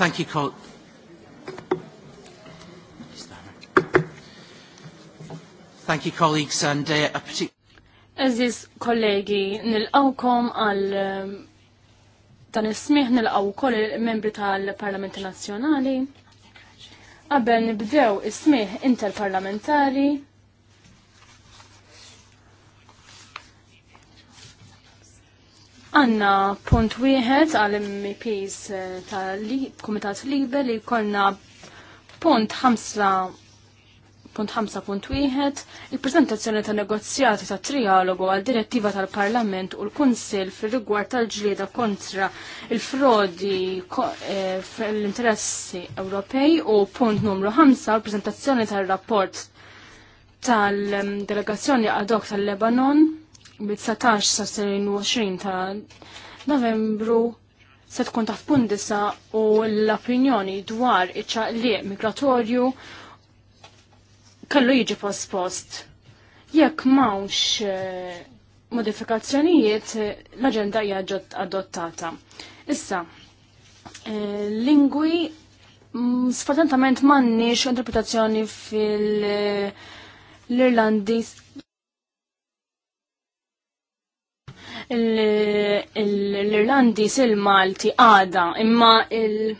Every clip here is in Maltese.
Thank you, Col. Thank you, colleagues, and uh, a particular. Aziz kollegi, nil-awkom għal um, dan ismiħ nil-għaw koll il-membri tal-Parlament Nazjonali. Qabel nibdew ismiħ interparlamentari Għanna punt wieħed għal MPs eh, tal-Kumitat Liber li kolna punt 5.1 il-prezentazzjoni ta' negozjati ta' trialogu għal direttiva tal-Parlament u l-Kunsil fil rigward tal-ġlieda kontra il-frodi eh, fl-interessi Ewropej u punt numru 5 il-prezentazzjoni tal-rapport tal-delegazzjoni mm, ad hoc tal-Lebanon mit satax sa' 20 ta' novembru se tkun taf pundisa u l-opinjoni dwar iċċaqliq migratorju kellu jiġi post post. Jekk mawx eh, modifikazzjonijiet, l-agenda hija adottata. Issa, eh, lingwi mm, sfatentament m'għandniex interpretazzjoni fil-Irlandis eh, l-Irlandi sil-Malti għada imma l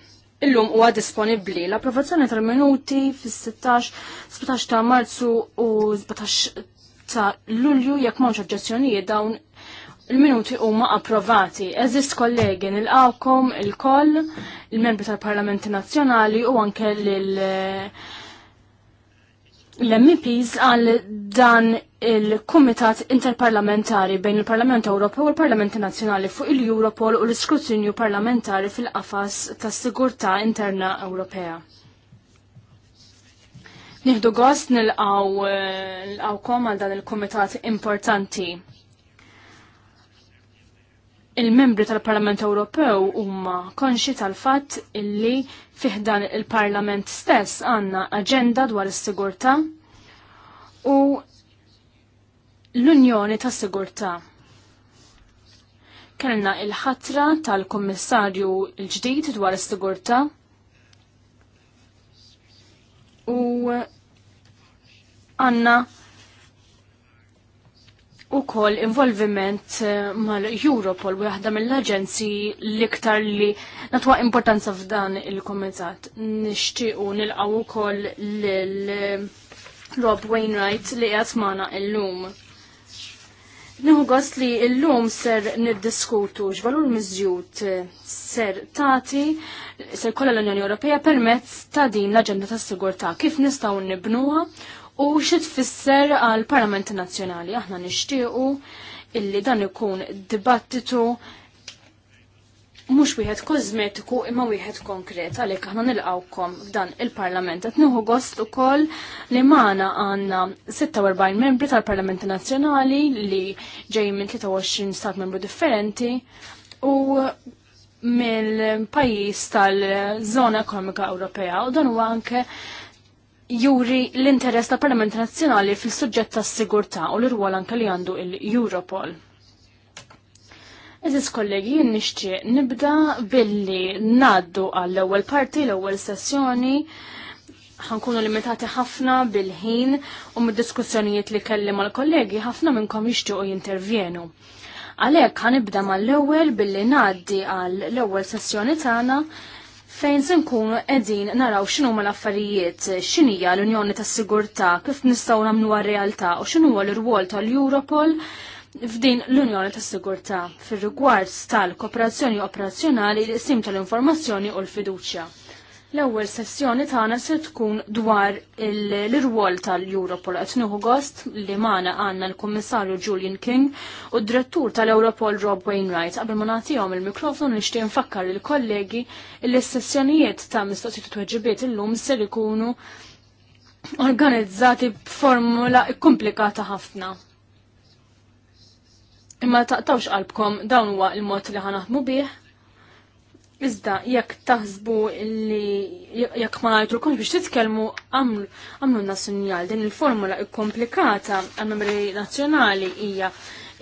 lum huwa disponibli. L-approvazzjoni tal-minuti fis-16 ta' Marzu u 17 ta' Lulju jekk m'hawnx oġġezzjonijiet dawn il-minuti huma approvati. Eżist kollegi nilqawkom il-koll, il-membri tal-Parlamenti Nazzjonali u anke lil l-MPs għal dan il-Kumitat Interparlamentari bejn il-Parlament Ewropew u l parlament Nazzjonali fuq il-Europol u l-iskrutinju parlamentari fil-qafas tas sigurtà interna Ewropea. għost gost għaw kom għal dan il-Kumitat importanti il-membri tal-Parlament Ewropew huma konxi tal-fatt illi fiħdan il-Parlament stess għanna aġenda dwar is-sigurtà u l-Unjoni tas sigurtà Kellna il-ħatra tal-Kummissarju l-ġdid dwar is-sigurtà u għanna u kol involviment eh, mal-Europol, waħda mill-agenzi liktar li natwa importanza f'dan il-komitat. Nishtiqu nilqaw u kol l-Rob Wainwright li jgħatmana il-lum. Nihu għost li il lum ser niddiskutu x'valur miżjut ser tati ser kolla l-Unjoni Ewropea permezz ta' din l-Aġenda tas-Sigurtà kif nistgħu nibnuha u xi tfisser għal Parlamenti Nazzjonali. Aħna nixtiequ illi dan ikun dibattitu mux wieħed kozmetiku imma wieħed konkret għalhekk aħna nilqawkom f'dan il-Parlament. Qed nieħu gost ukoll li magħna għandna 46 membri tal-Parlamenti Nazzjonali li ġejjin minn 23 stat membru differenti u mill-pajjiż tal-Żona Ekonomika Ewropea u dan huwa anke juri l-interess tal-Parlament Nazzjonali fil-suġġett tas-sigurtà u l-irwol anke li għandu il-Europol. Eżis kollegi, nixtieq nibda billi naddu għall ewwel parti, l-ewwel sessjoni, ħankunu limitati ħafna bil-ħin u mid-diskussjonijiet li kellim għal kollegi ħafna minnkom jixtiequ jintervjenu. Għalhekk ħanibda mal-ewwel billi ngħaddi għall ewwel sessjoni tagħna fejn se nkunu qegħdin naraw x'inhu l-affarijiet, x'inhija l-Unjoni tas-Sigurtà, kif nistgħu nagħmluha realtà u x'inhu l-irwol tal-Europol f'din l-Unjoni tas-Sigurtà fir-rigward tal-kooperazzjoni operazzjonali, l-isim tal-informazzjoni u l-fiduċja. L-ewwel sessjoni tagħna se tkun dwar l-irwol tal-Europol qed nieħu gost li magħna għandna l-Kummissarju Julian King u d-Direttur tal-Europol Rob Wainwright. Qabel ma nagħtihom il-mikrofon nixtieq nfakkar il-kollegi li s-sessjonijiet ta' mistoqsijiet u tweġibiet illum ser ikunu organizzati b'formula komplikata ħafna. Imma taqtawx qalbkom dawn huwa il-mod li ħanaħdmu bih Iżda, jekk taħsbu li jekk ma l-kunx biex titkellmu għamlu għamlu sinjal din il-formula komplikata għal numri nazzjonali hija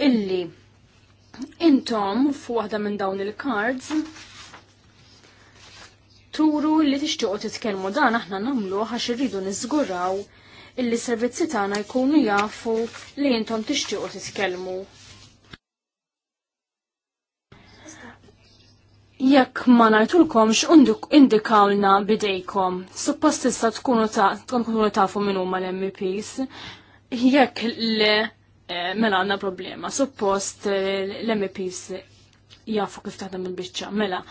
illi intom fuq waħda minn dawn il-cards turu li tixtiequ titkellmu dan aħna nagħmlu għax irridu niżguraw illi servizzi tagħna jkunu jafu li intom tixtiequ titkellmu jekk ma najtulkomx indikawna bidejkom. Suppost issa tkunu ta' tkunu tafu minn huma l-MPs, jekk le eh, mela għandna problema. Suppost eh, l-MPs jafu kif taħdem il-biċċa. Mela,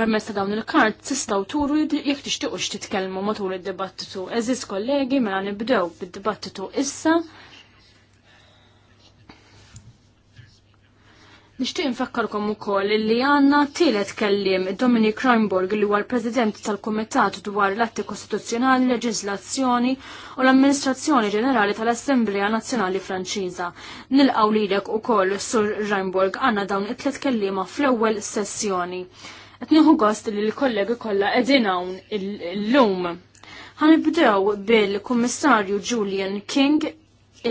permezz ta' dawn il-kart tistgħu turu jekk tixtiequx titkellmu matul id-dibattitu. Eżis kollegi, mela nibdew bid-dibattitu issa. Nixtieq infakkarkom ukoll li għandna tielet kellim Dominic Kreinborg li huwa l-President tal-Kumitat dwar l-Atti Kostituzzjonali, Leġislazzjoni u l-Amministrazzjoni Ġenerali tal-Assembleja Nazzjonali Franċiża. Nilqgħu lilek ukoll Sur Reinborg għandna dawn it-tliet kelliema fl-ewwel sessjoni. Qed nieħu gost li l-kollegi kollha qegħdin hawn illum. Ħanibdew bil-Kummissarju Julian King,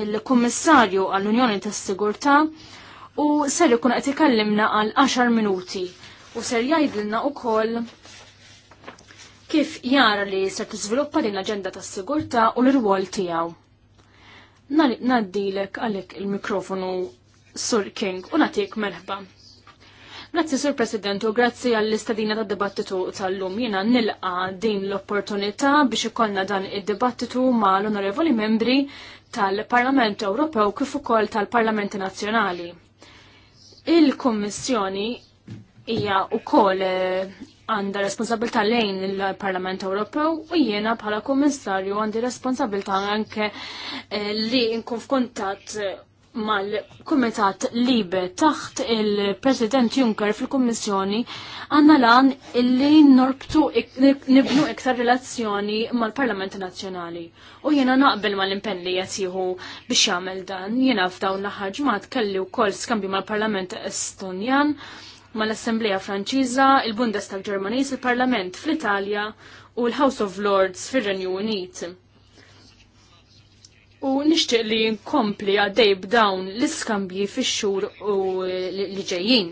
il-Kummissarju għall-Unjoni tas-Sigurtà, u ser ikun qed ikellimna għal 10 minuti u ser jgħidilna wkoll kif jara li ser tiżviluppa din l-aġenda tas-sigurtà u l-irwol tiegħu. Naddilek għalek il-mikrofonu Sur King u nagħtik merħba. Grazzi Sur President u grazzi għall-istadina ta' dibattitu tal-lum jiena nilqa din l-opportunità biex ikollna dan id-dibattitu ma' l-onorevoli membri tal-Parlament Ewropew kif ukoll tal-Parlamenti Nazzjonali. Il-Kommissjoni hija wkoll eh, għandha responsabilità lejn il-Parlament Ewropew u jiena bħala Kummissarju għandi responsabilità anke eh, li nkun f'kuntatt mal-Kumitat Libe taħt il-President Juncker fil-Kummissjoni għanna lan illi norbtu nibnu iktar relazzjoni mal-Parlament Nazzjonali. U jena naqbel mal-impenn li jatiħu biex jagħmel dan, jena f'dawn l-ħarġmat kelli wkoll skambju mal-Parlament Estonjan, mal-Assembleja Franċiża, il-Bundestag Ġermaniż, il-Parlament fl-Italja u l-House of Lords fir-Renju Unit U nixtieq li nkompli għaddej b'dawn l-iskambji fix-xhur u li ġejjin.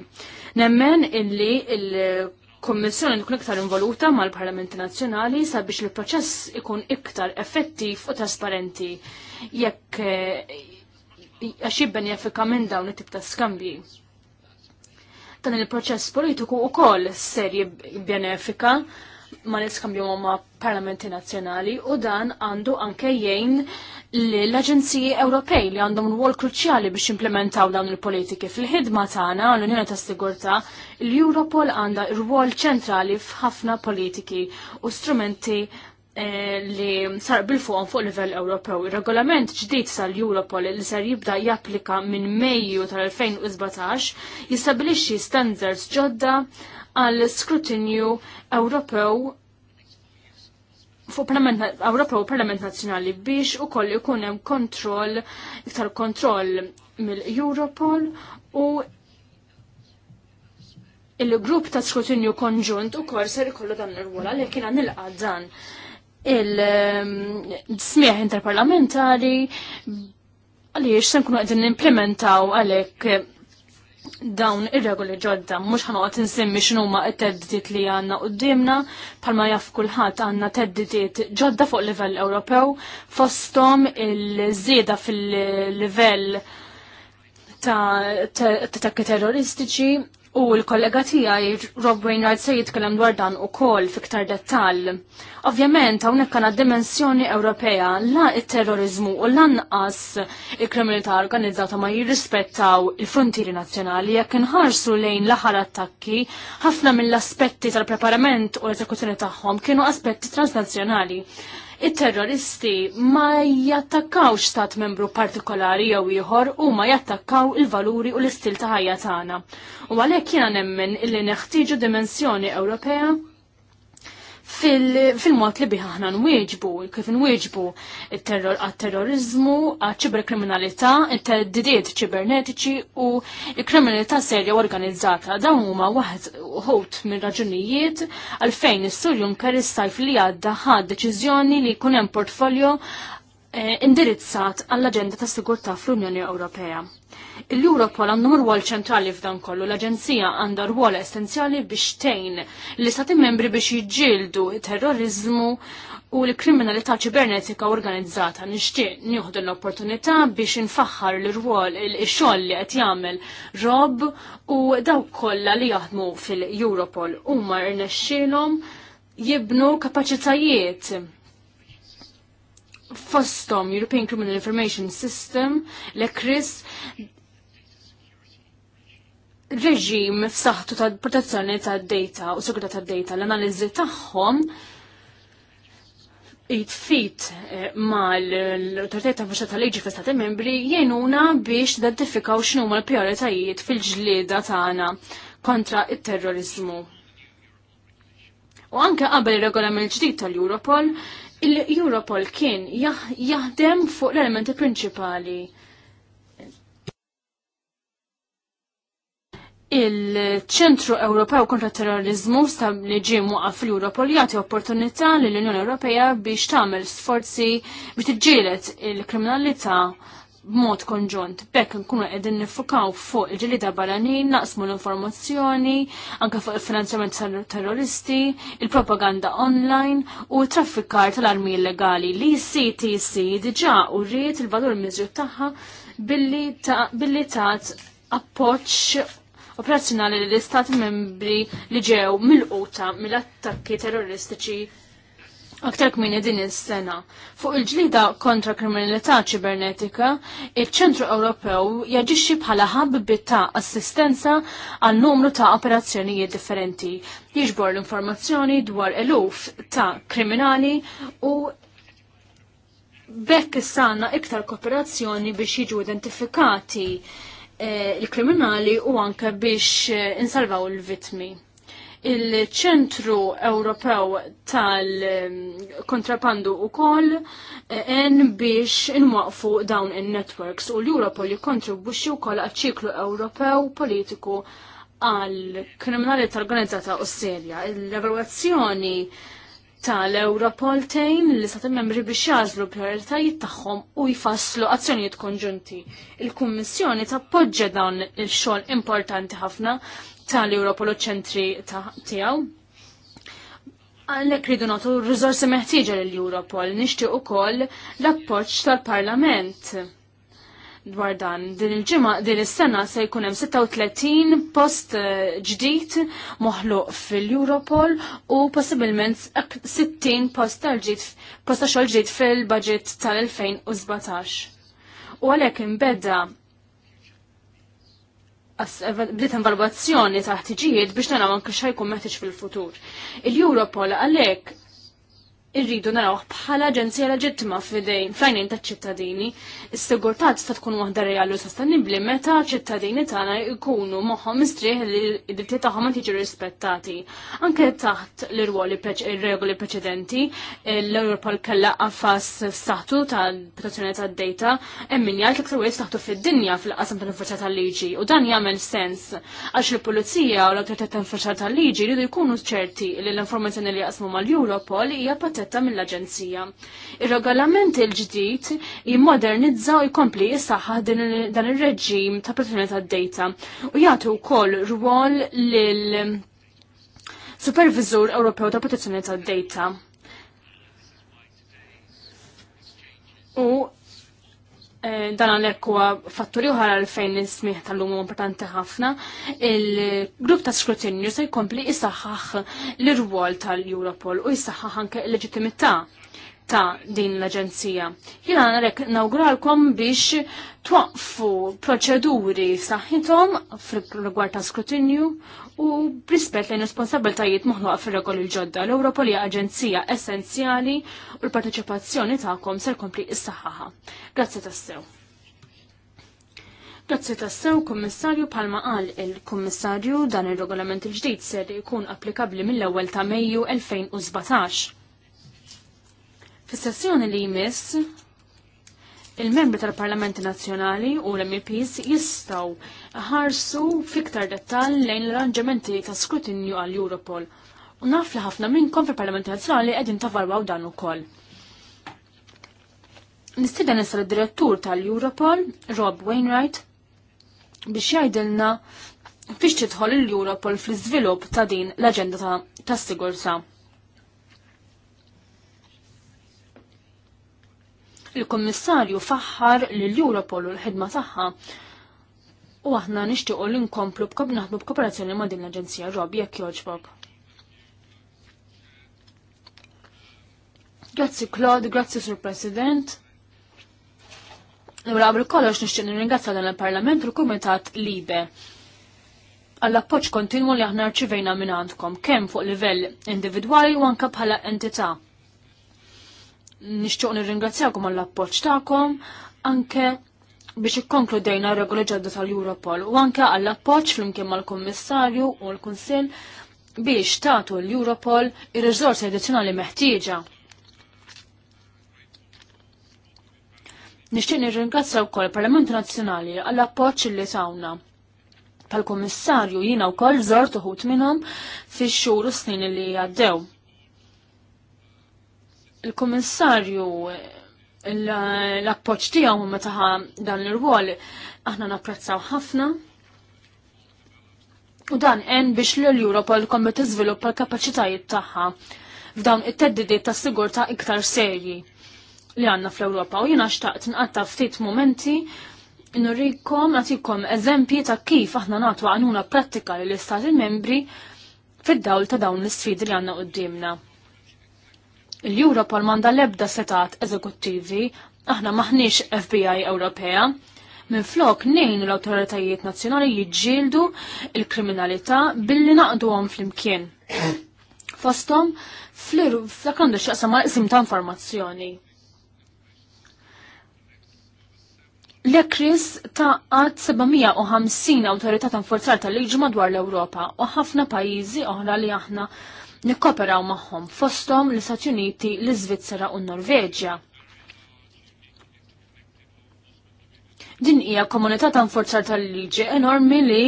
Nemmen illi il-Kommissjoni tkun iktar involuta mal-Parlamenti Nazzjonali sabiex il-proċess ikun iktar effettiv u trasparenti jekk eh, għax jibbenefika minn dawn it-tip ta' skambji. Dan il-proċess politiku wkoll ser jibbenefika ma niskambju ma parlamenti nazzjonali u dan għandu anke jgħin l-Aġenziji Ewropej li għandhom rwol kruċjali biex implementaw dawn il-politiki fil-ħidma tagħna għall unjoni ta' Sigurtà, l-Europol għandha rwol ċentrali f'ħafna politiki u strumenti eh, li sar bil-fuqom fuq livell Ewropew. Regolament ġdid sal-Europol li ser jibda japplika minn Mejju tal-2017 jistabilixxi standards ġodda għal skrutinju Ewropew fuq Parlament Ewropew Parlament Nazzjonali biex ukoll ikun hemm kontroll iktar kontroll mill-Europol u il-grupp ta' skrutinju konġunt ukoll ser ikollu dan ir rwola li jiena nilqa' dan il-smieħ ehm, interparlamentari għaliex se nkunu qegħdin nimplementaw għalhekk dawn ir-regoli ġodda, mhux ħanoqgħod insemmi x'numa t-teddidiet li għandna qudiemna, bħalma jaf kulħadd għandna teddidiet ġodda fuq livell Ewropew, fosthom il-żieda fil-livell ta' attakki terroristiċi, U l-kollega tijaj, Rob Wainwright, se jitkellem dwar dan u kol fiktar dettal. Ovvjament, hawnhekk għandna dimensjoni Ewropea la il-terrorizmu u lanqas il-kriminalità organizzata ma jirrispettaw il-frontieri nazzjonali jekk inħarsu lejn l-aħħar attakki, ħafna mill-aspetti tal-preparament u l-eżekuzzjoni tagħhom kienu aspetti transnazzjonali it-terroristi ma jattakkawx stat membru partikolari jew ieħor u ma jattakkaw il-valuri u l-istil ta' ħajja tagħna. U għalhekk jiena nemmen illi neħtieġu dimensjoni Ewropea fil-mod li biħaħna nwieġbu, kif nwieġbu il-terror għat-terrorizmu, għat-ċiberkriminalità, il-teddidiet ċibernetiċi u il-kriminalità serja organizzata. Dawn huma waħed ħut minn raġunijiet għalfejn is-Sur Junker is-sajf li għadda ħad deċiżjoni li jkun hemm portfolio eh, indirizzat għall-aġenda ta' sigurtà fl-Unjoni Ewropea. Il-Europol għandhom rwol ċentrali f'dan kollu. L-Aġenzija għandha rwol essenzjali biex tgħin l-istati membri biex jiġġieldu terrorizmu u l-kriminalità ċibernetika organizzata nixtieq nieħdu l-opportunità biex infaħħar l-rwol il-xogħol li qed jagħmel Rob u dawk kollha li jaħdmu fil-Europol huma rnexxielhom jibnu kapaċitajiet fostom European Criminal Information System l ekris reġim f'saħħtu ta' protezzjoni ta' data u sigurtà ta' data l-analiżi tagħhom jitfit eh, ma l-autoritet ta' faċċa tal-liġi fl-Stati membri jenuna biex identifikaw x'numa l-prijoritajiet fil-ġlieda tagħna kontra it-terrorizmu. U anke qabel ir-regolament ġdid tal-Europol, il-Europol kien jaħdem fuq l-elementi prinċipali Il-ċentru Ewropew kontra terrorizmu stab li ġie waqaf fl-Europol jagħti opportunità lill unjoni Ewropea biex tagħmel sforzi biex tiġġieled il-kriminalità b'mod konġunt. Bekk nkunu qegħdin nifukaw fuq il-ġilida barranin, naqsmu l-informazzjoni, anke fuq il-finanzjament terroristi, il-propaganda online u traffikar tal-armi illegali li CTC diġà rrit il-valur miżjut tagħha billi ta' billi operazzjonali li l-istati membri li ġew mill-quta mill-attakki terroristiċi Aktar kmini din is-sena. Fuq il-ġlida kontra kriminalità ċibernetika, il-Ċentru Ewropew jaġixxi bħala ħabb ta' assistenza għal numru ta' operazzjonijiet differenti. Jiġbor l-informazzjoni dwar eluf ta' kriminali u bekk issanna iktar kooperazzjoni biex jiġu identifikati Eh, il-kriminali u anke biex eh, insalvaw il-vitmi. Il-ċentru Ewropew tal-kontrapandu eh, u koll en biex inwaqfu dawn il-networks u l-Europol jikontribuxi u koll għal-ċiklu Ewropew politiku għal tal organizzata u serja. L-evaluazzjoni tal-Europol tejn li sa' membri biex jażlu prioritajiet tagħhom u jfasslu azzjonijiet konġunti. Il-Kummissjoni tappoġġa dawn il-xogħol importanti ħafna tal-Europol u ċentri tiegħu. Għallek ridu natu r-rizorsi meħtieġa l-Europol, nishtiq u koll l-appoċ tal-Parlament dwar dan. Din il-ġimgħa din is-sena se jkun hemm 36 post eh, ġdid moħluq fil-Europol u possibilment 60 post ġdid post xogħol ġdid fil-budget tal-2017. U għalhekk imbedda bdiet evalwazzjoni ta' ħtiġijiet biex naraw anke jkun meħtieġ fil-futur. Il-Europol għalhekk irridu narawh bħala aġenzija leġittima f'idejn f'għajnejn taċ-ċittadini. Is-sigurtà tista' tkun waħda reali u sostenibbli meta ċittadini tagħna jkunu moħħhom mistrieħ li d-drittijiet tagħhom qed jiġu rispettati. Anke taħt l-irwoli regoli preċedenti, l-Europol kellha qafas saħtu tal-protezzjoni tad-data hemm min jgħid l-iktar wies taħtu fid-dinja fil-qasam tal infurċa tal-liġi u dan jagħmel sens għax il-pulizija u l-awtorità tal infurċa tal-liġi jridu jkunu ċerti li l-informazzjoni li jaqsmu mal-Europol hija protetti rispetta mill-Aġenzija. Ir-regolament il-ġdid jimmodernizza u jkompli jissaħħa dan ir-reġim ta' protezzjoni tad-data u jagħti wkoll rwol lil Supervisor Ewropew ta' Protezzjoni tad-Data. U Eh, dan għalhekk huwa fatturi oħra għalfejn fejn ismih tal-lum importanti ħafna, il-grupp ta' skrutinju se jkompli jisaħħaħ l-irwol tal-Europol u jissaħħaħ anke l-leġittimità ta' din l-Aġenzija. Jina għarek nawguralkom biex twaqfu proċeduri saħħithom fil-rigward ta' skrutinju u brispet lejn responsabiltajiet moħluqa fir regoli l-ġodda. l ewropa li aġenzija essenzjali u l-parteċipazzjoni tagħkom ser kompli s saħħaħa Grazzi tassew. Grazzi tassew, kummissarju palma qal il-kummissarju dan ir regolament il-ġdid ser jkun applikabbli mill-ewwel ta' Mejju 2017 Fis-sessjoni li jmiss, il-membri tal-Parlamenti Nazzjonali u l-MEPs jistaw ħarsu fiktar dettal lejn l-arranġamenti ta' skrutinju għal Europol. U naf li ħafna minnkom fil-Parlamenti Nazzjonali qegħdin tavarwaw dan ukoll. Nistida nisa l-direttur tal-Europol, Rob Wainwright, biex jgħidilna fiex tidħol il-Europol fl-iżvilupp ta' din l-aġenda ta' sigurtà. Il-Kommissarju faħħar l-Europol u l-ħidma tagħha u aħna nixtiequ li nkomplu b'kob naħdmu b'kooperazzjoni ma' din l-Aġenzija Rob jekk jogħġbok. Grazzi Claude, grazzi Sur President. Nura mela, għabri kollox nixtieq nirringrazzja dan il-Parlament u l-Kumitat Libe għall-appoċ kontinwu li aħna rċivejna minn għandkom, kemm fuq livell individwali u anka bħala entità nixtieq nirringrazzjakom għall-appoġġ tagħkom anke biex ikkonkludejna regoli ġodda tal-Europol u anke għall-appoġġ flimkien mal-Kummissarju u l-Kunsill biex tagħtu l-Europol ir-riżorsi addizzjonali meħtieġa. Nixtieq nirringrazzja wkoll Parlament Nazzjonali għall-appoġġ li tawna tal-Kummissarju jiena wkoll żort uħut minnhom fix-xhur u snin li għaddew il-Kummissarju l-appoċ tiegħu taħa dan l-irwol aħna napprezzaw ħafna. U dan en biex l-Europol kombi tiżviluppa l-kapaċitajiet tagħha f'dawn it-teddidiet ta' sigurta iktar serji li għanna fl europa U jina xtaqt nqatta ftit momenti nurrikom, għatikom eżempji ta' kif aħna natu għanuna pratika li l-Istati membri fid-dawl ta' dawn l-sfidi li għanna qoddimna l-Europol manda lebda setat eżekuttivi, aħna maħniex FBI Ewropea, minn flok nejn l-autoritajiet nazzjonali jiġġieldu il-kriminalità billi naqdu għom fl-imkien. Fostom, fl-iru, fl għandu xaqsa ma' isim ta' informazzjoni. L-ekris ta' għad 750 autorità ta' forzar tal liġu madwar l-Europa u ħafna pajizi oħra li aħna nikkoperaw magħhom fosthom l-Istati Uniti, l-Iżvizzera u n-Norveġja. Din hija komunità ta' nforzar tal-liġi enormi li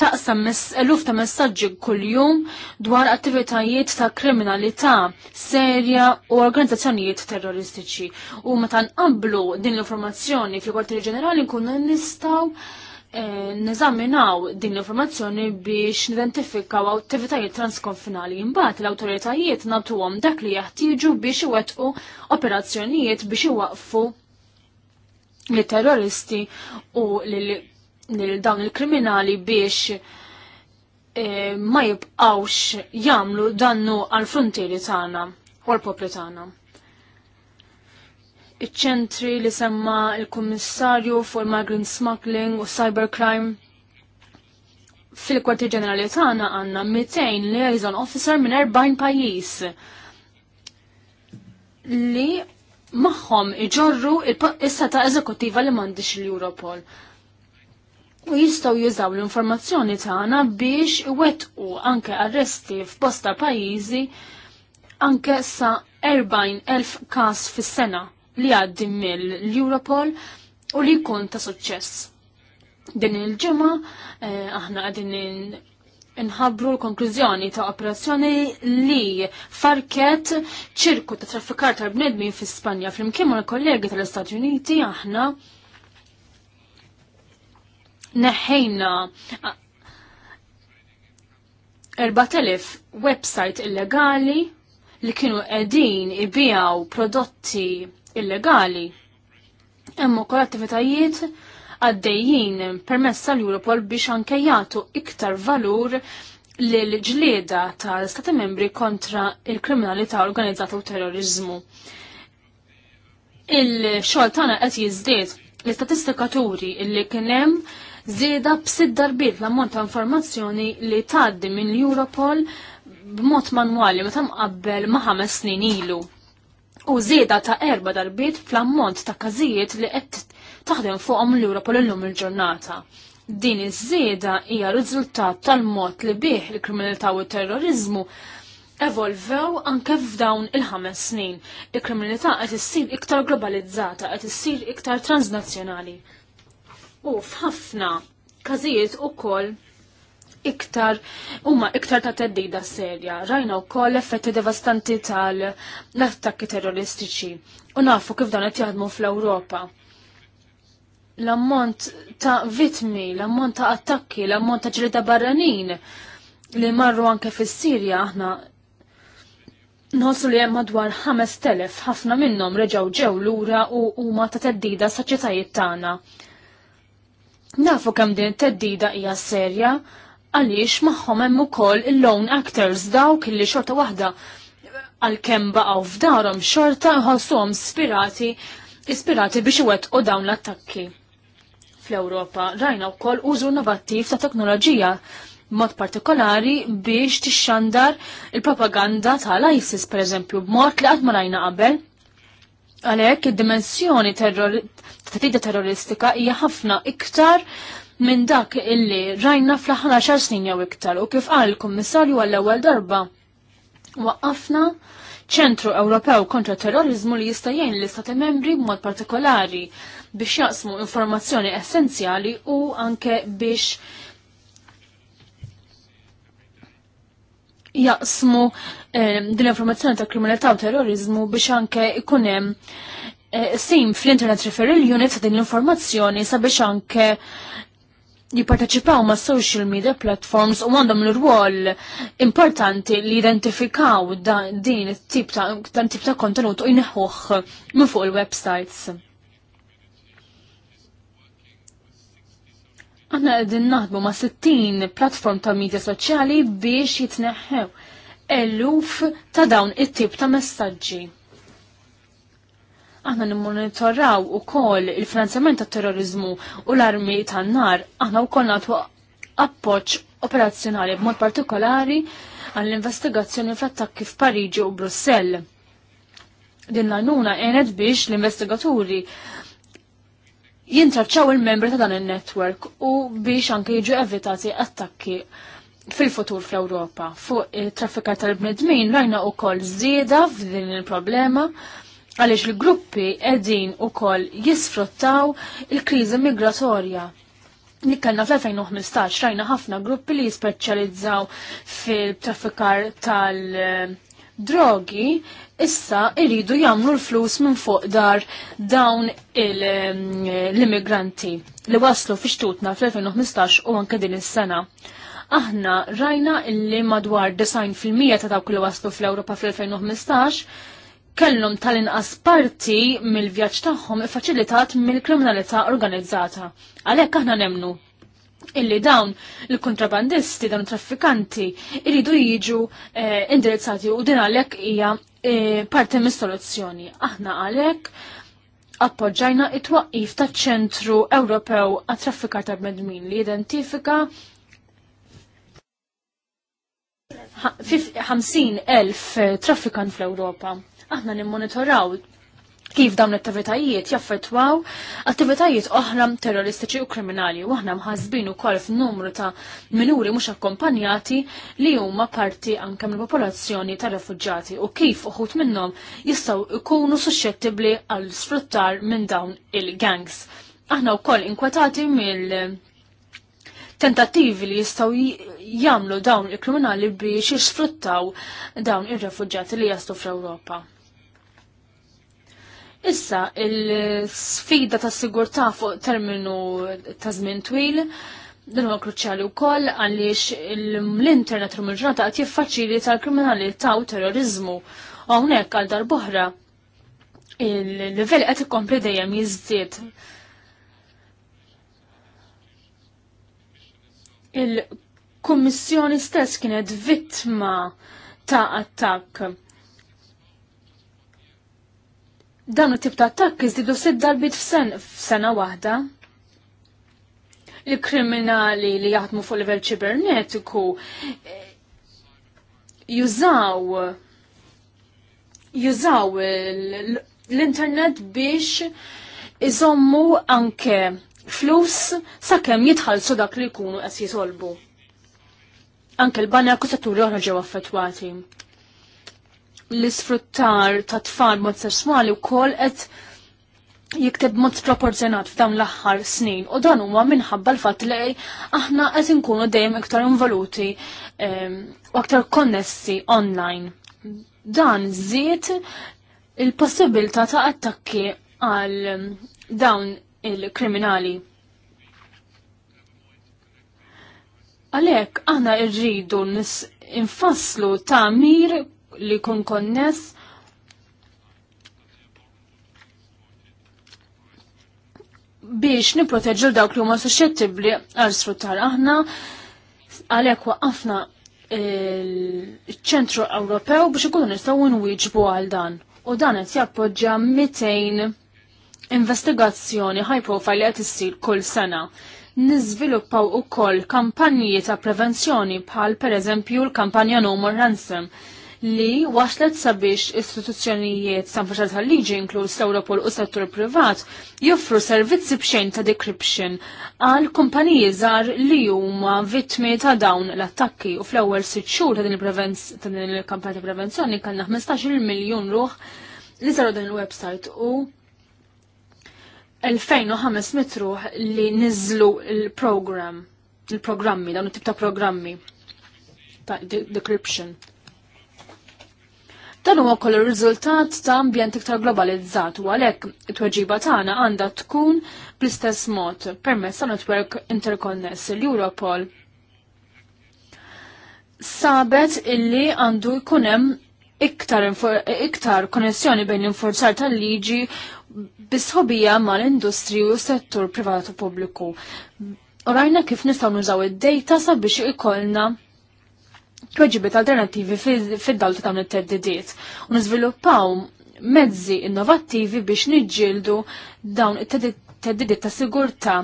taqsam eluf ta' messaġġi kuljum dwar attivitajiet ta' kriminalità serja u organizzazzjonijiet terroristiċi. U meta nqablu din l-informazzjoni fil-Kwartieri Ġenerali nkunu nistgħu Eh, neżaminaw din l-informazzjoni biex nidentifikaw attivitajiet transkonfinali. Imbagħad l-awtoritajiet nagħtuhom dak li jeħtieġu biex iwettqu operazzjonijiet biex iwaqfu li terroristi u lil dawn il-kriminali biex eh, ma jibqawx jagħmlu dannu għal frontieri tagħna u l popri tagħna iċ-ċentri li semma il-Kummissarju fuq il-Migrant Smuggling u Cybercrime. Fil-Kwartier Ġenerali tagħna għandna 200 liaison officer minn 40 pajjiż li magħhom iġorru issa ta' eżekuttiva li m'għandix l-Europol. U jistgħu jużaw l-informazzjoni tagħna biex iwettqu anke arresti f'bosta pajjiżi anke sa 40,000 każ fis-sena li għaddi mill-Europol u li jkun ta' suċċess. Din il-ġimgħa eh, aħna qegħdin inħabru l-konklużjoni ta' operazzjoni li farket ċirku ta' traffikar ta' bnedmin fi Spanja flimkien ma' kollegi tal-Istati Uniti aħna neħħejna 4000 website illegali li kienu edin ibijaw prodotti illegali. Hemm ukoll attivitajiet għaddejjin permess tal-Europol biex anke jagħtu iktar valur lill ġlieda tal-Stati membri kontra il-kriminalità organizzata u terrorizmu. Il-xogħol tagħna qed jiżdied l istatistikaturi li kien hemm żieda b'sitt darbiet l-ammont ta' informazzjoni li tgħaddi minn Europol b'mod manwali meta mqabbel ma' ħames snin ilu u zieda ta' erba darbiet fl-ammont ta' każijiet li qed taħdem fuqhom l-Ewropol illum il-ġurnata. Din iż-żieda hija riżultat tal-mod li bih il-kriminalità u terrorizmu evolvew anke f'dawn il-ħames snin. Il-kriminalità qed issir iktar globalizzata, qed issir iktar transnazzjonali. U f'ħafna każijiet ukoll iktar huma iktar ta' teddida serja. Rajna wkoll effetti devastanti tal-attakki terroristiċi u nafu kif dan qed jaħdmu fl-Ewropa. L-ammont ta' vitmi, l-ammont ta' attakki, l-ammont ta' ġrida barranin li marru anke fis-Sirja aħna Nħossu li hemm madwar 5000 ħafna minnhom reġgħu ġew lura u huma ta' teddida saċċetajiet tagħna. Nafu kemm din it-teddida hija serja, għaliex magħhom hemm ukoll il-lone actors dawk li xorta waħda għal-kem baqgħu f'darhom xorta ħossuhom spirati ispirati biex iwettqu dawn l-attakki. Fl-Ewropa rajna wkoll użu innovattiv ta' teknoloġija mod partikolari biex tixxandar il-propaganda tal-ISIS, per eżempju, b'mod li qatt ma rajna qabel għalek id-dimensjoni ta' terroristika hija ħafna iktar minn dak illi rajna fl-aħħar xar snin jew iktar u kif qal il-Kummissarju għall-ewwel darba waqqafna ċentru Ewropew kontra terrorizmu li jista' jgħin l-istati membri b'mod partikolari biex jaqsmu informazzjoni essenzjali u anke biex jaqsmu eh, din l-informazzjoni ta' kriminalità u terrorizmu biex anke ikun hemm eh, sim fl-Internet Referral Unit din l-informazzjoni sabiex anke jipparteċipaw ma' social media platforms u għandhom l-rwol importanti li identifikaw din tip ta', tip ta kontenut u jneħuħ minn fuq il-websites. Għanna għedin naħdmu ma' 60 platform ta' media soċjali biex jitneħħew eluf ta' dawn it-tip ta' messaġġi. Aħna nimmonitoraw ukoll il-finanzjament tat-terrorizmu u l-armi tan-nar, aħna wkoll nagħtu appoġġ operazzjonali b'mod partikolari għall-investigazzjoni fl-attakki f'Pariġi u Brussell. Din l-għannuna għenet biex l-investigaturi jintraċċaw il-membri ta' dan il-network u biex anke jiġu evitati attakki fil-futur fl-Ewropa. Fuq il traffikar tal-bnedmin rajna u koll zida f'din il-problema għaliex il-gruppi edin u kol jisfruttaw il-krizi migratorja li kellna fl-2015 rajna ħafna gruppi li jispeċjalizzaw fil-traffikar tal-drogi, issa iridu jagħmlu l-flus minn fuq dar dawn l-immigranti li waslu fi xtutna fl-2015 u anke din is-sena. Aħna rajna illi madwar 90% ta' dawk li waslu fl-Ewropa fl-2015 kellhom tal-inqas parti mill-vjaġġ tagħhom iffaċilitat mill-kriminalità organizzata. Għalhekk aħna nemnu illi dawn il-kontrabandisti, dawn traffikanti, iridu jiġu eh, indirizzati u din għalhekk hija eh, parti mis-soluzzjoni. Aħna għalhekk appoġġajna it-twaqqif taċ ċentru Ewropew għat-traffikar ta' bnedmin li identifika 50.000 traffikant fl-Ewropa. Aħna nimmonitoraw kif dawn l-attivitajiet jaffettwaw attivitajiet oħra terroristiċi u kriminali u aħna mħazbin ukoll f'numru ta' minuri mhux akkompanjati li huma parti anke mill-popolazzjoni ta' refuġġati u kif uħut minnhom jistgħu ikunu suscettibbli għal sfruttar minn dawn il-gangs. Aħna wkoll inkwetati mill tentattivi li jistaw jamlu dawn il-kriminali biex jisfruttaw dawn il-refugġati li jastu fl-Europa. Issa, il-sfida ta' sigurtà fuq terminu ta' żmien twil, din huwa kruċjali wkoll għaliex l-internet rum il-ġurnata qed jiffaċili tal-kriminalità u terrorizmu. Hawnhekk għal darb'oħra il-livell qed ikompli dejjem jiżdied. Il-Kummissjoni stess kienet vittma ta' attakk Dan u tip ta' attakk iżdidu sitt darbit f'sena waħda. Il-kriminali li jaħdmu fuq livell ċibernetiku eh, jużaw jużaw l-internet biex iżommu anke flus sakemm jitħallsu dak li jkunu qed jisolbu. Anke l-banek u setturi oħra ġew affettwati l-isfruttar ta' tfal mod sesswali u kol et jikteb mod sproporzjonat f'dawn l-aħħar snin u dan huwa minħabba l-fatt li aħna qed inkunu dejjem iktar involuti ehm, u aktar konnessi online. Dan żied il-possibilità ta' attakki għal ehm, dawn il-kriminali. Għalhekk aħna rridu infasslu ta' mir li kun konness. biex niproteġu dawk li huma suscettibbli għal sfruttar. Aħna għalhekk waqafna il-ċentru Ewropew biex ikunu nistgħu nwieġbu għal dan. U dan qed jappoġġja 200 investigazzjoni high profile li qed issir kull sena. Niżviluppaw ukoll kampanji ta' prevenzjoni bħal pereżempju l-kampanja No More Ransom li waslet sabiex istituzzjonijiet sanfaċa tal-liġi inkluż Europol u settur privat joffru servizzi bxejn ta' decryption għal kumpaniji żgħar li huma vittmi ta' dawn l-attakki u fl-ewwel sitt xhur ta' din il-kampanja ta' prevenzjoni kellna 15 miljun ruħ li saru din il-website u 2500 ruħ li niżlu il-program il-programmi, dawn it-tip ta' programmi ta' decryption. Dan huwa kollu riżultat ta' ambjent iktar globalizzat u għalhekk it-tweġiba tagħna għandha tkun bl-istess mod permezz ta' netwerk interkonness l-Europol. Sabet illi għandu jkun hemm iktar, iktar konnessjoni bejn l inforzar tal-liġi bisħobija mal-industri u settur privatu pubbliku. U rajna kif nistgħu nużaw id-dejta sabiex ikollna tweġibiet alternattivi fid-dawl ta' dawn it-teddidiet u nizviluppaw mezzi innovattivi biex niġġieldu dawn it-teddidiet ta' sigurtà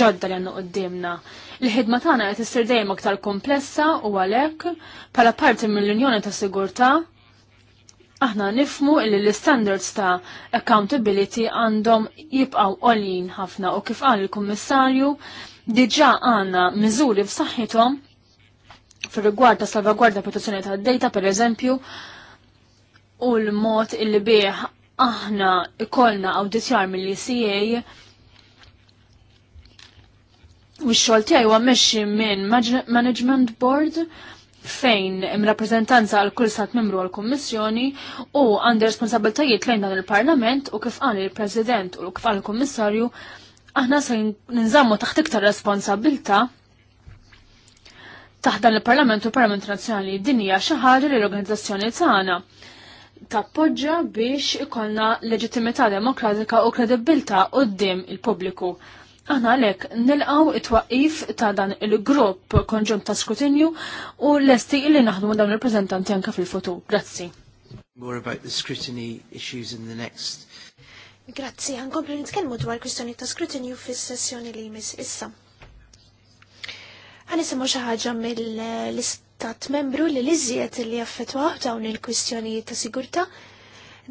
ġodda li għannu għoddimna. Il-ħidma tagħna qed issir dejjem aktar komplessa u għalhekk bħala parti mill-Unjoni ta' Sigurtà aħna nifmu li l-standards ta' accountability għandhom jibqaw għolin ħafna u kif qal il-Kummissarju diġà għandna miżuri f'saħħithom fil-rigward ta' salvaguarda protezzjoni ta' data per eżempju u l-mod illi bih aħna ikolna awditjar mill-ICA u x-xogħol tiegħi huwa mexxi minn Management Board fejn rappreżentanza għal kull stat membru għal kummissjoni u għandi responsabiltajiet lejn dan il-Parlament u kif qal il-President u kif qal il-Kummissarju aħna se ninżammu taħt iktar responsabilta' taħdan il-Parlament u Parlament Nazzjonali din hija xi ħaġa li l-organizzazzjoni tagħna tappoġġa biex ikollna leġittimità demokratika u kredibilità qudiem il-pubbliku. Aħna għalhekk nilqgħu it-twaqqif ta' dan il-grupp konġunt ta' skrutinju u lesti li naħdmu dawn il-preżentanti anke fil-futur. Grazzi. More about the scrutiny issues in the next Grazzi, għankomplu nitkellmu dwar kwistjoni ta' skrutinju fis-sessjoni li jmiss issa. Għanisimu xaħġa mill-istat membru li l-izziet li jaffetwaħ dawn il kwistjoni ta' sigurta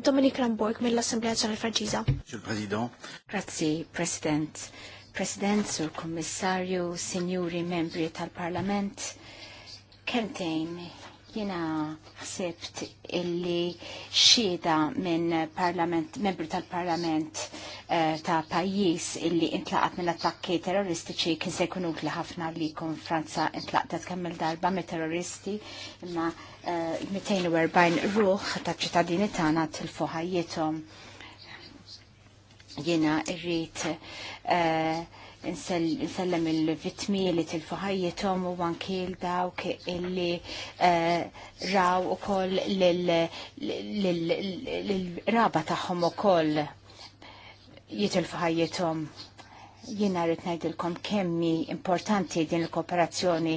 Dominik Ramborg mill-Assemblea Nazjonali Franċiża. Monsieur President. Grazzi, President. President, Sur Kommissarju, Signuri Membri tal-Parlament, kemtejn jina ħsibt illi xieda minn parlament, membru tal-parlament eh, ta' pajjiż illi intlaqat minn attakki terroristiċi kien se jkun ħafna li jkun Franza intlaqtet kemm darba me terroristi imma 240 eh, ruħ ta' ċittadini tagħna tilfu ħajjithom. Jiena irrid uh, nsellem il-vitmi li tilfu ħajjithom u anki l-dawk illi eh, raw ukoll lill-raba tagħhom ukoll jitilfu ħajjithom. Jiena rrit ngħidilkom kemmi importanti din il-kooperazzjoni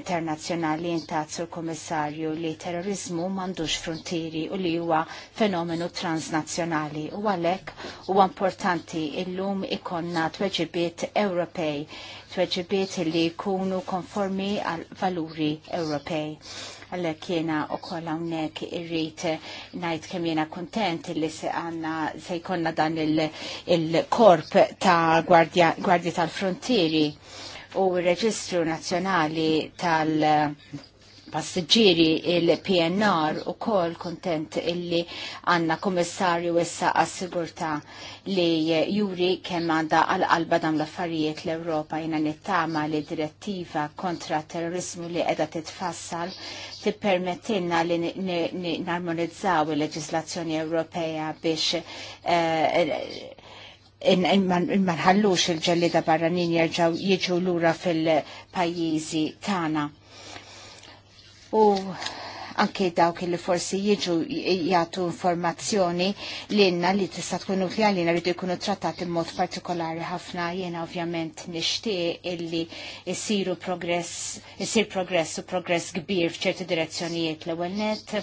internazzjonali intat sur komissarju li terrorizmu m'għandux frontieri u li huwa fenomenu transnazzjonali u għalhekk huwa importanti illum ikonna tweġibiet Ewropej, tweġibiet li jkunu konformi għal valuri Ewropej Għallek jena u kolla unnek irrit najt kem jena kontent li se għanna se jkonna dan il-korp il ta' gwardja, tal-frontieri u il-reġistru nazjonali tal- passiġġieri il-PNR u kol kontent illi għanna komissarju issa għassigurta li juri kemm għanda għal-qalba dam l-affarijiet l-Ewropa jina nittama li direttiva kontra terrorizmu li edha titfassal tippermettinna li narmonizzaw il-leġislazzjoni Ewropea biex eh, ma nħallux il-ġellida barranin jerġaw jiġu lura fil-pajjiżi tagħna u anke dawk li forsi jiġu jgħatu informazzjoni l-inna li tista' tkun utli għalina rridu jkunu trattati mod partikolari ħafna jiena ovvjament nixtieq illi jsiru progress, jisir progress u progress kbir f'ċerti direzzjonijiet l-ewwel net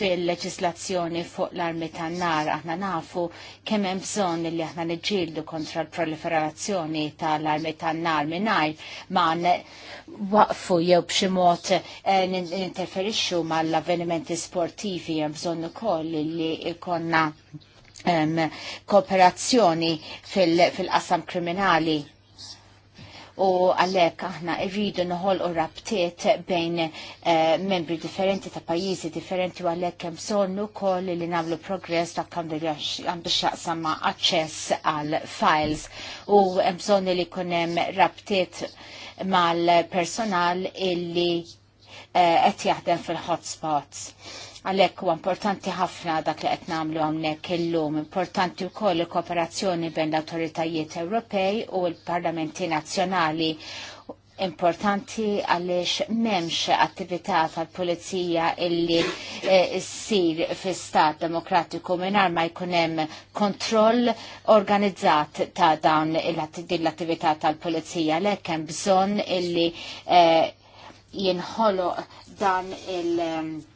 fil-leġislazzjoni fuq l-armi tan-nar aħna nafu kemm hemm bżonn li aħna niġġieldu kontra l-proliferazzjoni tal-armi tan-nar mingħajr ma waqfu jew b'xi mod eh, ninterferixxu mal-avvenimenti sportivi hemm bżonn ukoll li ikonna ehm, kooperazzjoni fil-qasam kriminali u għalhekk aħna nħol noħolqu rabtiet bejn eh, membri differenti ta' pajjiżi differenti u għalhekk hemm bżonn ukoll li nagħmlu progress kam għandu x'jaqsam ma' aċċess għal files u hemm bżonn li jkun hemm rabtiet mal-personal illi eh, qed jaħdem fil-hotspots Għalhekk huwa importanti ħafna dak li qed nagħmlu hawnhekk illum, importanti wkoll il-kooperazzjoni bejn l-awtoritajiet Ewropej u l-Parlamenti Nazzjonali importanti għalix memx attività tal-polizija illi eh, ssir e, fi stat demokratiku minar ma jkunem kontroll organizzat ta' dawn l-attività tal-polizija lekken bżon illi e, eh, jinħolo dan il-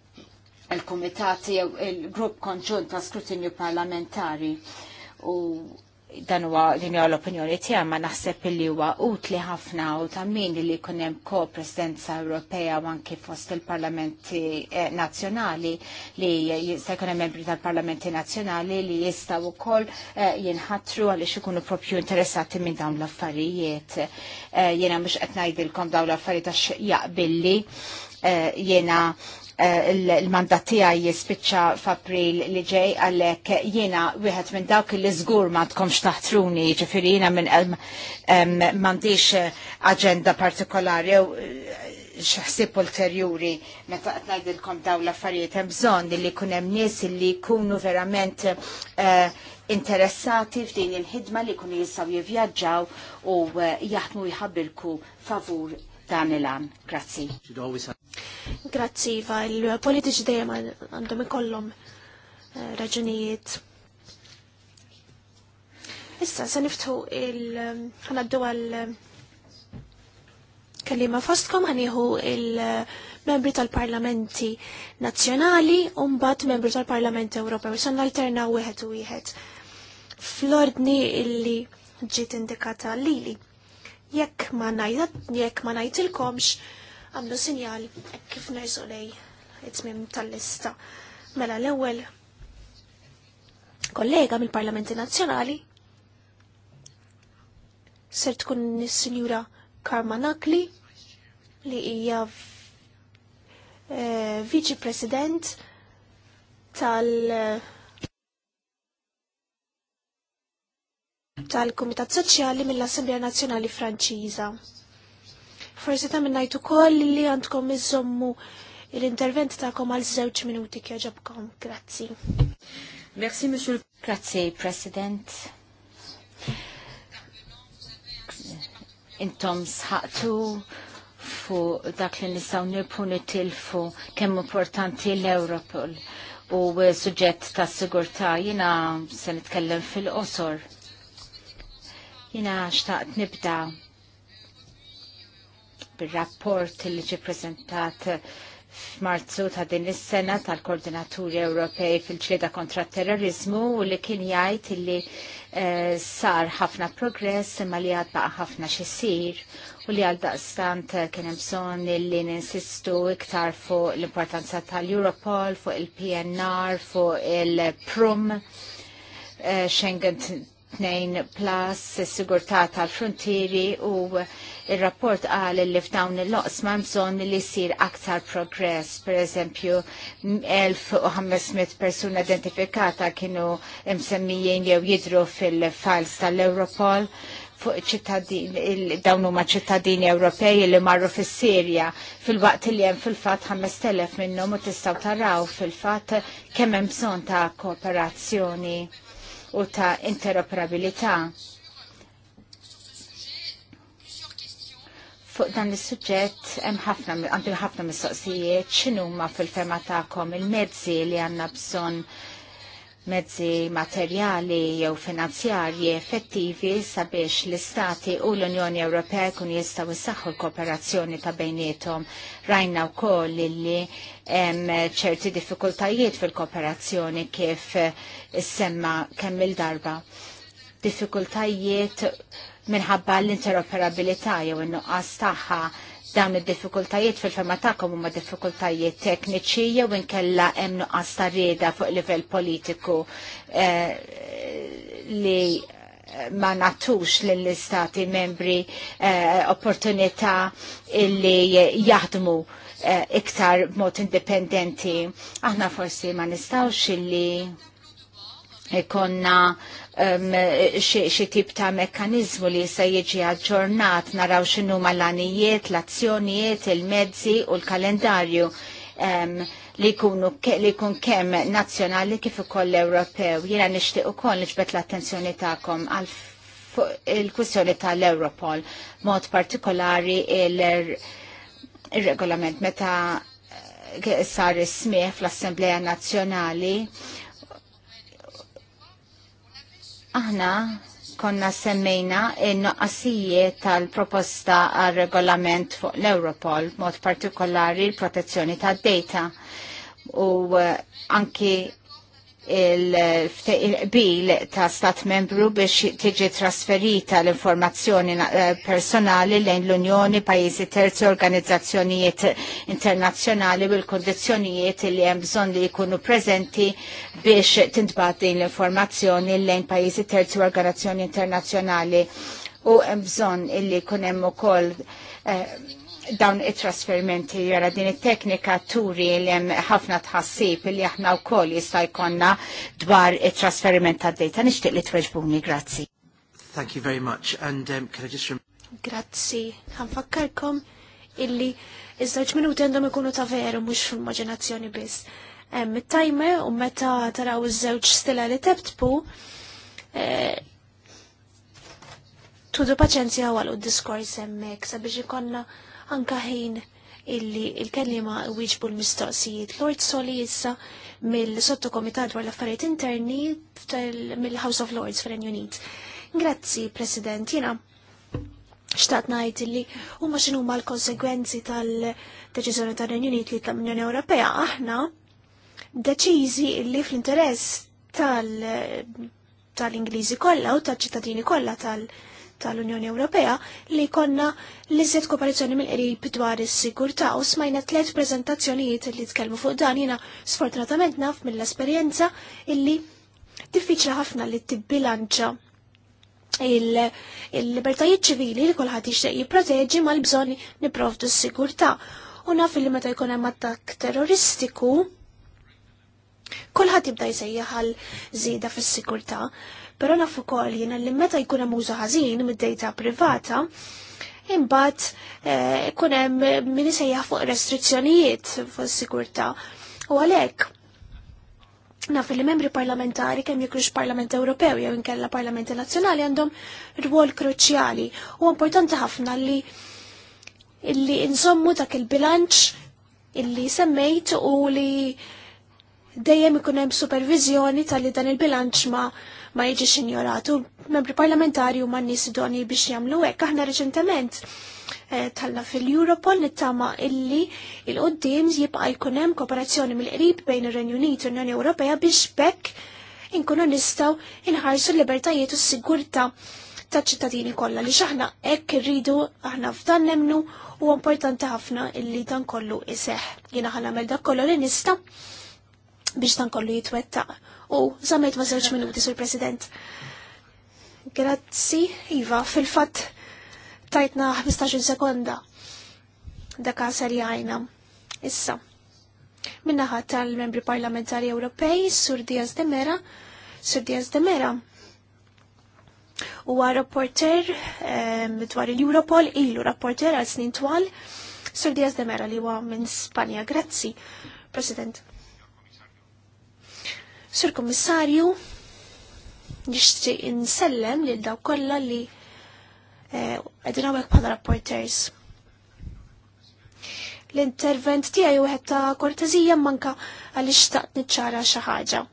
il-komitati jew il-grupp konġunt ta' skrutinju parlamentari u dan huwa din huwa l-opinjoni tiegħek ma naħseb li huwa utli ħafna u ta' min li jkun hemm ko-presidenza Ewropea u anke fost il-parlamenti eh, nazzjonali li se jkun hemm membri tal-parlamenti nazzjonali li jistgħu wkoll eh, jinħatru għaliex ikunu propju interessati minn dawn l-affarijiet. Eh, jiena mhux qed ngħidilkom dawn l-affarijiet għax jaqbilli jiena Eh, il-mandat tiegħi jispiċċa f'April li ġej għalhekk jiena wieħed minn dawk li żgur ma tkomx taħtruni, ġifieri jiena minn m'għandix eh, aġenda partikolari jew eh, xaħsib ulterjuri meta qed ngħidilkom dawn l-affarijiet hemm bżonn li jkun hemm nies li jkunu verament interessati f'din il-ħidma li jkunu jistgħu jivvjaġġaw u jaħdmu jħabbilku favur dan il-an. Grazzi. Grazzi, fa iva. il-politiċi dejjem għandhom ikollhom eh, raġunijiet. Issa, se niftħu il- ħanaddu għal eh, kellima fostkom ħaniħu il-membri tal-parlamenti nazzjonali u mbagħad membri tal-parlament Ewropew. San nalternaw wieħed u wieħed. Flordni illi ġiet indikata lili. Li Jekk ma jekk ma ngħidilkomx, għamlu sinjal kif nerżu lej it-tmim tal-lista. Mela l-ewwel kollega mill-Parlamenti Nazzjonali ser tkun is-Sinjura Karma Nakli li hija eh, Vice President tal- tal-Kumitat Soċjali mill-Assemblea Nazzjonali Franċiża. Forsi ta' minnajt ukoll li għandkom iżommu l-intervent ta'kom għal żewġ minuti kieġobkom. Grazzi. Merci, Monsieur. Grazzi, President. Intom sħaqtu fu dak li nistaw nirpuni tilfu kemm importanti l-Europol u suġġett ta' sigurtà jina se nitkellem fil-qosor Jina xtaqt nibda bil-rapport li ġi prezentat f'Marzu ta' din is-sena tal-Koordinaturi Ewropej fil-ġlieda kontra t terrorizmu u li kien jgħid li eh, sar ħafna progress imma li għad baqa' ħafna xisir u li għal daqstant eh, kien hemm bżonn li ninsistu iktar fuq l-importanza tal-Europol, fuq il-PNR, fuq il-PRUM, eh, Schengen Tnejn plus sigurtà tal-frontieri u il-rapport għal li f'dawn il-loqsma mżon li sir aktar progress. Per eżempju, 1500 persuna identifikata kienu msemmijin jew jidru fil-files tal-Europol fuq dawnu ma ċittadini Ewropej li marru fis sirja fil-waqt li jem fil-fat 5000 minnhom u tistgħu taraw fil-fat kemm hemm bżonn ta' kooperazzjoni u ta' interoperabilità. Fuq dan is-suġġett hemm ħafna għandu ħafna mistoqsijiet x'inhuma fil-fema tagħkom il-mezzi li għandna bżonn mezzi materjali jew finanzjarji effettivi sabiex l-Istati u l-Unjoni Ewropea kun jistaw jissaxħu l-kooperazzjoni ta' bejnietom. Rajna u koll li ċerti diffikultajiet fil-kooperazzjoni kif semma kemm il-darba. Diffikultajiet minħabba l-interoperabilità jew in-nuqqas tagħha dawn id-diffikultajiet fil-fema tagħkom huma diffikultajiet tekniċi jew inkella hemm nuqqas ta' rieda fuq livell politiku eh, li ma natux lill-istati membri eh, opportunità illi jaħdmu eh, iktar b'mod indipendenti. Aħna forsi ma nistawx illi ikonna um, xie tip ta' mekanizmu li se jiġi aġġornat naraw xinu mal-anijiet, l-azzjonijiet, il-mezzi u l-kalendarju um, li jkun kemm nazzjonali kif ukoll Ewropew. Jiena nixtieq ukoll niġbet l-attenzjoni tagħkom għal il-kwistjoni tal-Europol, mod partikolari il-regolament meta eh, sar ismieħ fl-Assembleja Nazzjonali Aħna konna semmejna il-noqqasijiet tal-proposta għal regolament fuq l-Europol, mod partikolari l-protezzjoni tad data u eh, anki il-bil ta' stat membru biex tiġi trasferita l-informazzjoni eh, personali lejn l-Unjoni, pajjiżi terzi, organizzazzjonijiet internazzjonali bil kondizzjonijiet li hemm bżonn li jkunu preżenti biex tintbad din l-informazzjoni lejn pajizi terzi u organizzazzjoni internazzjonali u hemm bżonn illi jkun hemm ukoll eh, dawn it-trasferimenti jara din it-teknika turi li hemm ħafna tħassib li aħna wkoll jista' jkollna dwar it-trasferiment tad-dejta. Nixtieq li tweġbuni, grazzi. Thank you very much and um, can I just Grazzi, ħanfakkarkom illi iż-żewġ minuti għandhom ikunu ta' veru mhux fil-immaġinazzjoni biss. Hemm it-timer u meta taraw iż-żewġ stila li tebtbu eh, tudu paċenzja għal u diskors hemmhekk sabiex ikonna anka ħin illi il-kellima wieġbu l-mistoqsijiet. Lord Soli issa mill-sottokomitat dwar l-affarijiet interni mill-House of Lords fil Unit. Grazzi, President, jina xtaqt najt illi huma maċinu ma l-konsegwenzi tal-deċiżjoni tar ren Unit li tal-Unjoni Ewropea aħna deċiżi illi fl-interess tal- ingliżi kollha u tal-ċittadini kollha tal-Unjoni tal-Unjoni Ewropea li konna li zed kooperazzjoni mill-qrib dwar is-sigurtà u smajna tliet preżentazzjonijiet li tkellmu fuq dan jiena sfortunatament naf mill-esperjenza illi diffiċli ħafna li tibbilanċa il-libertajiet ċivili li kulħadd jixtieq jipproteġi mal-bżonn niprovdu s-sigurtà. U naf li meta jkun hemm attakk terroristiku kulħadd jibda jsejjaħ għal żieda fis-sigurtà però naf ukoll jiena li meta jkun hemm użu ħażin mid-dejta privata, imbagħad eh, ikun hemm min isejjaħ fuq restrizzjonijiet fuq sigurtà. U għalhekk naf li membri parlamentari kemm jikrux Parlament Ewropew jew inkella Parlamenti Nazzjonali għandhom rwol kruċjali u importanti ħafna li illi insommu dak il-bilanċ illi semmejt u li dejjem ikun hemm supervizjoni tal-li dan il-bilanċ ma ma jiġix injoratu. Membri parlamentari u nies idoni biex jagħmlu hekk. Aħna reċentament eh, talla fil-Europol nittama illi il-qoddim jibqa' jkun hemm kooperazzjoni mill-qrib bejn ir-Renju Unit u l-Unjoni Ewropea biex bekk inkunu nistgħu inħarsu l-libertajiet u s-sigurtà taċ-ċittadini kollha li x'aħna hekk irridu aħna f'dan nemnu u importanti ħafna illi dan kollu iseħ. Jiena ħanamel dak kollu li nista' biex dan kollu jitwettaq u zamejt ma' żewġ minuti sur President. Grazzi, Iva, fil-fatt tajtna 15 sekonda daka ser għajna Issa, minnaħa tal-membri parlamentari Ewropej, Sur Diaz de Mera, Sur Diaz de Mera, huwa rapporter ehm, dwar il-Europol, illu rapporter għal snin twal, Sur Diaz de Mera li huwa minn Spanja. Grazzi, President. Sur Kommissarju, nixtieq insellem lil daw kollha li eh, qegħdin hawnhekk bħala rapporters. L-intervent tiegħi wieħed ta' kortezija manka għaliex taqt niċċara xi ħaġa.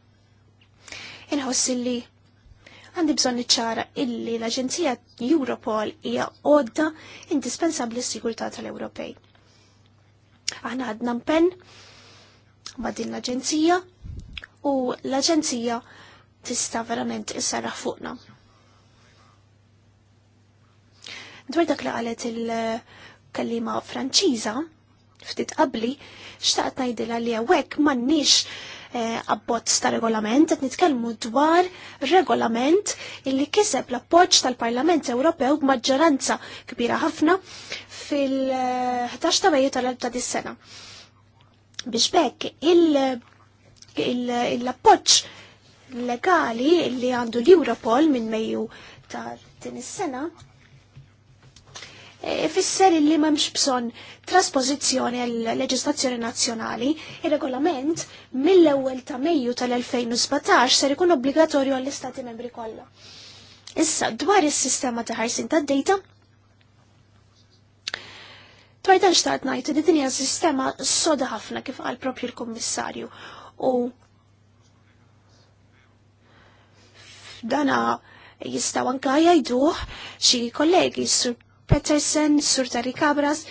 Inħoss illi għandi bżonn niċċara illi l-Aġenzija Europol hija għodda indispensabbli s sigurta tal-Ewropej. Aħna għadna mpenn ma' din l-Aġenzija u l-Aġenzija tista verament issarraħ fuqna. Dwar dak li qalet il-kallima Franċiża, ftit qabli, xtaqt ngħidilha li hawnhekk m'għandniex eh, abbozz ta' regolament, qed nitkellmu dwar regolament illi kiseb l-appoġġ tal-Parlament Ewropew b'maġġoranza kbira ħafna fil-11 ta' Mejju tal-10 dis-sena. Biex bekk il- l-appoċ legali li għandu l-Europol minn Mejju ta' din is-sena e, fisser li memx bżonn traspożizzjoni għall leġislazzjoni nazzjonali, il-regolament mill-ewwel ta' Mejju tal-2017 ser ikun obbligatorju għall-Istati membri kollha. Issa dwar is-sistema ta' ħarsin tad-data, Dwar dan xtaqt ngħid li din hija sistema soda ħafna kif qal propju l-Kummissarju u dana jistaw anka jajduħ xi kollegi Sur Peterson, Sur Tari Cabras,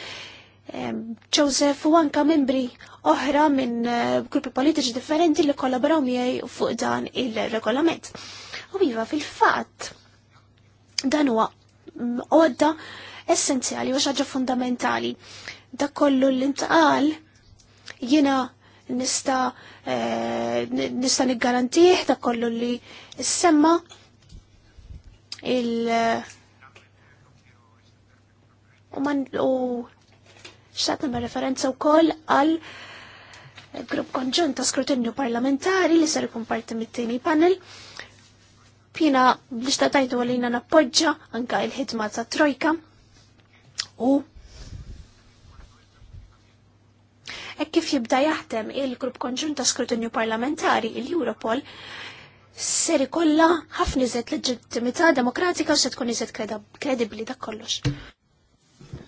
Joseph u anka membri oħra minn eh, gruppi politiċi differenti li kollaboraw miegħi fuq dan il-regolament. U iva fil-fatt dan huwa mm, għodda essenzjali u xaġa fundamentali. Dak kollu l-intqal jiena nista eh, nista niggarantih ta' kollu li semma il u man u xatna ma' referenza u koll għal grupp konġunt ta' skrutinju parlamentari li ser ikun parti mit-tieni panel pina biex ta' tajtu għalina nappoġġa anka il-ħidma ta' trojka u E kif jibda jaħdem il-grupp konġunt ta' skrutinju parlamentari, il-Europol, ser kolla ħafna iżet leġittimità demokratika u se tkun iżet kredibbli dak kollox.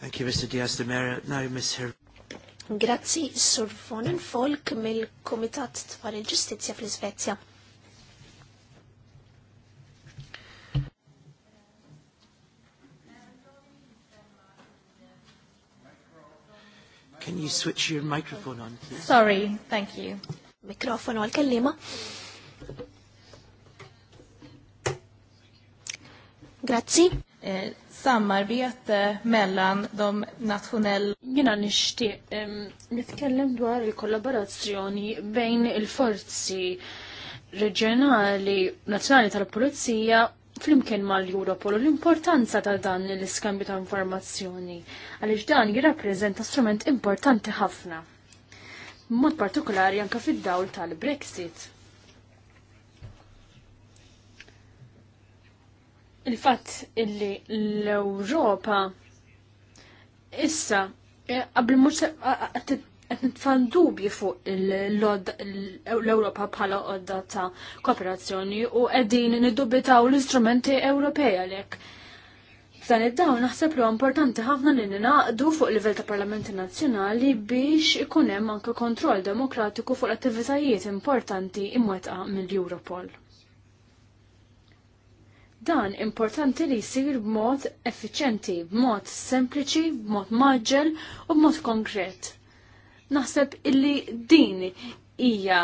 Thank you, Mr. Diaz de Mera. Now, Ms. Her Grazzi, Sur Vonen Folk mill-Komitat Tfal il-Ġustizzja fl-Iżvezja. Can you switch your microphone on, please? Sorry, thank you. Mikrofonu għal-kellima. Grazzi. Eh, samarbete eh, mellan de nationella... Jina nishti, um, nitkellem dwar il-kollaborazzjoni bejn il-forzi reġjonali nazjonali tal polizija flimkien mal-Europol u l-importanza ta' dan l-iskambju ta' informazzjoni għaliex dan jirrappreżenta strument importanti ħafna. Mod partikolari anke fid-dawl tal-Brexit. Il-fatt illi l-Ewropa issa eh, qabel mhux qed nitfan dubji fuq l-Ewropa bħala qodda ta' kooperazzjoni u qegħdin niddubitaw l-istrumenti Ewropej għalhekk. F'dan id-dawn naħseb li importanti ħafna li ninaqdu fuq livell ta' Parlamenti Nazzjonali biex ikun hemm anke kontroll demokratiku fuq l-attivitajiet importanti imwetqa mill-Europol dan importanti li jsir b'mod effiċenti, b'mod sempliċi, b'mod maġġel u b'mod konkret. Naħseb illi din hija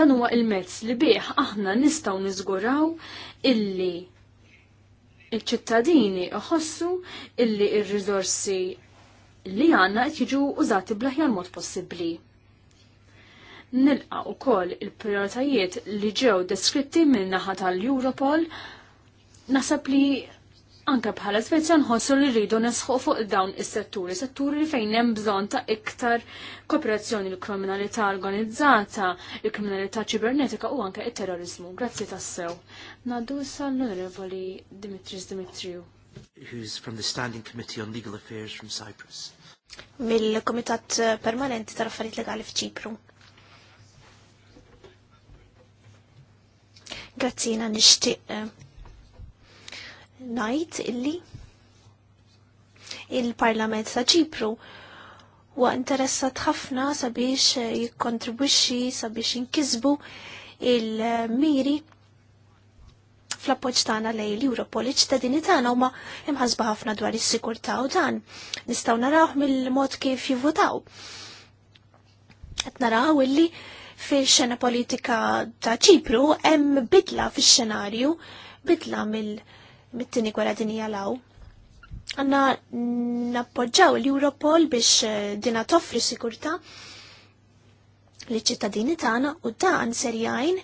dan huwa il-mezz li bih aħna nistgħu niżguraw illi il-ċittadini iħossu illi il rizorsi li għanna qed jiġu użati bl-aħjar mod possibbli. Nilqa wkoll il-prioritajiet li ġew deskritti minn naħa tal-Europol nasab li anke bħala Svezja nħossu li rridu nesħu fuq dawn is-setturi, setturi li fejn hemm bżonn ta' iktar kooperazzjoni l-kriminalità organizzata, il-kriminalità ċibernetika u anke it-terrorizmu. Grazzi tassew. Nadu sal-Onorevoli Dimitris Dimitriu. Who's from the Standing Committee on Legal Affairs from Cyprus. Mill-Komitat Permanenti tal-Affarijiet Legali f'Ċipru. Grazzina nixtieq eh, najt illi il-Parlament ta' Ċipru huwa interessat ħafna sabiex jikkontribwixxi sabiex jinkisbu il-miri fl-appoġġ tagħna lejn l-Europol iċ-ċittadini tagħna huma imħasba ħafna dwar is-sikurtà u dan. Nistgħu narawh mill-mod kif jivvutaw. Qed naraw illi fil-xena politika ta' Ċipru hemm bidla fix-xenarju, bidla mill- mit-tini gwara dinija law. Għanna nappoġġaw l-Europol biex eh, dina toffri sikurta li ċittadini tagħna u dan serjajn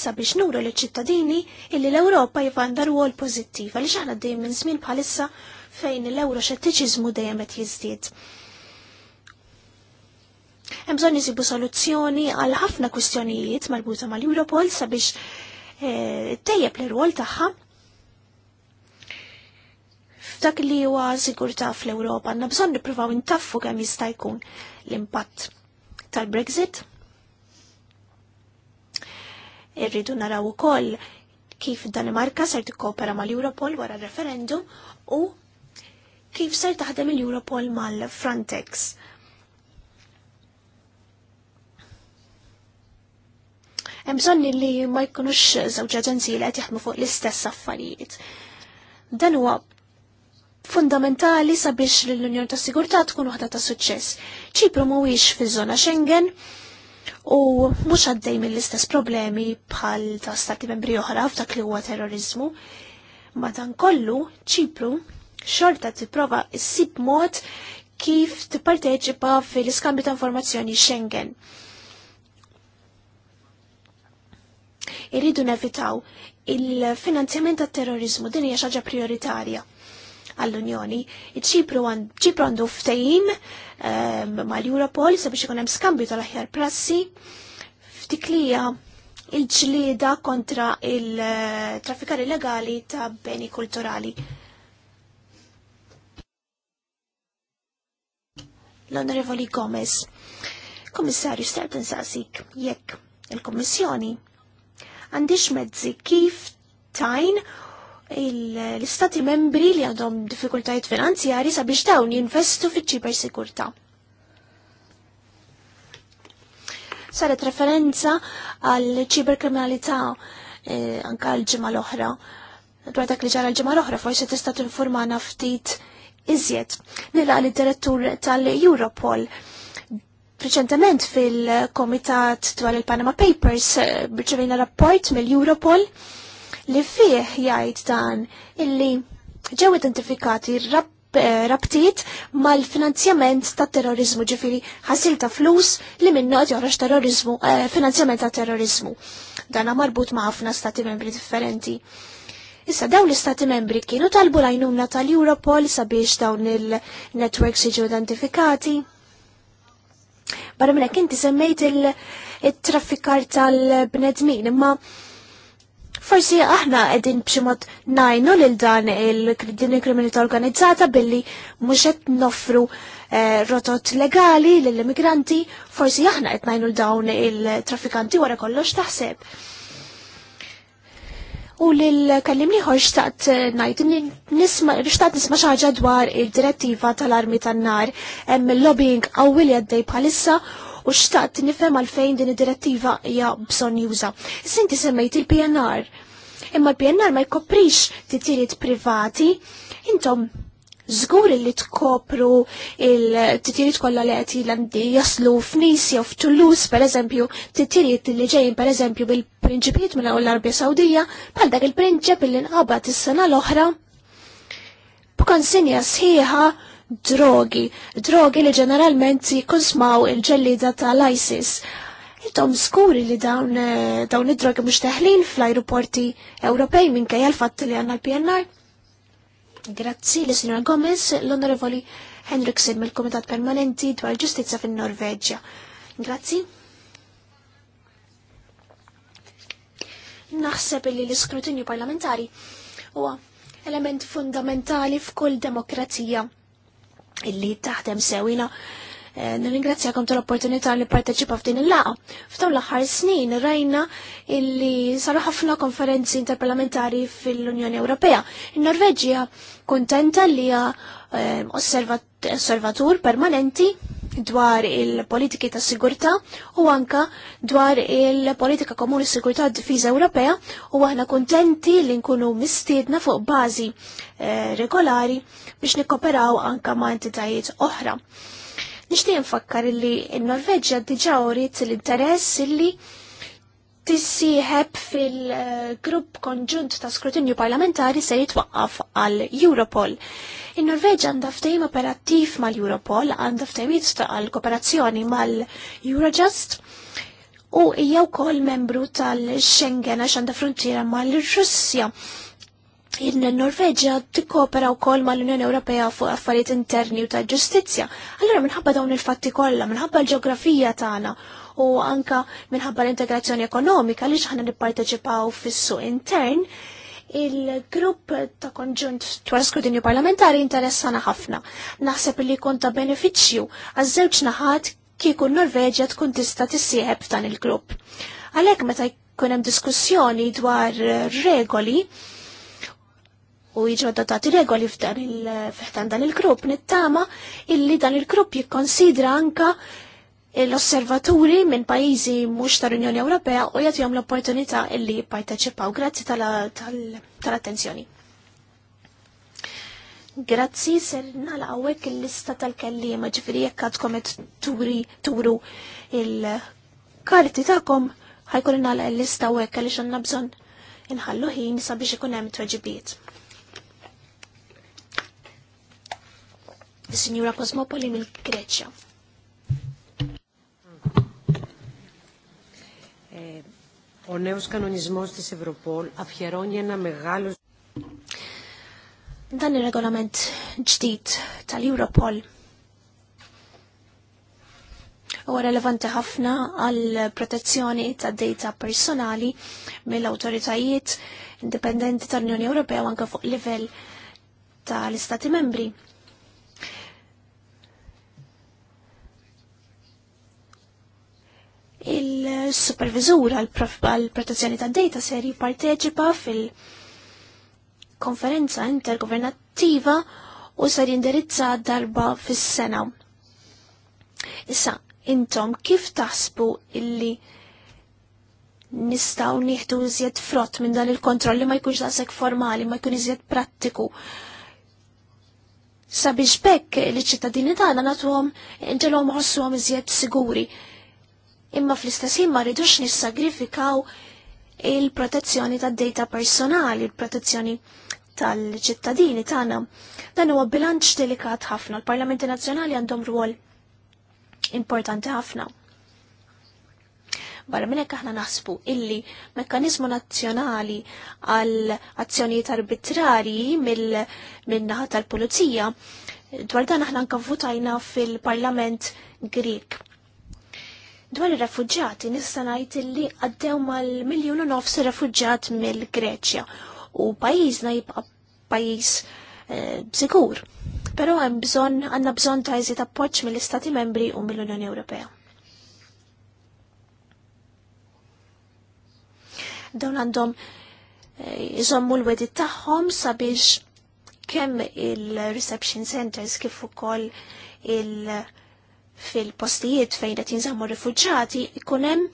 sabiex nuru li ċittadini illi l-Ewropa jivanda rwol li għaliex aħna dejjem minn żmien bħalissa fejn l-euro xettiċiżmu dejjem qed jiżdied. Hemm bżonn soluzzjoni għal ħafna kwistjonijiet marbuta mal-Europol sabiex eh, tejjeb l-rwol tagħha dak li huwa sigurtà fl-Ewropa għandna bżonn nippruvaw intaffu kemm jista' jkun l-impatt tal-Brexit. Irridu naraw ukoll kif Danimarka ser tikkopera mal-Europol wara referendum u kif ser taħdem il-Europol mal-Frontex. Hemm bżonn li ma jkunux żewġ aġenziji li qed jaħdmu fuq l-istess affarijiet. Dan huwa fundamentali sabiex l-Unjoni ta' Sigurtà tkun waħda ta' suċċess. Ċipru mhuwiex fiż-żona Schengen u mhux għaddej mill-istess problemi bħal ta' stati membri oħra f'dak li huwa terrorizmu. Madankollu, Ċipru xorta tipprova ssib mod kif tipparteċipa fil-iskambju ta' informazzjoni Schengen. Irridu nevitaw il-finanzjament tat terrorizmu din hija xaġa prioritarja għall-Unjoni. Ċipru għandu ftejim ehm, mal-Europol sabiex ikun hemm skambju tal-aħjar prassi ftiklija il-ġlieda kontra il-traffikar illegali ta' beni kulturali. L-Onorevoli Gomez, Komissarju Sterten Sasik, jekk il-Kommissjoni għandix mezzi kif tajn l-istati membri li għandhom diffikultajiet finanzjari sabiex dawn jinvestu fiċ ċiber sigurta. Saret referenza għal ċiberkriminalità eh, anka l-ġimgħa l-oħra. Dwar dak li ġara l-ġimgħa l-oħra forsi tista' tinformana ftit iżjed. Nilaq li direttur tal-Europol Reċentement fil-Komitat dwar il-Panama Papers eh, rċevina rapport mill-Europol li fih jgħid dan illi ġew identifikati eh, rabtiet mal-finanzjament ta' terrorizmu ġifiri ħasil ta' flus li minnu għat joħroġ terrorizmu, eh, finanzjament ta' terrorizmu. Dana marbut ma' ħafna stati membri differenti. Issa dawn l-istati membri kienu talbu lajnuna tal-Europol sabiex dawn il-networks iġu identifikati. Barra minna kinti semmejt il-traffikar tal-bnedmin, imma Forsi aħna qegħdin b'xi mod najnu lil dan il-din il-kriminalità organizzata billi mhux qed noffru eh, rotot legali lill-immigranti, forsi aħna qed najnu dawn il-traffikanti wara kollox taħseb. U l-kallimni ħor xtaqt eh, najt, xtaqt nisma xaġa dwar il-direttiva tal-armi tan-nar, emm l lobbying għawili għaddej palissa u xtaqt nifhem għalfejn din id-direttiva hija bżonn juża. Sinti semmejt il-PNR. Imma l-PNR ma jkoprix titiriet privati, intom Zgur li tkopru il-titiriet kollha li qed jaslu f'Nis jew f'Tulus pereżempju, titiriet li ġejjin pereżempju bil-prinċipiet minn l-Arabja Sawdija, bħal dak il-prinċep li nqabad is-sena l-oħra b'konsinja sħiħa drogi, drogi li ġeneralment jikonsmaw il-ġellida tal-ISIS. Intom skuri li dawn, eh, dawn id-drogi mux teħlin fl-aeroporti Ewropej minn kaj għal fat li għanna l-PNR? Grazzi li signora Gomez, l-onorevoli Henriksen mill-Komitat Permanenti dwar Ġustizja fin norveġġja Grazzi. Naħseb li l-iskrutinju parlamentari huwa element fundamentali f'kull demokrazija illi taħdem sewina. Eh, nirringrazzjakom tal-opportunità li parteċipa f'din il-laqa. F'dawn l-aħħar snin rajna illi saru ħafna konferenzi interparlamentari fil-Unjoni Ewropea. In-Norveġija kuntenta li hija eh, osservatur permanenti dwar il-politiki ta' sigurtà u anka dwar il-politika komuni sigurtà d difiza Ewropea u aħna kontenti li nkunu mistiedna fuq bażi eh, regolari biex nikkoperaw anka ma' entitajiet oħra. Nixtieq nfakkar li n-Norveġġja diġà uriet l-interess li tissieħeb fil-grupp konġunt ta' skrutinju parlamentari se jitwaqqaf għal Europol. In-Norveġa għandha ftehim operattiv mal-Europol, għandha ftehimiet għal kooperazzjoni mal-Eurojust u hija wkoll membru tal-Schengen għax għandha frontiera mal-Russja. Il-Norveġa tikkopera wkoll mal-Unjoni Ewropea fuq affarijiet interni u tal-ġustizzja. allora minħabba dawn il-fatti kollha, minħabba l-ġeografija tagħna u anka minħabba l-integrazzjoni ekonomika li ħana nipparteċipaw fis-suq intern, il-grupp ta' konġunt dwar skrutinju parlamentari interessana ħafna. Naħseb li kun ta' benefiċċju għaż-żewġ naħat kieku Norveġja tkun tista' tissieħeb f'dan il-grupp. Għalhekk meta jkun hemm diskussjoni dwar regoli, u jiġu dotati regoli f'dan il-fiħtan dan il-grupp, nittama illi dan il-grupp jikkonsidra anka l-osservaturi minn pajjiżi mhux tal-Unjoni Ewropea u jagħtihom l-opportunità illi jipparteċipaw. Grazzi tal-attenzjoni. Grazzi ser nala għawek il-lista tal-kellima ġifiri jekk għadkom turi turu il-karti ta'kom ħajkun nala l-lista għawek għalix għanna bżon inħallu ħin sabiex ikun hemm tweġibiet. Signora Cosmopoli mill-Greċja. ο νέος κανονισμός της Ευρωπόλ αφιερώνει Dan il-regolament ġdid tal-Europol huwa relevanti ħafna għall protezzjoni tad data personali mill-awtoritajiet indipendenti tal-Unjoni Ewropea u anke fuq livell tal-Istati membri. il supervisur għal-protezzjoni ta' data ser jipparteċipa fil-konferenza intergovernattiva u ser jindirizza darba fis-sena. Issa, intom kif taħsbu illi nistaw nieħdu iżjed frott minn dan il-kontroll li ma jkunx daqshekk formali, ma jkun iżjed prattiku. Sabiex bekk li ċittadini tagħna nagħtuhom intilhom ħossuhom iżjed siguri imma fl-istessin ma rridux nissagrifikaw il-protezzjoni tad data personali, il-protezzjoni tal-ċittadini tagħna. Dan huwa bilanċ delikat ħafna. L-Parlamenti Nazzjonali għandhom rwol importanti ħafna. Barra minn aħna naħsbu illi mekkaniżmu nazzjonali għal azzjonijiet arbitrarji mill-naħa tal-Pulizija dwar dan aħna nkavvutajna fil-Parlament Grik Dwar ir refugġati nista' ngħid illi għaddew mal-miljun u nofs refugġat mill-Greċja u pajjiżna jibqa' pajjiż eh, sigur. Però hemm bżonn għandna bżonn ta' iżjed appoġġ mill-Istati Membri u mill-Unjoni Ewropea. Dawn għandhom jżommu eh, l wedi tagħhom sabiex kemm il-reception centers kif ukoll il-, -reception centers, kif ukoll il fil-postijiet fejn qed jinżammu rifuġġati ikun hemm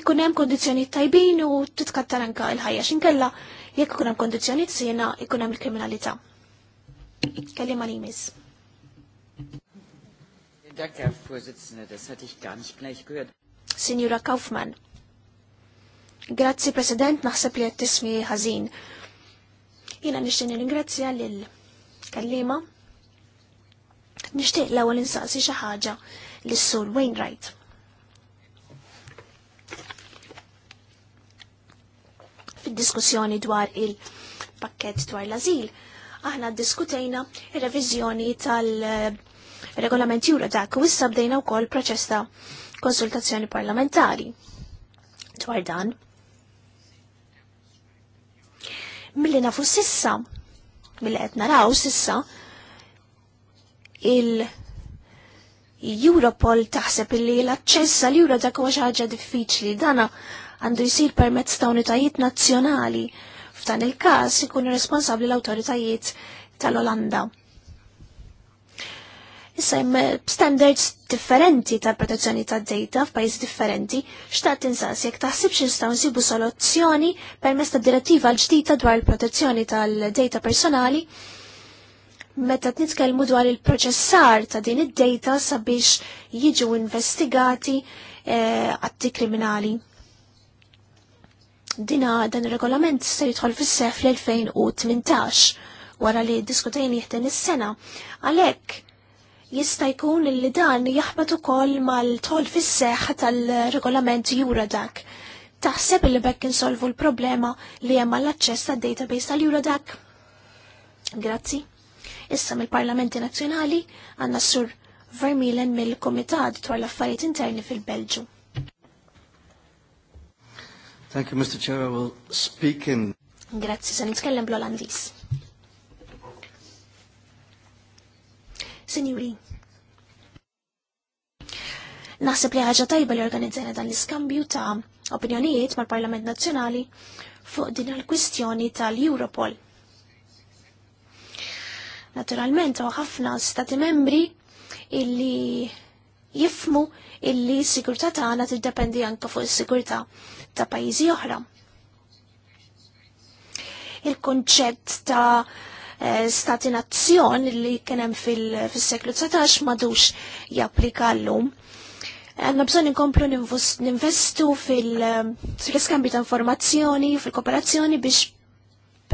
ikun hemm kondizzjonijiet tajbin u titkattar anke l-ħajja x'inkella jekk ikun hemm kondizzjonijiet siena ikun hemm il-kriminalità. Kellim għal imiss. Dank, Herr das hatte ich gar nicht gleich gehört. Signora Kaufmann. Grazzi, President, naħseb li tismi ħażin. Jiena nixtieq nirringrazzja Lill. kallima Nixtieq l-ewwel insaqsi xi ħaġa lis-sur Wainwright. Fid-diskussjoni dwar il-pakket dwar l-azil, aħna diskutejna ir-reviżjoni tal-regolament dak u issa bdejna wkoll proċess ta' konsultazzjoni parlamentari dwar dan. Milli nafu sissa, milli qed naraw sissa, il- Europol taħseb illi l-aċċess għal Euro dak huwa xi ħaġa diffiċli dana għandu jsir permezz ta' unitajiet nazzjonali. F'dan il-każ ikun responsabbli l-awtoritajiet tal-Olanda. Issa hemm standards differenti tal protezzjoni tad data f'pajjiż differenti, x'tat tinsas jekk taħsibx staw nsibu soluzzjoni permezz tad direttiva l-ġdida dwar il-protezzjoni tal-data personali meta t-nitkelmu dwar il-proċessar ta' din id-data sabiex jiġu investigati eh, atti kriminali. Dina dan il-regolament se jidħol fis-sef l-2018 wara li diskutejn jihden is-sena. Għalhekk jista' jkun li dan jaħbad kol mal-tħol fis-seħ tal-regolament Eurodac. Taħseb li bekk insolvu l-problema li hemm l-aċċess tad-database tal-Eurodac? Grazzi. Issa mill-Parlamenti Nazzjonali għandna sur Vermilen mill-Komitat dwar l-affarijiet interni fil-Belġu. Thank you, Mr. Chair. I will speak in... Grazie, se nitkellem bl-Olandis. Signori, naħseb li ħaġa tajba li organizzajna dan l-iskambju ta' opinjonijiet mal-Parlament Nazzjonali fuq din il-kwistjoni tal-Europol. Naturalment, u ħafna stati membri illi jifmu illi s-sigurta tagħna tiddependi anke fuq is-sigurta ta' pajjiżi oħra. Il-konċett ta' eh, stati nazzjon li kienem fil-seklu 19 madux japplika l-lum. Għanna bżon inkomplu ninvestu fil-skambi ta' informazzjoni, fil-kooperazzjoni biex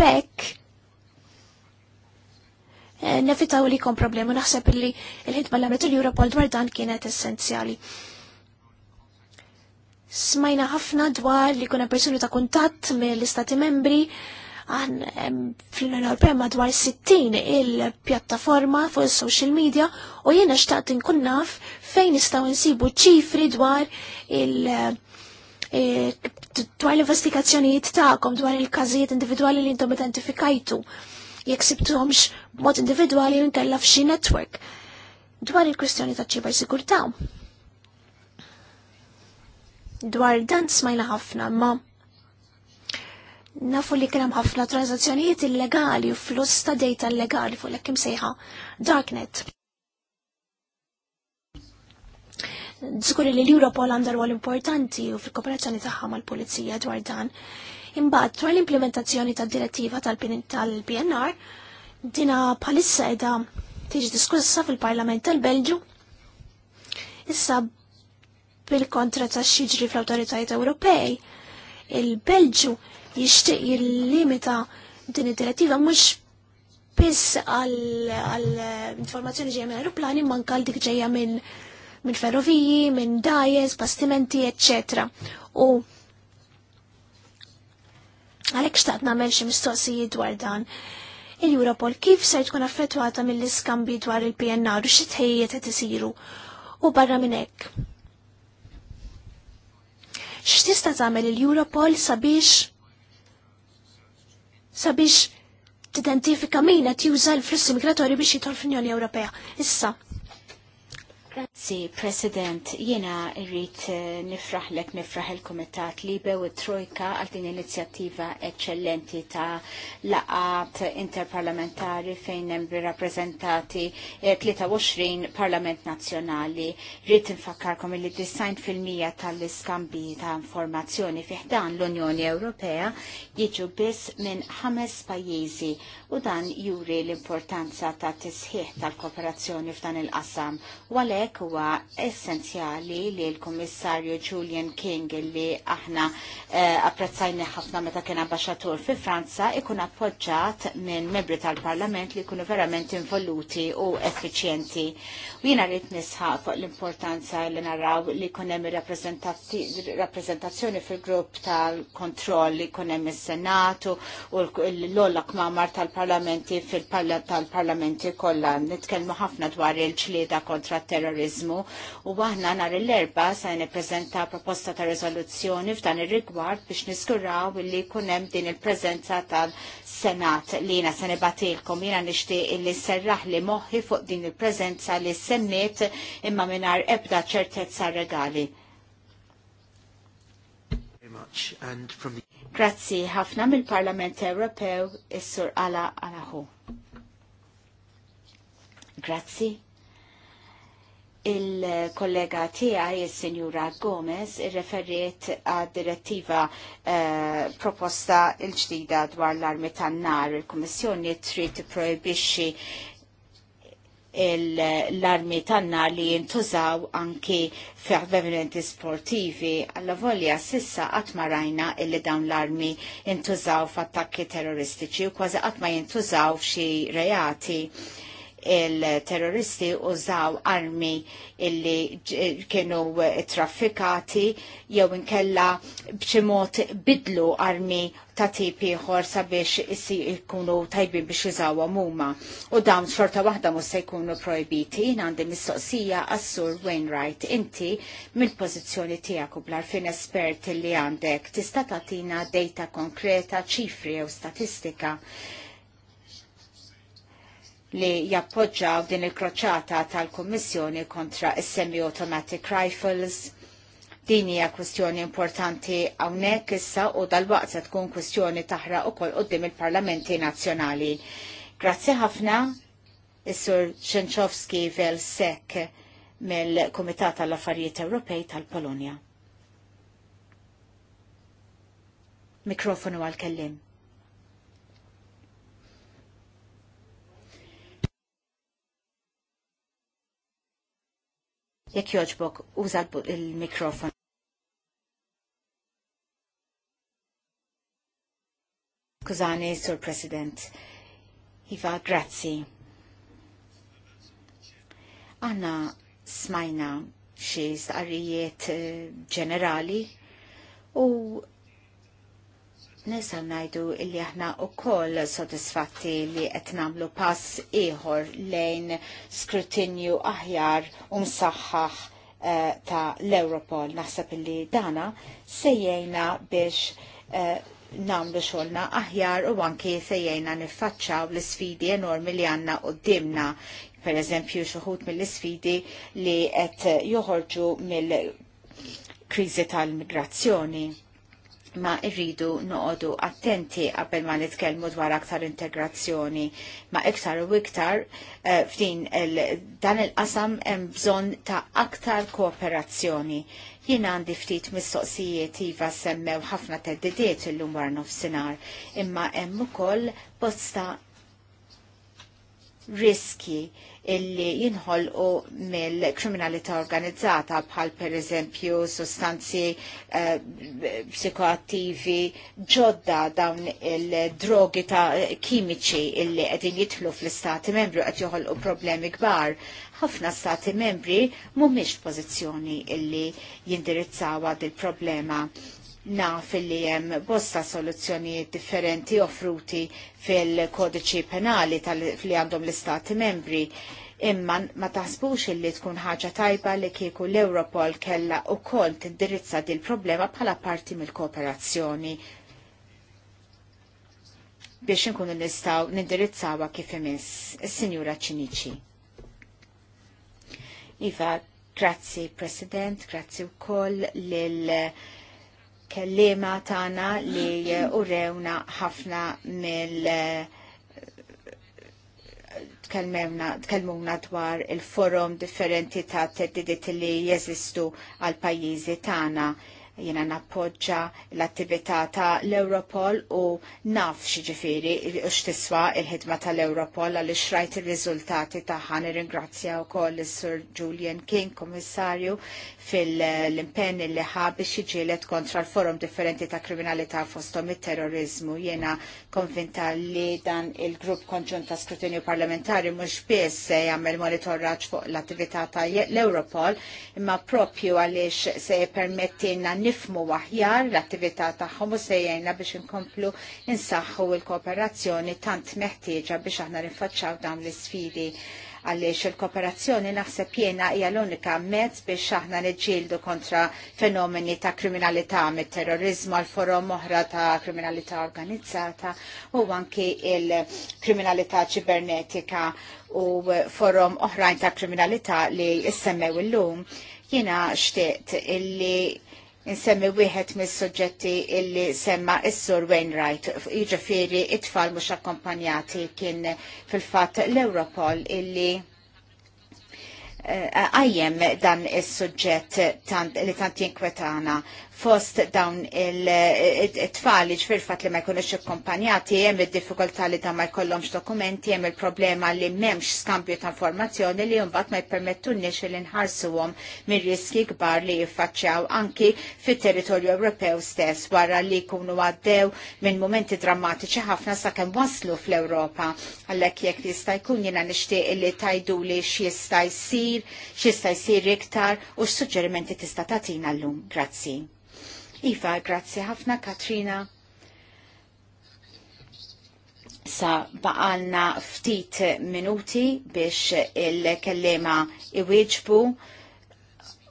pek Eh, nevitaw li kon problemu naħseb li il-ħidma l-għamlet il-Europol dwar dan kienet essenzjali. Smajna ħafna dwar li kuna persuni ta' kuntatt mill-Istati membri għan fl-Unjoni Ewropea madwar 60 il-pjattaforma fuq il-social media u jiena xtaqt inkun naf fejn nistgħu nsibu ċifri dwar il- eh, dwar l-investigazzjonijiet tagħkom dwar il-każijiet individwali li intom identifikajtu jekk sibtuhomx b'mod individwali u f'xi network dwar il-kwistjoni ta' ċiber sigurtà. Dwar dan smajna ħafna ma nafu li kienem ħafna transazzjonijiet illegali u flus ta' data illegali fuq l-ekkim sejħa Darknet. Zgur li l-Europol għandha rwol importanti u fil-kooperazzjoni tagħha mal-Pulizija dwar dan. Imbagħad dwar l-implementazzjoni tad-direttiva tal-PNR dina bħalissa edha tiġi diskussa fil-Parlament tal-Belġu. Issa bil-kontra ta' xiġri fl-awtoritajiet Ewropej, il-Belġu jixtieq jillimita din id-direttiva mhux biss għall-informazzjoni ġejja minn aeroplani manka l dik ġejja minn ferroviji, minn dajes, bastimenti, eccetera. U Għalhekk xtaqt nagħmel xi mistoqsijiet dwar dan. Il-Europol kif se tkun affettwata mill-iskambi dwar il-PNR u xi tħejjiet qed isiru u barra minn hekk. X'tista' tagħmel il-Europol sabiex sabiex tidentifika min qed juża l-flussi migratorji biex jidħol fl-Unjoni Ewropea. Issa, Grazzi, President. Jena irrit eh, nifraħlek, nifraħ il-Komitat Libe u Trojka għal din inizjattiva eccellenti ta' laqat interparlamentari fejn hemm rappresentati 23 eh, Parlament Nazzjonali. Rrit infakkarkom li design fil-mija tal-iskambi ta' informazzjoni fiħdan l-Unjoni Ewropea jiġu biss minn ħames pajjiżi u dan juri l-importanza ta' tisħiħ tal-kooperazzjoni f'dan il-qasam. U għalhekk huwa essenzjali li l-Kummissarju Julian King li aħna eh, apprezzajni ħafna meta kien ambasċatur fi Franza ikun appoġġat minn membri tal-Parlament li jkunu verament involuti u effiċjenti. U jiena rrid nisħaq fuq l-importanza li naraw li jkun hemm rappreżentazzjoni fil-grupp tal-kontroll li jkun hemm is-Senatu u l-ollok mamar tal tal-parlamenti fil-parlamenti kollha nitkellmu ħafna dwar il-ġlieda kontra terrorizmu u aħna nhar l-erba se nippreżenta proposta ta' rezoluzzjoni f'dan ir-rigward biex niskuraw li jkun hemm din il prezenza tal-Senat li jiena se nibatilkom jiena nixtieq li serraħ li moħħi fuq din il prezenza li semmiet imma mingħajr ebda ċertezza regali. Grazzi ħafna mill-Parlament Ewropew is-Sur Ala Alahu. Grazzi. Il-kollega tiegħi is-Sinjura Gomez irreferiet għad direttiva eh, proposta l ġdida dwar l-armi tan-nar. Il-Kummissjoni trid tipprojbixxi l-armi tanna li jintużaw anki fi avvenimenti sportivi. Alla volja sissa għatma rajna illi dawn l-armi jintużaw f'attakki terroristiċi u kważi għatma jintużaw f'xi reati il-terroristi użaw armi illi kienu traffikati jew inkella b'xi mod bidlu armi ta' tipi ieħor sabiex issi jkunu tajbi biex jużawhom huma. U dawn xorta waħda mhux se jkunu projbiti, għandi mistoqsija għas-sur Wainwright. Inti mill-pożizzjoni tiegħek u bl-arfin espert li għandek tista' tagħtina data konkreta, ċifri jew statistika li jappoġġaw din il-kroċata tal-Kommissjoni kontra is semi-automatic rifles. Din hija kwestjoni importanti hawnhekk issa u dal-waqt se tkun kwestjoni taħra ukoll qudiem il-Parlamenti Nazzjonali. Grazzi ħafna is-Sur Xenchowski Velsek mill-Kumitat tal-Affarijiet Ewropej tal-Polonja. Mikrofonu għal-kellim. Jekk joġbok, uża il-mikrofon. Kużani, Sur President. Iva, grazzi. Għanna smajna xie starijiet eh, ġenerali u Nisa najdu illi aħna u koll sodisfatti li qed pass ieħor lejn skrutinju aħjar u msaħħaħ eh, ta' l-Europol. Naħseb illi dana sejjena biex eh, namlu xolna aħjar u anki sejjejna niffaċċaw l-sfidi enormi li għanna u dimna per eżempju xuħut mill-sfidi li qed joħorġu mill-kriżi tal-migrazzjoni ma irridu noqodu attenti qabel ma nitkellmu dwar aktar integrazzjoni ma iktar u iktar uh, f'din il, dan il-qasam hemm bżonn ta' aktar kooperazzjoni. Jien għandi ftit mistoqsijiet iva semmew ħafna teddidiet illum wara nofsinhar, imma hemm ukoll bosta riski illi jinħolqu mill-kriminalità organizzata bħal per eżempju sostanzi eh, psikoattivi ġodda dawn il-drogi ta' kimiċi illi qegħdin jitlu fl-istati membri qed joħolqu problemi kbar ħafna stati membri mhumiex pożizzjoni illi jindirizzawa dil il problema naf li hemm bosta soluzzjonijiet differenti offruti fil-kodiċi penali tal-li għandhom l-istati membri. Imma ma taħsbux illi tkun ħaġa tajba li kieku l-Europol kella u kol tindirizza dil problema bħala parti mill-kooperazzjoni biex nkunu nistaw nindirizzawa kif imiss il sinjura Ċinici. Iva, grazzi President, grazzi u koll lil kellima tagħna li urewna ħafna mill eh, tkellmuna dwar il-forum differenti ta' teddidit li jeżistu għal pajjiżi tagħna jena nappoġġa l-attività ta' l-Europol u naf xieġifiri u xtiswa il-ħidma tal-Europol għal xrajt il-rizultati ta' nir-ingrazzja u koll sur Julian King, komissarju, fil-impenn li ħa xieġilet kontra l-forum differenti ta' kriminalità fostom il-terrorizmu. Jena konvinta li dan il-grupp konġunt ta' skrutinju parlamentari mux biss se jgħamil monitorraġ fuq l-attività ta' l-Europol, imma propju għalix se permettina nifmu aħjar l-attività tagħhom u sejjajna biex inkomplu insaħħu l-kooperazzjoni tant meħtieġa biex aħna rinfaċċaw dawn l-isfidi għaliex il-kooperazzjoni naħseb jena hija l-unika mezz biex aħna niġġieldu kontra fenomeni ta' kriminalità mit terrorizmu għal forom oħra ta' kriminalità organizzata u anki il-kriminalità ċibernetika u forom oħrajn ta' kriminalità li issemmew illum jiena xtieqt illi Insemmi wieħed mis-suġġetti illi semma is-sur Wainwright, jiġifieri it-tfal mhux akkompanjati kien fil-fatt l-Europol illi eh, għajjem dan is-suġġett li tant jinkwetana fost dawn il-tfal ġfir fat li ma jkunux ikkompanjati hemm id-diffikultà li ta' ma jkollhomx dokumenti hemm il-problema li m'hemmx skambju ta' informazzjoni li mbagħad ma il li nħarsuhom minn riski kbar li jiffaċċjaw anki fit-territorju Ewropew stess wara li jkunu għaddew minn momenti drammatiċi ħafna sakemm waslu fl-Ewropa. Għalhekk jekk jista' jkun jiena nixtieq li tajdu li x'jista' jsir, x'jista' jsir iktar u x-suġġerimenti tista' l llum. Grazzi. Iva, grazzi ħafna Katrina. Sa baqalna ftit minuti biex il-kellima iwieġbu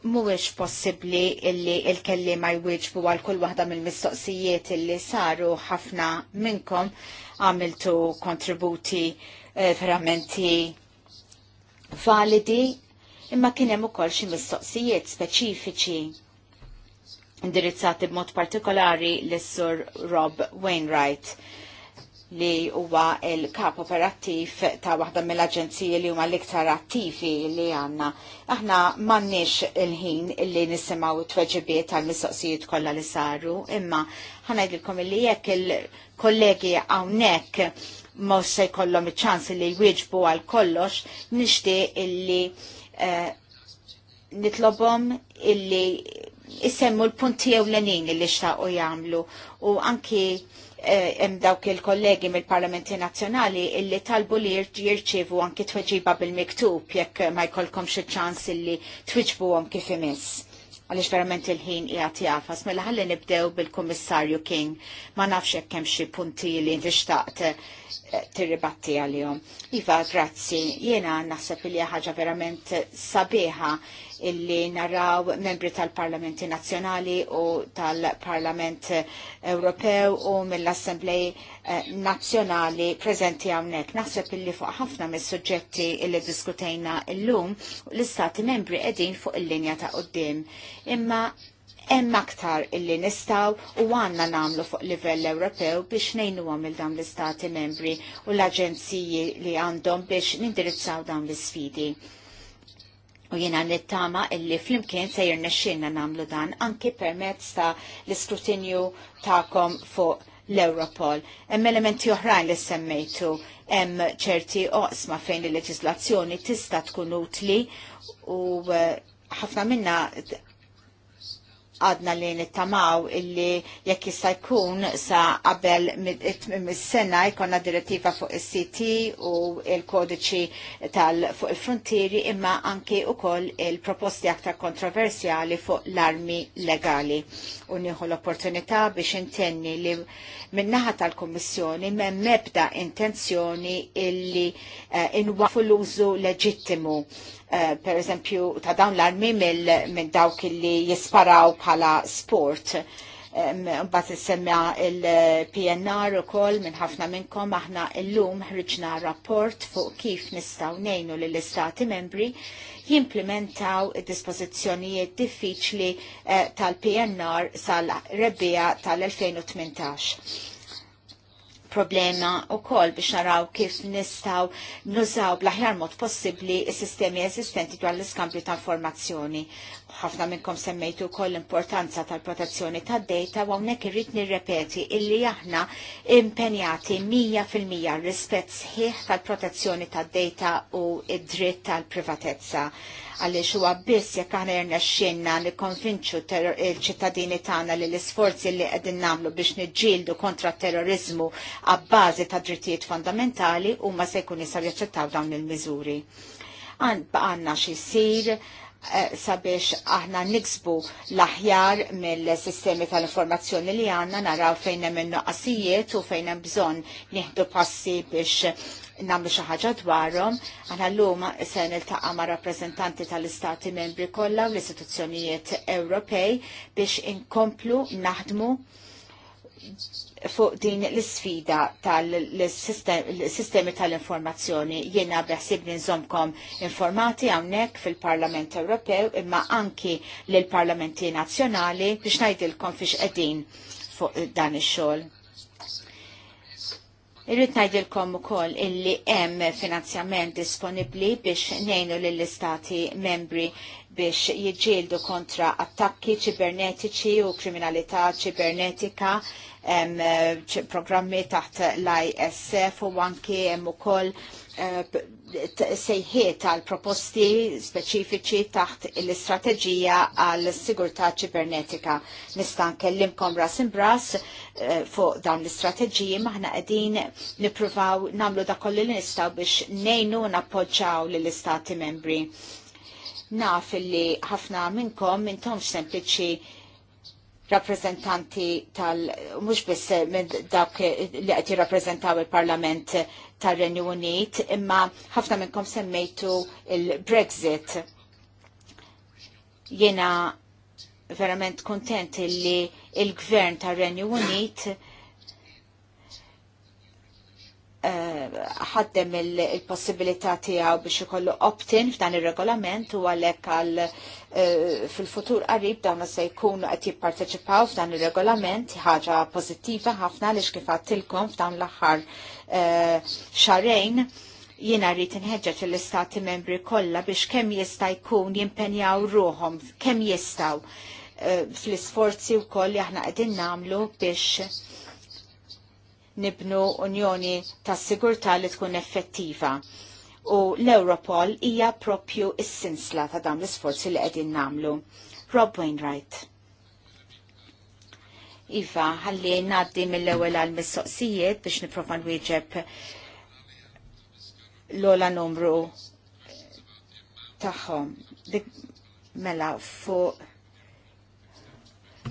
mhuwiex possibbli illi il-kellima jwieġbu għal kull waħda mill-mistoqsijiet illi saru ħafna minnkom għamiltu kontributi eh, veramenti validi imma kien hemm ukoll xi mistoqsijiet speċifiċi indirizzati b'mod partikolari l-Sur Rob Wainwright li huwa il-kap operattiv ta' waħda mill-aġenziji li huma l-iktar attivi li għanna. Aħna m'għandniex il-ħin li nisimgħu t-tweġibiet tal-mistoqsijiet kollha li saru, imma ħanajdilkom li jekk il-kollegi hawnhekk mhux se jkollhom iċ-ċans li jwieġbu għal kollox, nixtieq illi eh, nitlobhom illi issemmu l-punti jew l-enin li xtaqu jagħmlu u anki eh, hemm dawk il-kollegi mill-Parlamenti Nazzjonali illi talbu li jirċievu anki tweġiba bil-miktub jekk ma jkollkom xi ċans illi għom kif imiss għaliex verament il-ħin qiegħed għafas. Mela ħalli nibdew bil-Kummissarju King ma nafx hekk hemm xi punti li tixtaqt eh, tirribatti għalihom. Iva, grazzi. Jiena naħseb li ħaġa verament sabiħa illi naraw membri tal-Parlamenti Nazzjonali u tal-Parlament Ewropew u mill-Assemblej eh, Nazzjonali prezenti għawnek. Naħseb illi fuq ħafna mis suġġetti illi diskutejna llum, l-istati membri edin fuq il-linja ta' qoddim imma hemm aktar illi nistgħu u għandna nagħmlu fuq livell Ewropew biex ngħinuhom il dawn l-istati membri u l-aġenziji li għandhom biex nindirizzaw dawn l-isfidi. U jiena nittama illi flimkien se jirnexxinna namlu dan anki permezz ta' l-iskrutinju tagħkom fuq l-Europol. Hemm elementi oħrajn li semmejtu hemm ċerti oqsma fejn il-leġislazzjoni tista' tkun utli u eh, ħafna minna għadna li nittamaw illi jekk jista' jkun sa qabel mis-sena jkollna direttiva fuq is-CT u il-kodiċi tal fuq il-frontieri imma anke ukoll il-proposti aktar kontroversjali fuq l-armi legali. U nieħu l-opportunità biex intenni li minnaħa tal-Kummissjoni m'hemm mebda intenzjoni illi uh, eh, inwafu l-użu leġittimu Eh, per eżempju ta' dawn l-armi minn dawk li jisparaw bħala sport. Mbagħad issemma il-PNR ukoll minn ħafna minnkom aħna llum ħriġna rapport fuq kif nistgħu ngħinu lill-istati membri jimplementaw id-dispożizzjonijiet diffiċli eh, tal-PNR sal-rebbija tal-2018 problema u kol biex naraw kif nistaw nużaw bl-aħjar mod possibli s-sistemi eżistenti dwar l-iskambju ta' informazzjoni ħafna minnkom semmejtu koll l-importanza tal-protezzjoni tad-data u hawnhekk irrid nirrepeti illi aħna impenjati 100% rispett sħiħ tal-protezzjoni tad-data u id-dritt tal-privatezza għaliex huwa biss jekk aħna li nikkonvinċu il-ċittadini tagħna li l-isforzi li qegħdin nagħmlu biex niġġieldu kontra t terrorizmu għabbazi ta' drittijiet fondamentali huma se jkun jistgħu jaċċettaw dawn il-miżuri għan baqanna xisir Eh, sabiex aħna niksbu l-aħjar mill-sistemi tal-informazzjoni li għanna naraw fejn hemm in u fejn hemm bżonn nieħdu passi biex nagħmlu xi ħaġa dwarhom. Aħna llum se niltaqa' ma' rappreżentanti tal-istati membri kollha u l-istituzzjonijiet Ewropej biex inkomplu naħdmu fuq din l-sfida tal-sistemi tal-informazzjoni. Jena beħsibni nżomkom informati għawnek fil-Parlament Ewropew imma anki l-Parlamenti Nazjonali biex najdilkom fiex edin fuq dan ix-xogħol. Irrid ngħidilkom ukoll illi hemm finanzjament disponibbli biex ngħinu lill-istati membri biex jiġġieldu kontra attakki ċibernetiċi u kriminalità ċibernetika programmi taħt l-ISF u anki hemm ukoll eh, sejħiet għal proposti speċifiċi taħt l-istrateġija għal sigurtà ċibernetika. Nista' nkellimkom ras imbras eh, fuq dawn l-istrateġiji maħna qegħdin nippruvaw nagħmlu da kollu li nistgħu biex ngħinu nappoġġaw lill-istati membri naf li ħafna minnkom intom sempliċi rappresentanti tal mhux biss minn dak li qed jirrappreżentaw il-Parlament tar-Renju Unit, imma ħafna minnkom semmejtu il-Brexit. Jiena verament kontent li il-gvern tar-Renju Unit Eh, ħaddem il-possibilità tiegħu biex ikollu opt-in f'dan ir-regolament u għalhekk għal eh, fil-futur qarib dawn se jkunu qed jipparteċipaw f'dan ir-regolament ħaġa pożittiva ħafna li għattilkom f'dawn l-aħħar eh, xarejn jiena rrid inħeġġeġ l-istati membri kollha biex kemm jista' jkun jimpenjaw ruhom kemm jistgħu fl-isforzi wkoll li aħna qegħdin nagħmlu biex nibnu unjoni tas sigurtà li tkun effettiva. U l-Europol hija propju is-sinsla ta' dawn l-isforzi li qegħdin nagħmlu. Rob Wainwright. Iva, ħalli ngħaddi mill-ewwel għall mistoqsijiet biex niprofa nwieġeb l-ola numru tagħhom. Mela fuq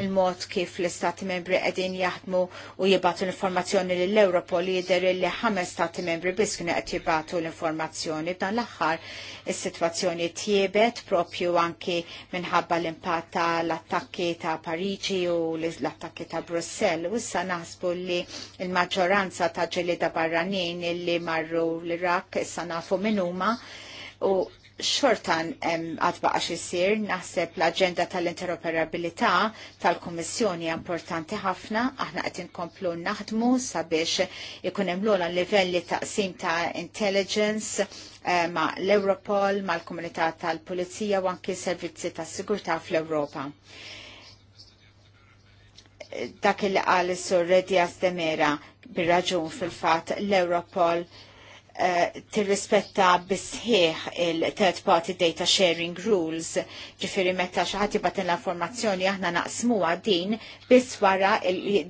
il-mod kif l-istati membri qegħdin jaħdmu u jibatu l-informazzjoni l-Europol jidher li ħames stati membri biss kienu qed l-informazzjoni. Dan l-aħħar il sitwazzjoni tjiebet propju anki minħabba l-impatt l attakki ta' Pariġi u l-attakki ta' Brussell. U issa naħsbu li l-maġġoranza ta' ġelida barranin illi marru l-Irak issa nafu minn huma u xortan għadbaqa' għax naħseb l-agenda tal-interoperabilità tal-Kommissjoni importanti ħafna, aħna qed inkomplu naħdmu sabiex ikun hemm l livelli taqsim ta' intelligence eh, ma' l-Europol, ma' l-Komunità tal-Pulizija u anki servizzi ta' sigurtà fl-Ewropa. Dak il-qal sur Redias Demera bir-raġun fil-fat l-Europol Eh, tirrispetta bisħieħ il-third party data sharing rules ġifiri meta xaħat jibat l-informazzjoni aħna naqsmu din biss wara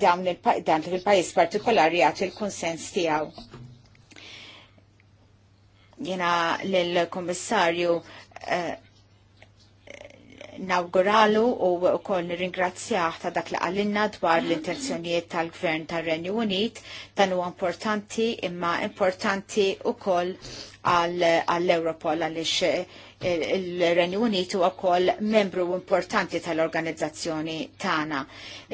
dawn il-pajis partikolari għat il-konsens tijaw. Jena l-komissarju eh, nawguralu u koll nirringrazzjah ta' dak li għallinna dwar l-intenzjonijiet tal-Gvern tar-Renju Unit dan huwa importanti imma importanti wkoll għall-Europol għaliex il-Renju Unit huwa wkoll membru importanti tal-organizzazzjoni tagħna.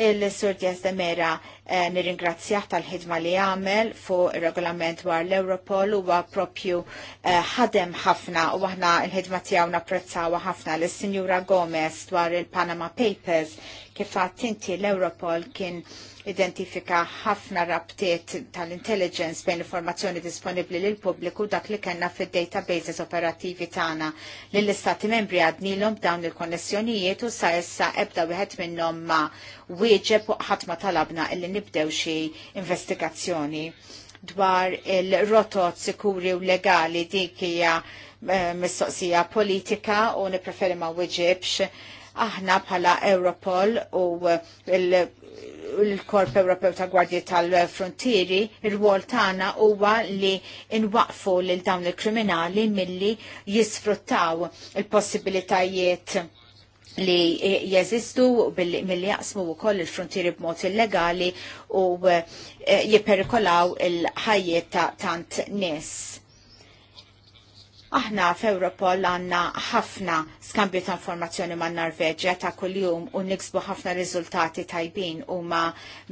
Il-Sur Diaz Mera eh, nirringrazzjah tal-ħidma li għamel fuq ir-regolament dwar l-Europol huwa propju eh, ħadem ħafna u aħna l-ħidma tiegħu napprezzawha ħafna l sinjura Gomez dwar il-Panama Papers kifat tinti inti l-Europol kien identifika ħafna rabtiet tal-intelligence bejn informazzjoni disponibli lil pubbliku dak li kellna fid-databases operattivi tagħna li l-istati membri għadnilhom dawn il-konnessjonijiet u sa issa ebda wieħed minnhom ma wieġeb u ħadd ma talabna illi nibdew xi investigazzjoni dwar il-rotot sikuri u legali dik hija eh, mistoqsija politika u nippreferi ma wieġibx aħna bħala Europol u eh, l-Korp Ewropew ta' Gwardji tal-Frontieri, ir-wol tagħna huwa li nwaqfu lil dawn il-kriminali milli jisfruttaw il-possibilitajiet li jeżistu mill jaqsmu u koll il-frontieri b'mod illegali u eh, jiperikolaw il-ħajiet ta' tant nis. Aħna f'Europol għanna ħafna skambju ta' informazzjoni ma' Norveġja ta' kuljum u niksbu ħafna riżultati tajbin u ma'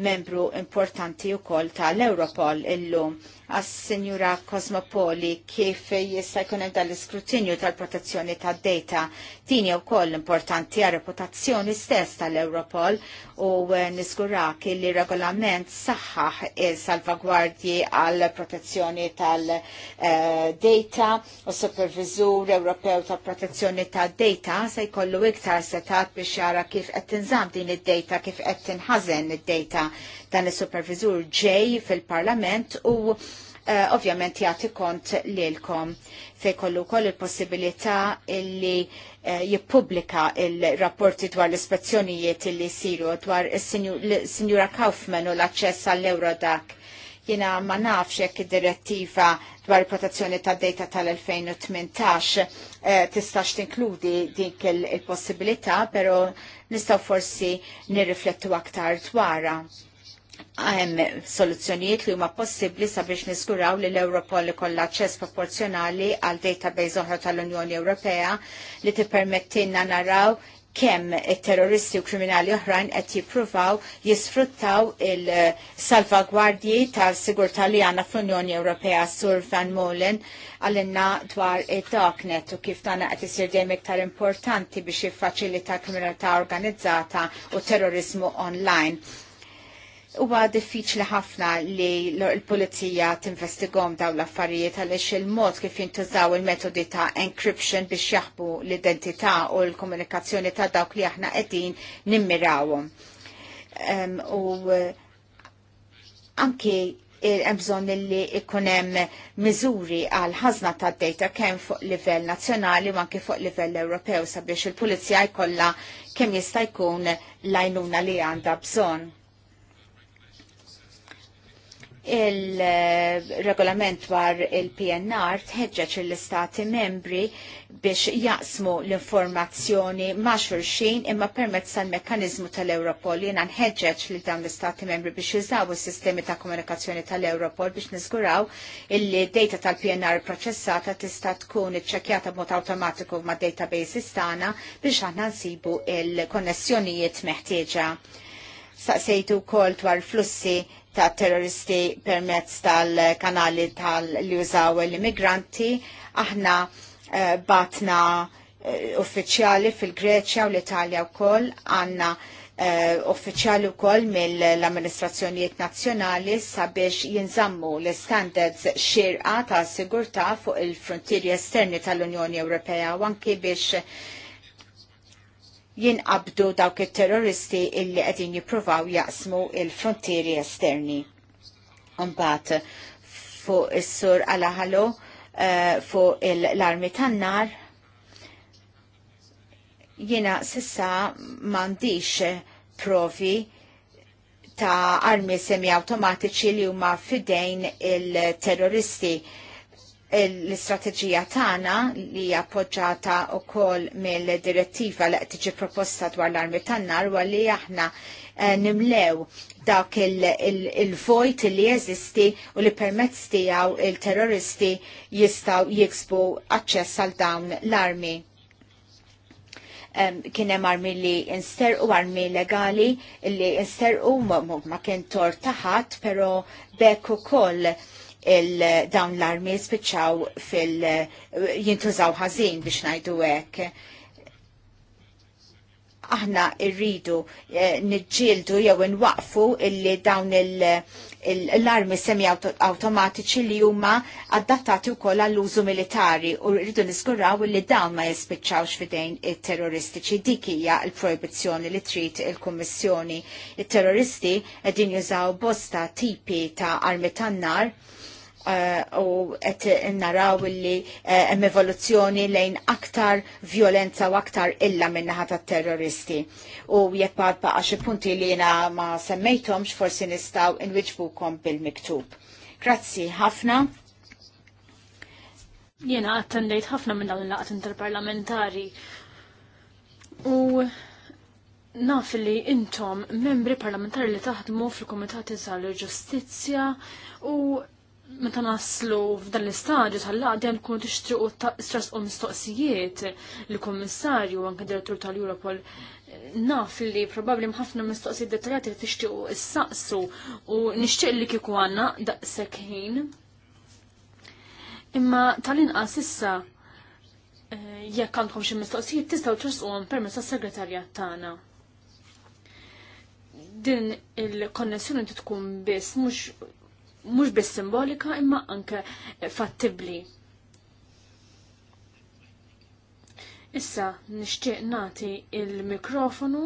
membru importanti u kol ta' l-Europol illum għas senjura Kosmopoli kif jista' jkun hemm dal-iskrutinju tal-protezzjoni tad-data. Tini wkoll importanti għar reputazzjoni stess tal-Europol u eh, niskurak li regolament saħħaħ salvagwardji għal protezzjoni tal-data eh, u supervizur Ewropew tal-protezzjoni tad-data se jkollu iktar setat biex jara kif qed tinżamm din id-data kif qed tinħażen id-data dan is-supervizur ġej fil-Parlament u Eh, ovvjament jagħti kont lilkom fej kollu wkoll il-possibilità illi uh, jippubblika il-rapporti dwar l-ispezzjonijiet illi jsiru dwar is-Sinjura Kaufman u l-aċċess għall-Eurodac jina ma nafx jekk id-direttiva dwar il protezzjoni ta' data tal-2018 eh, tistax tinkludi dik il-possibilità, pero però nistaw forsi nirriflettu aktar dwara għem soluzzjonijiet li huma possibbli sabiex niskuraw li l-Europol ikollha aċċess proporzjonali għal database oħra tal-Unjoni Ewropea li tippermettilna naraw kemm terroristi u kriminali oħrajn qed jippruvaw jisfruttaw il-salvagwardji tal-sigurtà li għandna fl-Unjoni Ewropea Sur Van Molen għalinna dwar id-darknet u kif tagħna qed isir dejjem iktar importanti biex jiffaċilita kriminalità organizzata u terrorizmu online huwa diffiċli ħafna li l-pulizija tinvestigom daw l-affarijiet għaliex il-mod kif jintużaw il-metodi ta' encryption biex jaħbu l-identità u l-komunikazzjoni ta' dawk li aħna qegħdin nimmirawhom. Um, u anke hemm bżonn li ikun hemm miżuri għal ħażna tad-data kemm fuq livell nazzjonali u anke fuq livell Ewropew sabiex il-pulizija jkollha kemm jista' jkun l-għajnuna li għandha bżonn Il-regolament dwar il-PNR tħeġġeġ l-istati membri biex jaqsmu l-informazzjoni ma' xurxin imma permezz tal-mekkanizmu tal-Europol jena nħeġġeġ li dawn l-istati membri biex jizawu is-sistemi ta' komunikazzjoni tal-Europol biex niżguraw il-data tal-PNR proċessata tista' tkun iċċekjata b'mod awtomatiku ma' database istana biex aħna nsibu il-konnessjonijiet meħtieġa staqsejtu kol dwar flussi ta' terroristi permezz tal-kanali tal-li użaw l-immigranti. Aħna uh, batna uh, uffiċjali fil-Greċja u l-Italja u koll għanna uh, eh, uffiċjali u koll mill-amministrazzjonijiet nazzjonali sabiex jinżammu l-standards xirqa ta' sigurta fuq il-frontieri esterni tal-Unjoni Ewropea u anki biex jinqabdu dawk il-terroristi illi qegħdin jippruvaw jaqsmu il-frontieri esterni. Mbagħad fuq is-sur għalaħalu uh, eh, fuq l-armi tan-nar jiena sissa m'għandix provi ta' armi semi-automatiċi li huma fidejn il-terroristi l-istrateġija tagħna li hija appoġġjata wkoll mill-direttiva li qed tiġi proposta dwar l-armi tan-nar huwa li aħna eh, nimlew dak il-vojt li jeżisti u li permezz tiegħu il-terroristi jistgħu jiksbu aċċess għal dawn l-armi. Kien hemm armi li nsterqu armi legali li insterqu ma kien ta' taħat, però bekk ukoll koll dawn l-armi spiċċaw fil jintużaw ħażin biex ngħidu hekk. Aħna rridu eh, niġġieldu jew nwaqfu illi dawn l-armi semi automatiċi li huma adattati wkoll għall-użu militari u rridu niżguraw illi dawn ma jispiċċawx f'idejn it-terroristiċi. Dik hija l-proibizzjoni li trid il-Kummissjoni. It-terroristi qegħdin jużaw bosta tipi ta' armi tan-nar Eh, u qed naraw li eh, hemm evoluzzjoni lejn aktar violenza u aktar illa minnaħa tat-terroristi. U jekk bad baqa' xi punti li jiena ma semmejthomx forsi nistgħu inwiġbukom bil-miktub. Grazzi ħafna. Jiena attendejt ħafna minn dawn il-laqat interparlamentari. U naf li intom membri parlamentari li taħdmu fil-Komitati tal-Ġustizzja u meta naslu f'dan l-istadju tal-laqdja nkunu tixtriqu strasqu mistoqsijiet li kummissarju anke direttur tal-Europol naf li probabli mħafna mistoqsijiet dettaljati li tixtiequ issaqsu u nixtieq li kieku għandna daqshekk ħin. Imma tal-inqas issa eh, jekk għandkom xi mistoqsijiet tistgħu trisquhom permezz tas-segretarjat tagħna. Din il-konnessjoni tkun biss mhux mhux biss simbolika imma anke fattibbli. Issa nixtieq nati il-mikrofonu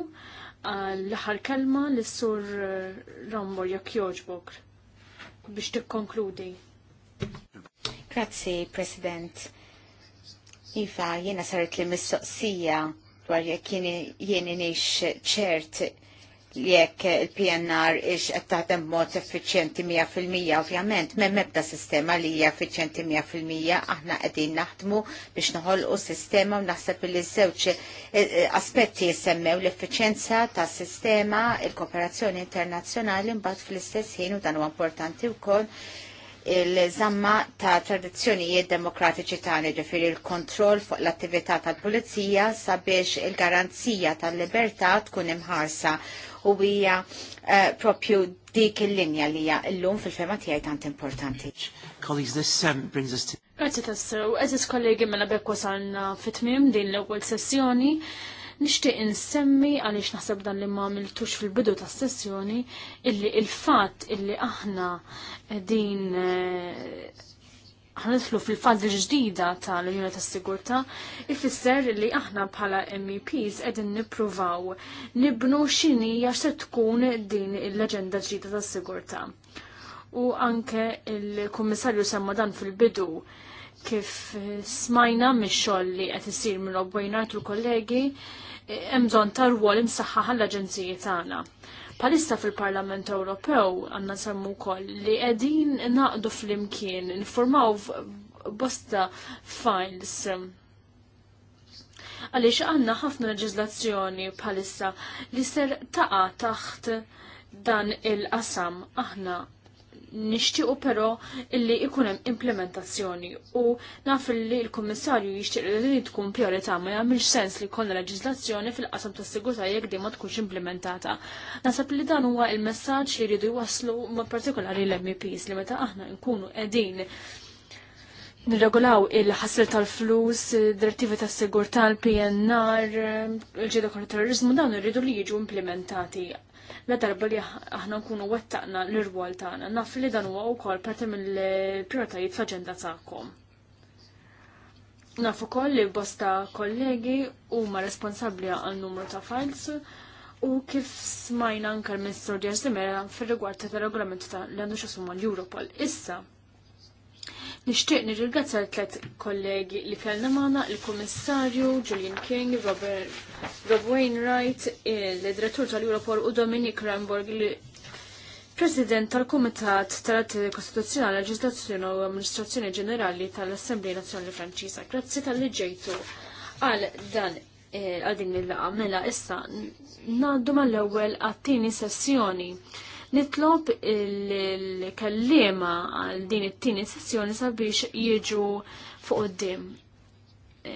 għall-aħħar kelma lis-sur eh, Rambor jekk jogħġbok biex tikkonkludi. Grazzi, President. Iva, jiena saret li mistoqsija dwar jekk jien nix ċert jekk il-PNR ix qed taħdem b'mod effiċjenti 100% ovvjament m'hemm ebda sistema li hija effiċjenti 100% aħna qegħdin naħdmu biex noħolqu sistema u naħseb li żewġ eh, eh, aspetti jsemmew l-effiċjenza tas-sistema, il-kooperazzjoni internazzjonali mbagħad fl-istess ħin u dan huwa importanti wkoll il-żamma ta' tradizzjonijiet demokratiċi tagħna ġifieri l-kontroll fuq l-attività tal-pulizija sabiex il-garanzija tal-libertà tkun imħarsa u hija eh, propju dik il-linja li hija llum fil-fema tiegħi tant importanti. Colleagues, this um, brings us to... Grazie tassu, eżis kollegi mela bekk wasalna fit-tmim din l-ewwel sessjoni. Nixtieq insemmi għaliex naħseb dan li ma miltux fil-bidu tas sessjoni illi il-fatt illi aħna din eh, ħanislu fil-fazi ġdida tal-Unjoni ta' Sigurta, ifisser li aħna bħala MEPs edin nipruvaw nibnu xinija se tkun din il-leġenda ġdida ta' Sigurta. U anke il-Kummissarju semma dan fil-bidu kif smajna mix-xogħol li qed isir minn obbojnajt u kollegi hemm bżonn ta' rwol imsaħħaħ l-aġenziji tagħna palista fil-Parlament Ewropew għanna semmu kol li edin naqdu fl-imkien, informaw bosta files għaliex għanna ħafna leġizlazzjoni bħalissa li ser taqa taħt dan il-qasam aħna nixtiequ però illi ikunem hemm implementazzjoni u naf li l-Kummissarju jixtieq li tkun priorità ma jagħmilx sens li jkollna leġislazzjoni fil-qasam tas sigurtaj jekk din ma tkunx implementata. Nasab li dan huwa il-messaġġ li jridu jwaslu ma' partikolari l-MEPs li meta aħna nkunu qegħdin Nirregolaw il-ħassil tal-flus, direttivi tas sigurtà l-PNR, il-ġeda kontra terrorizmu, dawn irridu li jiġu implementati la darba li aħna nkunu wettaqna l-irwol tagħna naf li dan huwa wkoll parti mill-prijoritajiet fl-aġenda tagħkom. Naf ukoll li bosta kollegi huma responsabbli għal numru ta' files u kif smajna anke l-Ministru Djersimera fir-rigward ta' regolamenti ta' l-għandu xasumma l-Europol. Issa, Nixtieq nirringrazzja tliet kollegi li kellna maħna, il-Kummissarju Julian King, Robert Rob Wainwright, il-Direttur tal-Europol u Dominic Ramborg li President tal-Kumitat tal-Atti Kostituzzjonali Legislazzjoni u Amministrazzjoni Ġenerali tal-Assembleja Nazzjonali Franċiża. Grazzi tal-li ġejtu għal dan eh, għal din il-laqa mela issa ngħaddu mal-ewwel għat-tieni sessjoni. Nitlob il-kallima għal din it-tieni sessjoni sabiex jiġu fuq qudiem. E,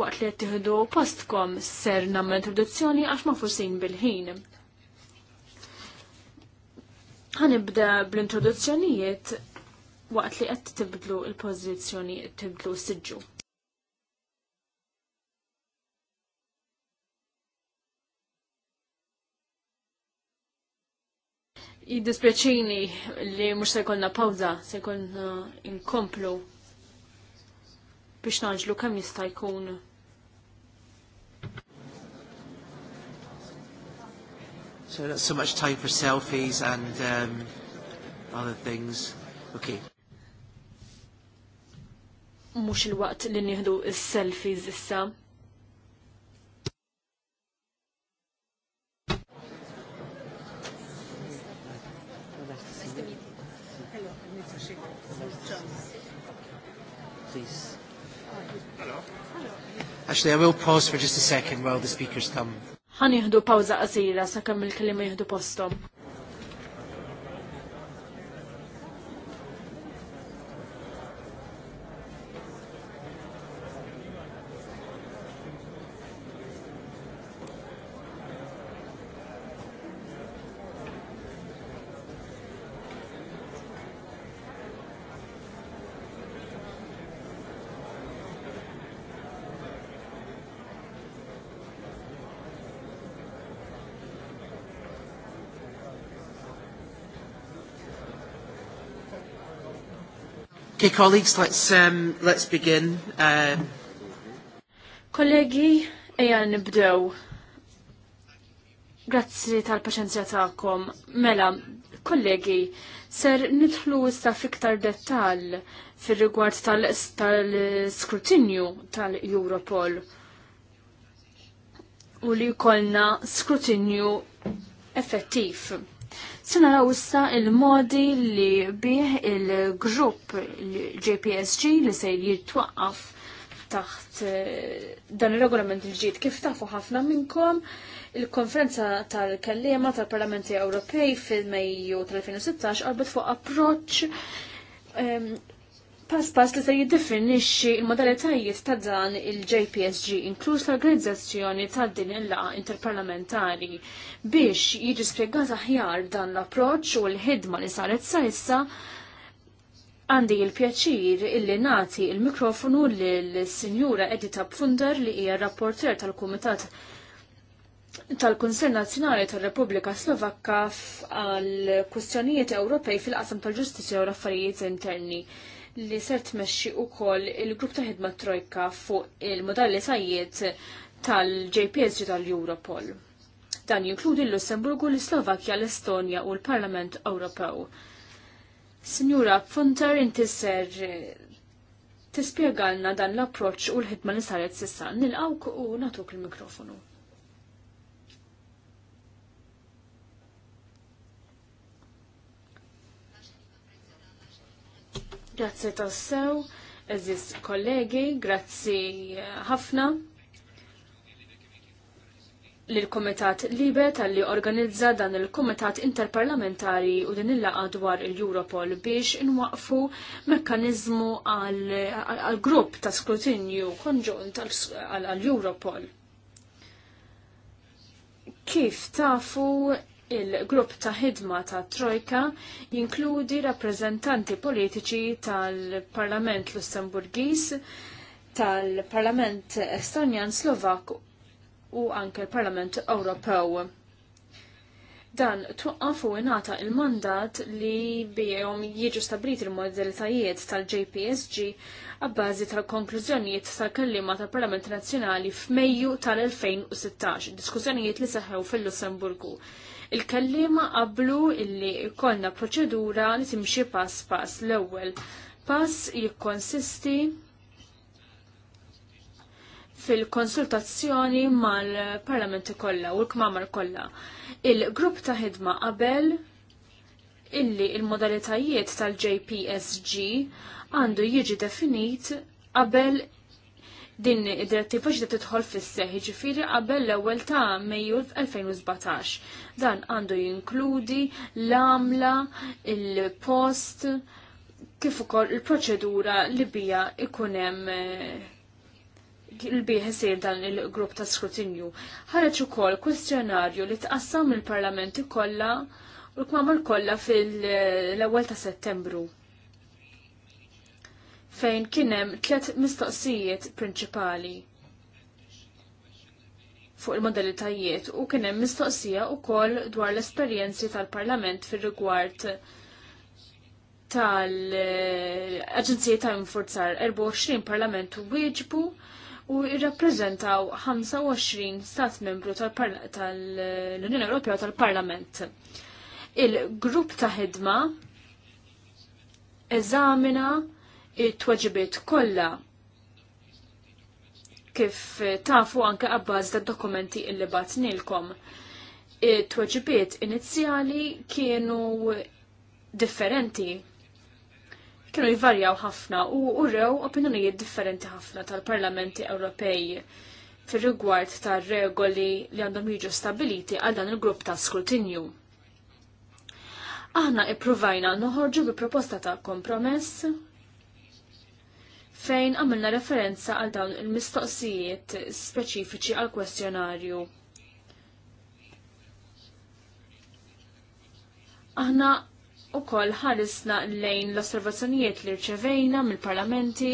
waqt li qed postkom ser namma introduzzjoni għax ma forsin bil-ħin. Għanibda bl-introduzzjonijiet waqt li qed tibdlu il-pożizzjoni tibdlu s-siġġu. Jiddispjaċini li mhux se jkollna pawza, se jkollna inkomplu biex naġlu kemm jista' jkun. So that's so much time for selfies and um, other things. Okay. Mux il-waqt li nieħdu is-selfies issa. Actually, I will pause for just a second while the speakers come. Ħan jihdu pawza qasira sakemm il-kelima jihdu postom. Okay, colleagues, let's, um, let's begin. Um, kollegi, eja nibdew. Grazzi tal-paċenzja ta'kom. Mela, kollegi, ser nidħlu issa fiktar dettal fil-rigward tal-skrutinju tal tal-Europol u li kolna skrutinju effettiv Se naraw issa il-modi li bih il-grupp JPSG li se jitwaqaf taħt eh, dan il-regolament il-ġid kif tafu ħafna minnkom il-konferenza tal-kellima tal-Parlamenti Ewropej fil-Mejju tal-2016 qalbet fuq approċ pass pass li se jiddefinixxi l-modalitajiet ta' dan il-JPSG inkluż l-organizzazzjoni ta' din il-laqa interparlamentari biex jiġi spjegat aħjar dan l-approċċ u l-ħidma li saret sa issa għandi il-pjaċir illi nati il-mikrofonu lill-Sinjura Edita Pfunder li hija rapporter tal-Kumitat tal-Kunsell Nazzjonali tar-Repubblika Slovakka għal kwistjonijiet Ewropej fil-qasam tal-ġustizzja u l-affarijiet interni li ser tmexxi wkoll il-grupp ta' ħidma trojka fuq il-modelli sajjiet tal-JPSG tal-Europol. Dan jinkludi l-Lussemburgu, l-Slovakja, l-Estonja u l-Parlament Ewropew. Sinjura Funter, inti ser eh, tispjegalna dan l-approċ u l-ħidma li saret sissa. Nilqawk u natuk il-mikrofonu. Grazzi tassew, eżis kollegi, grazzi ħafna l-Komitat Libe tal-li organizza dan il-Komitat Interparlamentari u din il-laqa dwar il-Europol biex inwaqfu mekkanizmu għal-grupp ta' skrutinju konġunt għal-Europol. Kif tafu il-grupp ta' ħidma ta' Trojka jinkludi rappreżentanti politiċi tal-Parlament Lussemburgis, tal-Parlament Estonjan Slovak u anke l-Parlament Ewropew. Dan twaqqaf u ingħata il-mandat li bijom jiġu stabrit l-modalitajiet tal-JPSG għabbażi tal-konklużjonijiet tal-kellima tal-Parlament Nazzjonali f'Mejju tal-2016, diskussjonijiet li seħħew fil-Lussemburgu. Il-kellima qablu illi jkollna proċedura li timxi pass pass l-ewwel. Pass jikkonsisti fil-konsultazzjoni mal-parlamenti kollha u l-kmamar kollha. Il-grupp ta' ħidma qabel illi il-modalitajiet tal-JPSG għandu jiġi definit qabel din id-direttiva ġda tidħol fis-seħ, ġifieri qabel l-ewwel ta' Mejju 2017. Dan għandu jinkludi l-għamla, il-post, kif ukoll il-proċedura li bija ikun hemm eh, il-bieħ dan il-grupp ta' skrutinju. Ħareġ ukoll kwestjonarju li tqassam il-parlamenti kollha u kmamur kmamar kollha fil-ewwel ta' Settembru fejn kienem tlet mistoqsijiet prinċipali fuq il-modalitajiet u kienem mistoqsija u kol dwar l-esperienzi tal-Parlament fil rigward tal-Aġenzija ta' Infurzar 24 Parlament u wieġbu u jirrappreżentaw 25 stat membru tal-Unjoni Ewropea tal-Parlament. Il-grupp ta' ħidma eżamina it-tweġibiet kollha kif tafu anke qabbaż ta' dokumenti illi batnilkom. It-tweġibiet inizjali kienu differenti. Kienu jvarjaw ħafna u urew opinjonijiet differenti ħafna tal-Parlamenti Ewropej fir-rigward tar-regoli li għandhom jiġu stabiliti għal dan il-grupp ta' skrutinju. Aħna ippruvajna noħorġu bi proposta ta' kompromess fejn għamilna referenza għal dawn il-mistoqsijiet speċifiċi għal kwestjonarju. Aħna u koll ħarisna lejn l-osservazzjonijiet li rċevejna mill-parlamenti,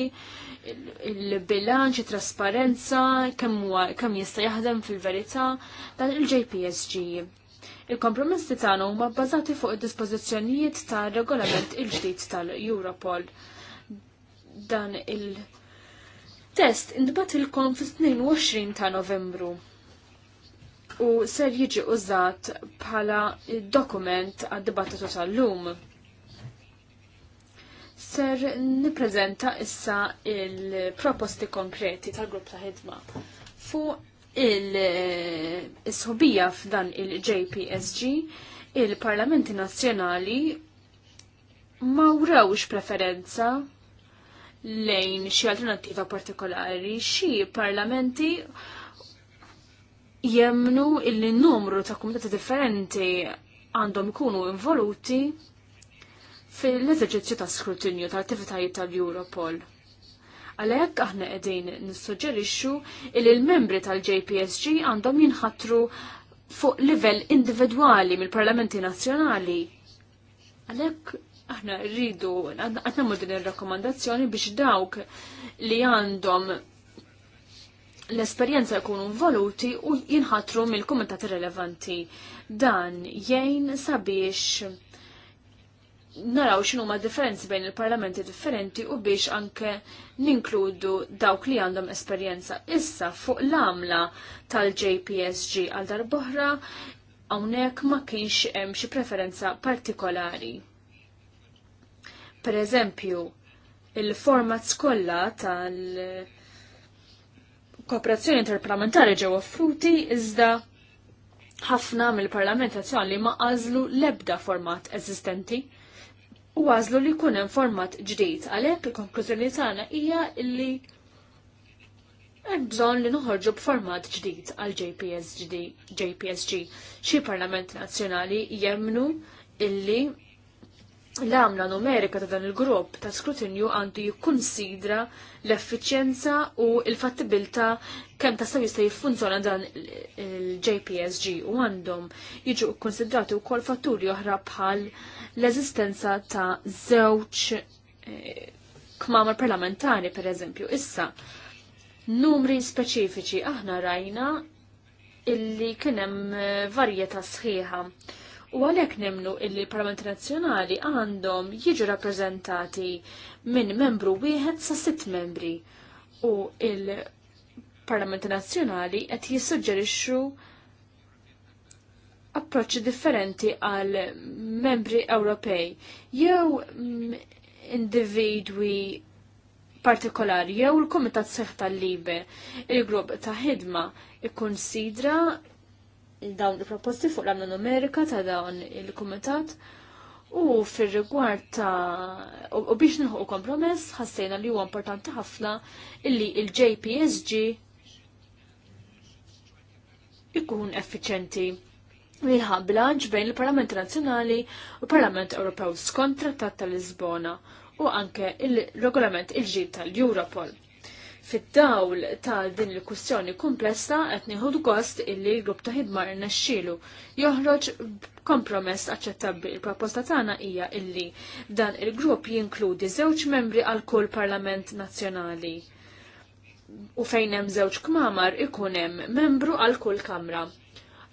il-bilanċ, trasparenza, kemm jista' jaħdem fil-verità dan il-JPSG. Il-kompromessi tagħna huma bbażati fuq id-dispożizzjonijiet tar regolament il-ġdid tal-Europol. il ġdid tal europol dan il-test indbat il-kon fis-22 ta' Novembru u ser jiġi użat bħala dokument għad-dibattitu tal-lum. Ser niprezenta issa il-proposti konkreti tal-grupp ta' ħidma fuq il-sħobija eh, f'dan il-JPSG il-Parlamenti Nazzjonali ma wrawx preferenza lejn xi alternattiva partikolari, xi parlamenti jemnu illi numru ta' kumitati differenti għandhom ikunu involuti fil-eżerċizzju ta' skrutinju tal-attivitajiet tal-Europol. Għalhekk aħna qegħdin nissuġġerixxu li l-membri tal-JPSG għandhom jinħatru fuq livell individwali mill-Parlamenti Nazzjonali. Għalhekk aħna rridu għatnamu din il-rakkomandazzjoni biex dawk li għandhom l-esperienza jkunu voluti u jinħatru mill-kumitati relevanti. Dan jgħin sabiex naraw xinu ma differenzi bejn il-parlamenti differenti u biex anke ninkludu dawk li għandhom esperienza. Issa fuq l-amla tal-JPSG għal darboħra hawnhekk ma kienx hemm xi preferenza partikolari Per eżempju, il format skolla tal- kooperazzjoni interparlamentari ġew offruti iżda ħafna mill-Parlament Nazzjonali ma għażlu l-ebda format eżistenti u għażlu li jkun hemm format ġdid. Għalhekk il-konklużjoni tagħna hija li hemm bżonn li noħorġu b'format ġdid għal JPSG. Xi Parlament Nazzjonali jemnu illi l-għamla numerika ta' dan il-grupp ta' skrutinju għandu jikkunsidra l-effiċjenza u l-fattibilta kemm ta' sew jista' jiffunzjona dan il-JPSG u għandhom jiġu konsidrati wkoll fatturi oħra bħal l-eżistenza ta' żewġ eh, kmamar parlamentari per eżempju. Issa, numri speċifiċi aħna rajna illi kienem eh, varjeta sħiħa U għalhekk nemnu illi l-Parlamenti Nazzjonali għandhom jiġu rappreżentati minn membru wieħed sa sitt membri u il-Parlamenti Nazzjonali qed jissuġġerixxu approċċi differenti għal membri Ewropej jew mm, individwi partikolari jew il kumitat seħħ tal-Libe, il-grupp ta' ħidma ikkonsidra dawn il-proposti fuq l-għamlu numerika ta' dawn il-komitat u fil-rigward ta' u biex nħu kompromess ħassejna li huwa importanti ħafna illi il-JPSG ikun effiċenti jilħaq bilanċ bejn il-Parlament Nazzjonali u Parlament Ewropew skont Trattat tal-Lisbona u anke il-regolament il-ġid tal-Europol. Fid-dawl tal din il-kwistjoni komplessa qed nieħud gost illi l-grupp ta' ħidma rnexxielu joħroġ kompromess aċċettabbli. Il-proposta tagħna hija illi dan il-grupp jinkludi żewġ membri għal kull Parlament Nazzjonali u fejn hemm żewġ kmamar ikun hemm membru għal kull Kamra.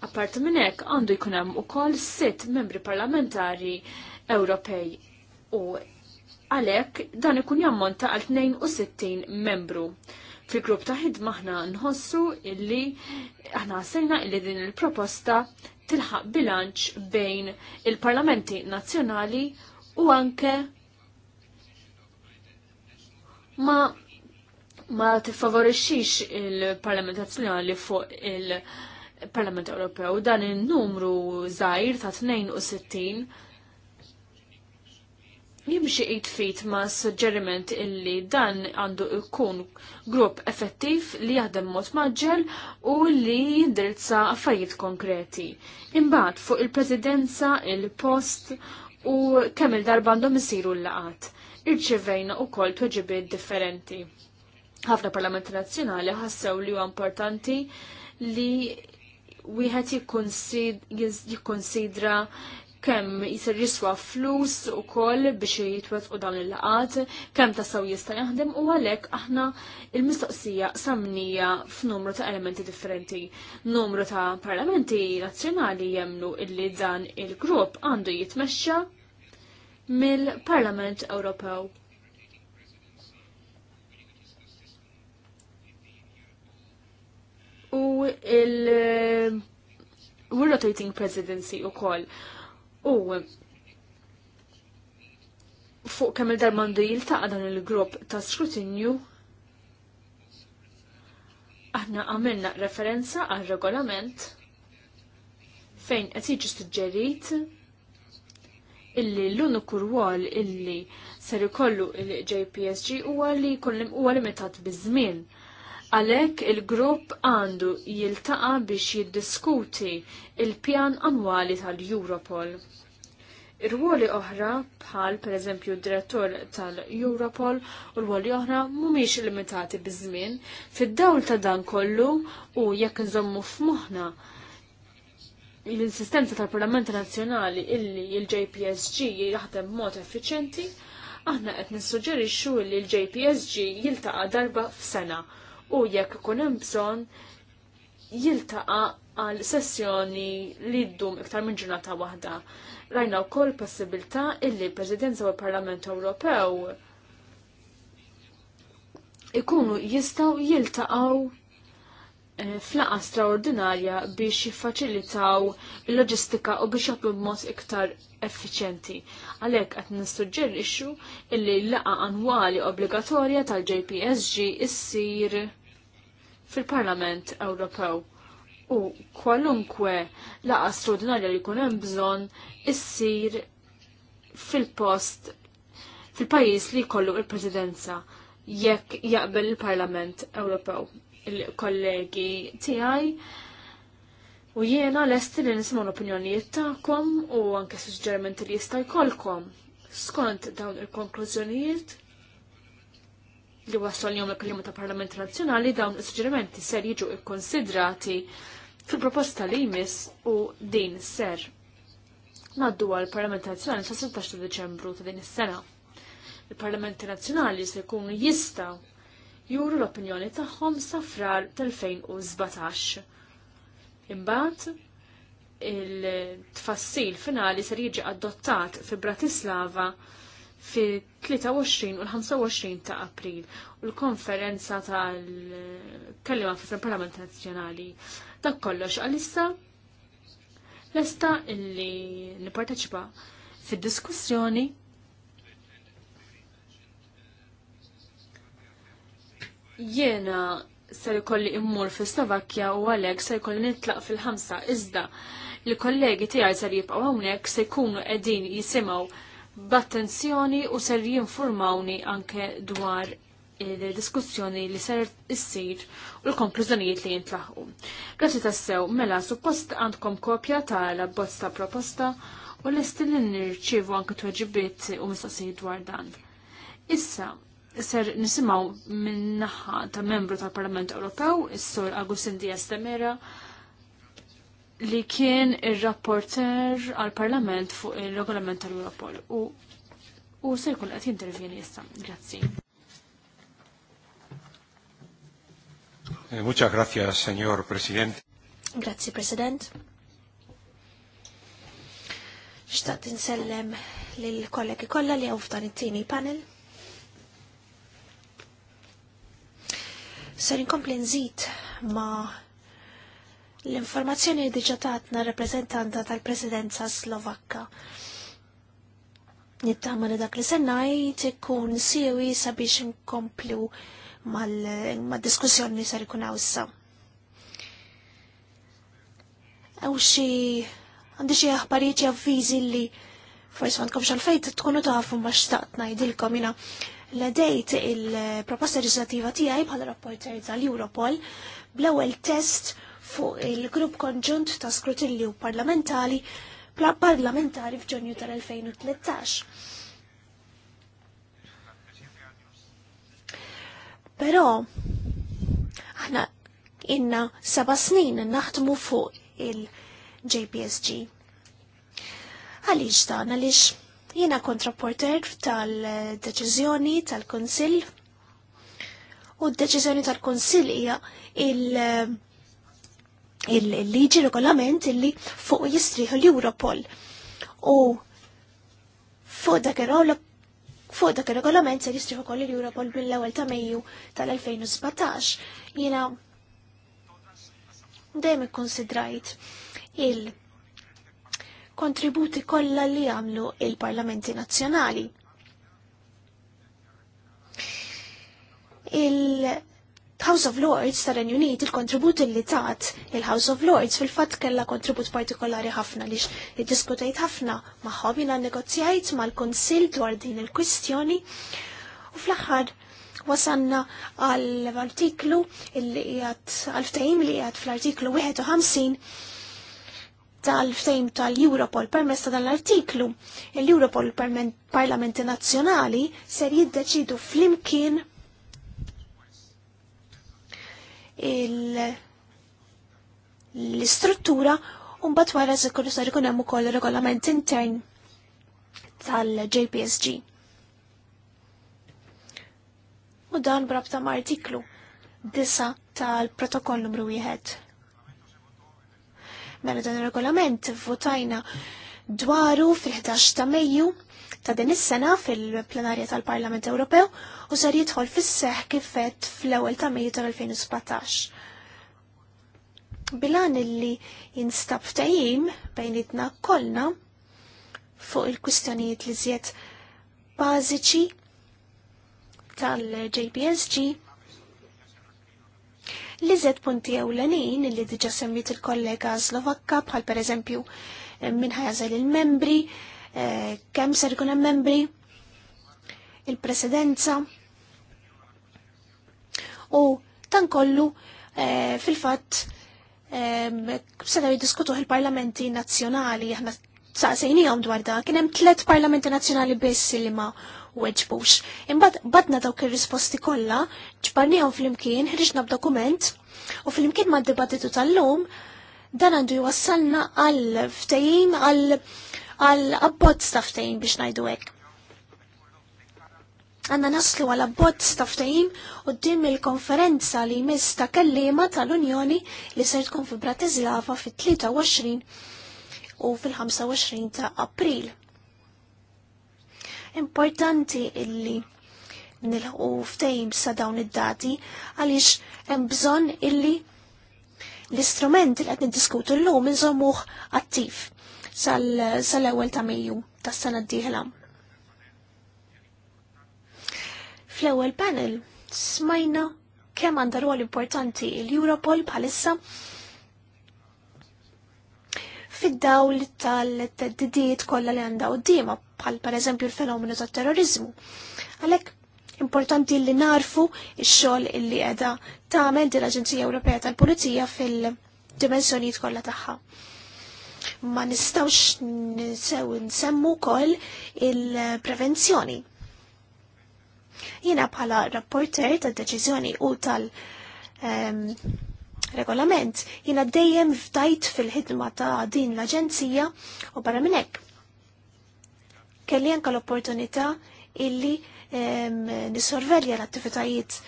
Apart minn hekk għandu jkun hemm ukoll sitt membri parlamentari Ewropej u Għalek, dan ikun jammonta għal 62 membru. Fil-grupp ta' ħidma aħna nħossu illi aħna għasajna illi din il-proposta tilħaq bilanċ bejn il-parlamenti nazzjonali u anke ma ma tiffavorixxix il-Parlament Nazzjonali fuq il-Parlament Ewropew dan in-numru żgħir ta' 62 jimxi id-fit ma suġġeriment illi dan għandu ikkun grupp effettiv li jaħdem mod maġġel u li jindirizza affarijiet konkreti. Imbagħad fuq il-presidenza, il-post u kemm il-darba għandhom isiru l-laqat. Irċivejna wkoll tweġibiet differenti. Ħafna parlamenti nazzjonali ħassew li huwa importanti li wieħed jikkonsidra kemm jisir jiswa flus u koll biex jitwetqu dan il-laqat, kemm tasaw jista' jaħdem u għalhekk aħna il-mistoqsija samnija f'numru ta' elementi differenti. Numru ta' parlamenti nazzjonali jemnu illi dan il-grupp għandu jitmexxa mill-Parlament Ewropew. u il- rotating presidency u koll. U fuq kemm il-darmandu jiltaqa' dan il-grupp ta' skrutinju aħna għamilna referenza għal regolament fejn qed jiġi suġġerit illi l-uniku rwol illi ser ikollu il-JPSG huwa li jkun huwa limitat biż-żmien Għalhekk il-grupp għandu jiltaqa biex jiddiskuti il-pjan annwali tal-Europol. Ir-ruoli oħra bħal pereżempju d-direttur tal-Europol u r-ruoli oħra mhumiex limitati biż-żmien. Fid-dawl ta' dan kollu u jekk nżommu f'moħħna l-insistenza tal-Parlament Nazzjonali illi il-JPSG jaħdem mod effiċenti, aħna qed nissuġġerixxu li l-JPSG jiltaqa' darba f'sena u jekk ikun hemm bżonn jiltaqa' għal sessjoni li ddum iktar minn ġurnata waħda. Rajna wkoll possibilità illi l-Presidenza u l-Parlament Ewropew ikunu jistgħu jiltaqgħu eh, flaqa straordinarja biex jiffaċilitaw il-loġistika u biex joplu b'mod iktar effiċenti. Għalhekk qed nissuġġerixxu illi laqa annwali obbligatorja tal-JPSG issir fil-Parlament Ewropew u kwalunkwe laqa straordinarja li jkun hemm bżonn issir fil-post fil-pajjiż li jkollu il-Presidenza jekk jaqbel il-Parlament Ewropew. Il-kollegi tiegħi U jiena lesti li nisma l-opinjonijiet tagħkom u anke suġġerimenti li jista' jkollkom. Skont dawn il-konklużjonijiet, li wasal jom il kalima ta' Parlament Nazzjonali dawn is-suġġerimenti ser jiġu ikkonsidrati fil-proposta li jmiss u din ser. Naddu għal Parlament Nazzjonali sa' 16 Deċembru ta' din is-sena. Il-Parlamenti Nazzjonali se jkunu jistaw juru l-opinjoni tagħhom sa frar 2017 Imbagħad il-tfassil finali ser jiġi adottat fi Bratislava fi 23 u l-25 ta' april u l-konferenza tal-kellima fil parlament Nazzjonali. Dak kollox għalissa l-esta illi nipparteċipa fid-diskussjoni jiena ser ikolli immur fi Slovakkja u għalek ser ikolli nitlaq fil-ħamsa iżda l-kollegi tiegħi ser jibqgħu hawnhekk se jkunu qegħdin jisimgħu b'attenzjoni u ser jinformawni anke dwar il-diskussjoni li ser issir u l-konklużjonijiet li jintlaħqu. Grazzi tassew, mela, suppost għandkom kopja tal la ta' proposta u l-estil li nirċivu anke tweġibiet u mistoqsijiet dwar dan. Issa, ser nisimaw minnaħħa ta' membru tal-Parlament Ewropew, is-sur Agustin Diaz Temera, li kien ir-rapporter għal-Parlament fuq il-regolament tal-Europol u, u se għat qed jintervjeni issa. Grazzi. Eh, Muċa grazzi, senjor President. Grazzi, President. Xtaqt insellem lill-kollegi kollha li hawn f'dan it-tieni panel. Ser inkompli nżid ma' L-informazzjoni diġatatna reprezentanta tal-presidenza slovakka. Nittama li dak li sennaj ikun siwi sabiex nkomplu mal-diskussjoni ser ikun għawissa. Għaw xie għandi xie għahbariet jgħavvizi li forse għandkom xalfejt tkunu tafu ma xtaqt najdilkom jina l-dejt il-proposta legislativa tijaj bħala rapporter tal-Europol bl-ewel test fuq il-grupp konġunt ta' skrutinju parlamentari parlamentari f'ġunju tal-2013. Però, aħna inna seba snin naħdmu fuq il-JPSG. Għalix dan, għalix jena kontraporter tal-deċizjoni tal-Konsil u d-deċizjoni tal-Konsil hija il- il-liġi regolament illi fuq jistriħu l-Europol. U fuq dak fuq dak il-regolament se jistriħu koll l-Europol bil ewwel ta' Mejju tal-2017. Jiena dejjem ikkonsidrajt il kontributi kollha li għamlu il-parlamenti nazzjonali. Il House of Lords tal-Renju Unit il-kontribut li tat il-House of Lords fil-fatt kella kontribut partikolari ħafna li diskutajt ħafna maħħom jina negozjajt mal-Konsil dwar din il-kwistjoni u fl-aħħar wasanna għall-artiklu li jgħat għal-ftajim li jgħat fl-artiklu 51 tal-ftejm tal-Europol permess ta' dan l-artiklu, l-Europol parlamenti nazzjonali ser jiddeċidu flimkien l-istruttura un bat wara se kullu sar ikun hemm ukoll regolament intern tal-JPSG. U dan brabta ma' artiklu disa tal-protokoll numru wieħed. Mela dan ir-regolament votajna dwaru fil-11 ta' Mejju ta' din is-sena fil-plenarja tal-Parlament Ewropew u ser jidħol fis-seħ kifet fl-ewwel ta' Mejju tal-2017. Bilan illi jinstab bejn itna kollna fuq il-kwistjonijiet li żjed bażiċi tal-JPSG li zed punti ewlenin li diġa semmit il-kollega Slovakka bħal per eżempju minħajja il-membri, Eh, kemm ser ikun hemm membri il-presidenza u tan kollu eh, fil-fatt eh, sedaw jiddiskutuh il-parlamenti nazzjonali aħna saqsejnijom dwar da, kien hemm tliet parlamenti nazzjonali biss li ma weġbux. Imbagħad badna dawk ir-risposti kollha, ġbarnihom flimkien, ħriġna b'dokument u flimkien mad-dibattitu tal-lum dan għandu jwassalna għal ftehim għal għal abbot taftajn biex najdu hekk. Għanna naslu għal abbot taftajn u dim il-konferenza li jmiss ta' kellima tal-Unjoni li ser tkun fi Bratislava fit-23 u fil-25 ta' April. Importanti illi nilħu ftejm sa dawn id-dati għaliex hemm bżonn illi l-istrument li qed niddiskutu llum inżommuh attiv sal-ewwel ta' Mejju tas-sena d-dieħla. Fl-ewwel panel smajna kemm għandha rwol importanti l-Europol bħalissa fid-dawl tal-teddidiet kollha li għandha qudiema bħal eżempju l-fenomenu tat-terrorizmu. Għalhekk importanti li narfu x-xogħol illi qiegħda tagħmel din l-Aġenzija Ewropea tal-Pulizija fil-dimensjonijiet kollha tagħha. Ma nistawx nsemmu kol il-prevenzjoni. Jina bħala rapporter ta' deċizjoni u tal- ehm, regolament, jina dejjem ftajt fil-ħidma ta' din l-Aġenzija u barra minnek. Kelli anka l-opportunità illi ehm, nisorvelja l-attivitajiet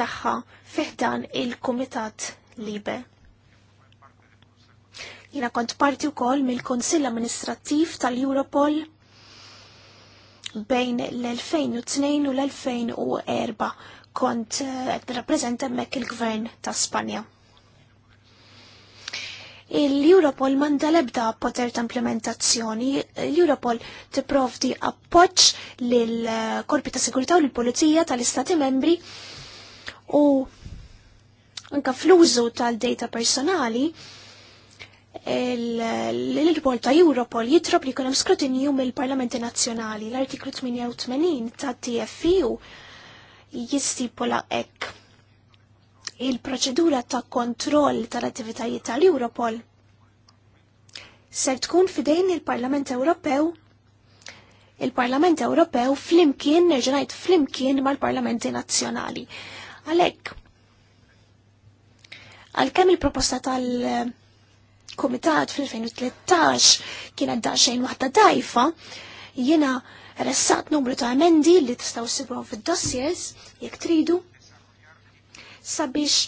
tagħha fiħdan il-Kumitat Libe. Jina kont parti wkoll mill-Konsill Amministrattiv tal-Europol bejn l-2002 u l-2004 kont qed eh, rappreżenta mek il-Gvern ta' Spanja. Il-Europol manda lebda poter ta' implementazzjoni. L-Europol tipprovdi appoġġ l korpi ta' sigurtà u l-Pulizija tal-Istati membri u anka fl-użu tal-data personali l irpol ta' Europol jitrob li kunem skrutinju mill-Parlamenti Nazzjonali l-artiklu 88 ta' TFU jistipula ek il-proċedura ta' kontroll tal-attivitajiet tal-Europol ser tkun fidejn il-Parlament Ewropew il-Parlament Ewropew flimkien, neġenajt flimkien mal-Parlamenti Nazzjonali. Għalek, għal-kem il-proposta tal- komitat fil-2013 kienet xejn waħda dajfa, jiena ressat numru ta' emendi li tistaw sibrom fil-dossiers, jekk tridu, sabiex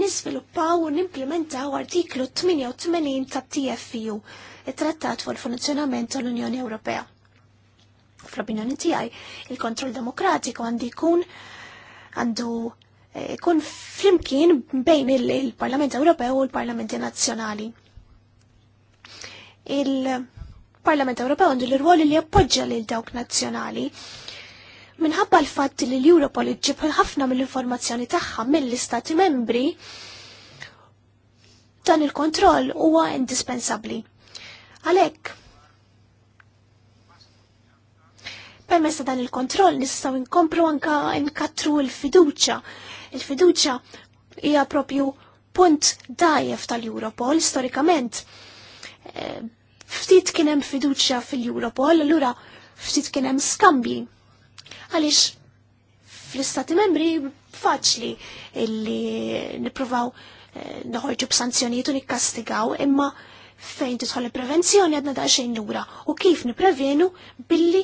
nisviluppaw u nimplementaw artiklu 88 ta' TFU, il-Trattat fuq il-Funzjonament tal-Unjoni Ewropea. Fl-opinjoni tiegħi, il-kontroll demokratiku għandu jkun għandu eh, ikun flimkien bejn il-Parlament Ewropew u l-Parlamenti Nazzjonali il-Parlament Ewropew għandu l-rwol li jappoġġa lil dawk nazzjonali. Minħabba l-fatt li l-Europol iġġib ħafna mill-informazzjoni tagħha mill-Istati membri, dan il-kontroll huwa indispensabbli. Għalhekk, permessa dan il-kontroll nistaw inkompru anka inkatru il-fiduċa. Il-fiduċa hija propju punt dajef tal-Europol storikament ftit kien hemm fiduċja fil-Europol, allura ftit kien hemm skambji. Għaliex fl-istati membri faċli illi nippruvaw eh, noħorġu b'sanzjonijiet u nikkastigaw, imma fejn tidħol il-prevenzjoni għadna daqsxejn lura u kif niprevenu billi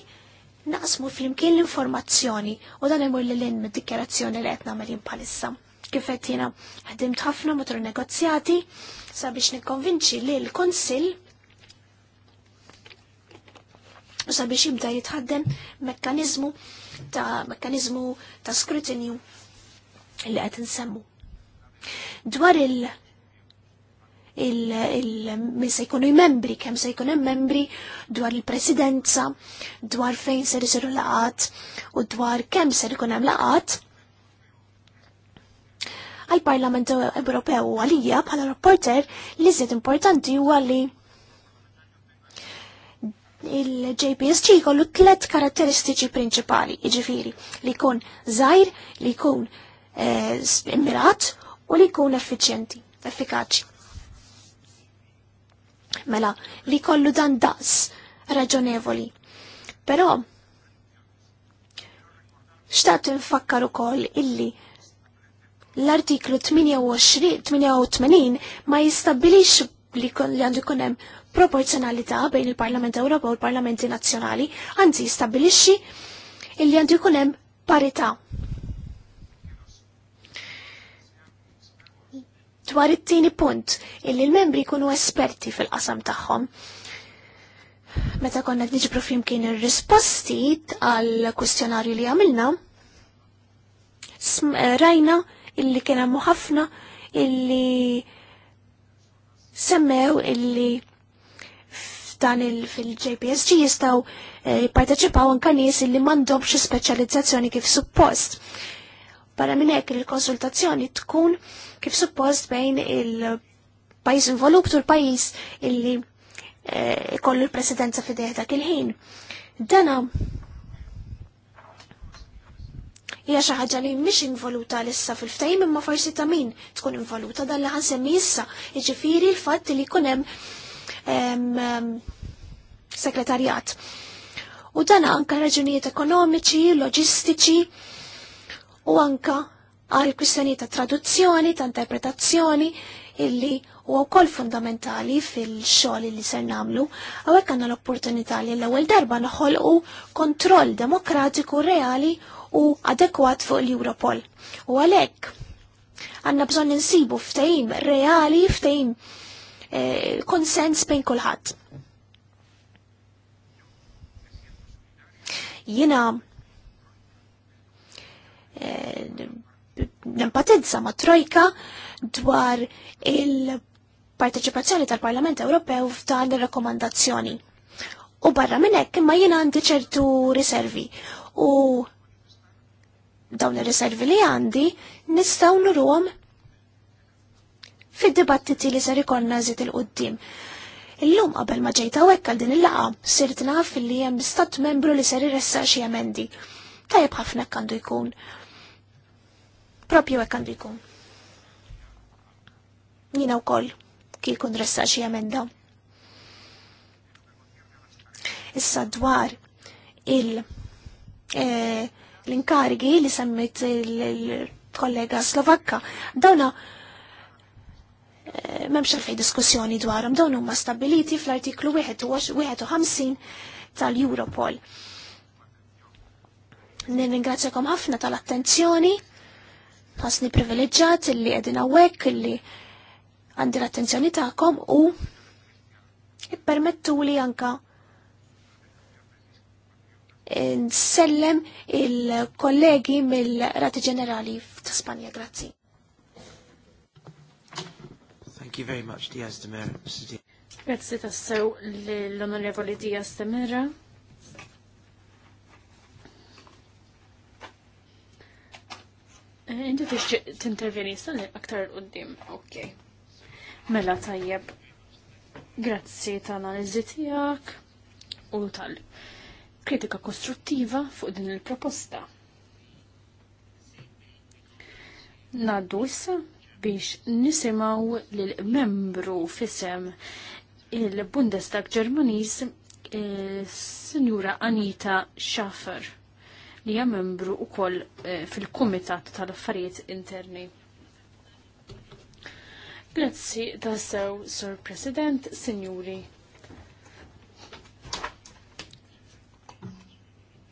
naqsmu flimkien l-informazzjoni u dan imur l-lin mid-dikjerazzjoni li qed nagħmel jien bħalissa. Kif qed jiena ħafna matul negozjati sabiex nikkonvinċi li l-Konsil sabiex jibda jitħaddem mekkanizmu ta' mekkanizmu ta' skrutinju li qed nsemmu. Dwar il- il-min se jkunu membri, kemm se jkunu membri dwar il-presidenza, dwar fejn ser jisiru laqat u dwar kemm ser ikun hemm laqat, għal-Parlament Ewropew u għalija bħala rapporter li zed importanti u għalli il-JPSG kollu tlet karatteristiċi prinċipali, iġifiri, li jkun zaħir, li jkun eh, mirat u li jkun effiċjenti, effikaċi. Mela, li kollu dan daqs raġonevoli. Pero, xtaqt nfakkar u koll illi l-artiklu 88 ma jistabilix li għandu jkun hemm proporzjonalità bejn il-Parlament Ewropew u l-Parlamenti Nazzjonali, anzi jistabilixxi li għandu jkun hemm parità. Dwar it-tieni punt, illi l-membri jkunu esperti fil-qasam tagħhom. Meta konna niġbru flimkien ir-risposti għal kwistjonarju li għamilna, eh, rajna illi kien hemm ħafna illi semmew illi f'dan fil-JPSG jistgħu eh, jipparteċipaw anka nies illi m'għandhomx speċjalizzazzjoni kif suppost. Barra minn hekk il-konsultazzjoni tkun kif suppost bejn il-pajjiż involupt u l-pajjiż illi eh, ikollu l-presidenza fideh dak il-ħin. Dana hija xi ħaġa li mhix involuta issa fil ftajim imma forsi ta' min tkun involuta dan li ħansemmi issa. Jiġifieri l-fatt li jkun hemm sekretarjat. U dan anka raġunijiet ekonomiċi, loġistiċi u anka għal kwistjoni ta' traduzzjoni, ta' interpretazzjoni illi u wkoll fundamentali fil xol li ser nagħmlu, għawek għandna l-opportunità li l-ewwel darba naħolqu kontroll demokratiku reali u adekwat fuq l-Europol. U għalek, għanna bżon ninsibu ftejim reali, ftejim eh, konsens bejn kulħadd. Jina eh, nempatizza ma' trojka dwar il-parteċipazzjoni tal-Parlament Ewropew f'dan ir-rakkomandazzjoni. U barra minn hekk imma jiena għandi ċertu riservi u dawn ir-riservi li għandi nistgħu nurhom fid-dibattiti li ser ikonna żied il-qudiem. Illum qabel ma ġejta hekk għal din il-laqgħa sirt naf li hemm stat membru li ser iressa xi emendi. Tajjeb ħafna għandu jkun. Propju hekk għandu jkun. Jiena wkoll kieku ressa xi emenda. Issa dwar il- eh, l-inkarigi li semmit il-kollega Slovakka, dawna eh, memx għalfej diskussjoni dwarhom, dawn huma stabiliti fl-artiklu 51 tal-Europol. Nirringrazzjakom ħafna tal-attenzjoni, ħasni privileġġat li qegħdin hawnhekk li għandi l-attenzjoni tagħkom u permettu li anka nsellem il-kollegi mill-Rati Ġenerali ta' Spanja. Grazzi. Thank you very much, Diaz de Mera. Grazzi tassew l-Onorevoli Diaz de Mera. Eh, inti tixtieq tintervjeni sal aktar l-qoddim, ok. Mela tajjeb. Grazzi tal-analiżi tiegħek u tal- kritika kostruttiva fuq din il-proposta. Naddu issa biex nisimaw l membru fisem il-Bundestag Ġermaniż eh, sinjura Anita Schaffer li hija membru wkoll eh, fil-Kumitat tal-Affarijiet Interni. Grazzi tassew, Sur President, Sinjuri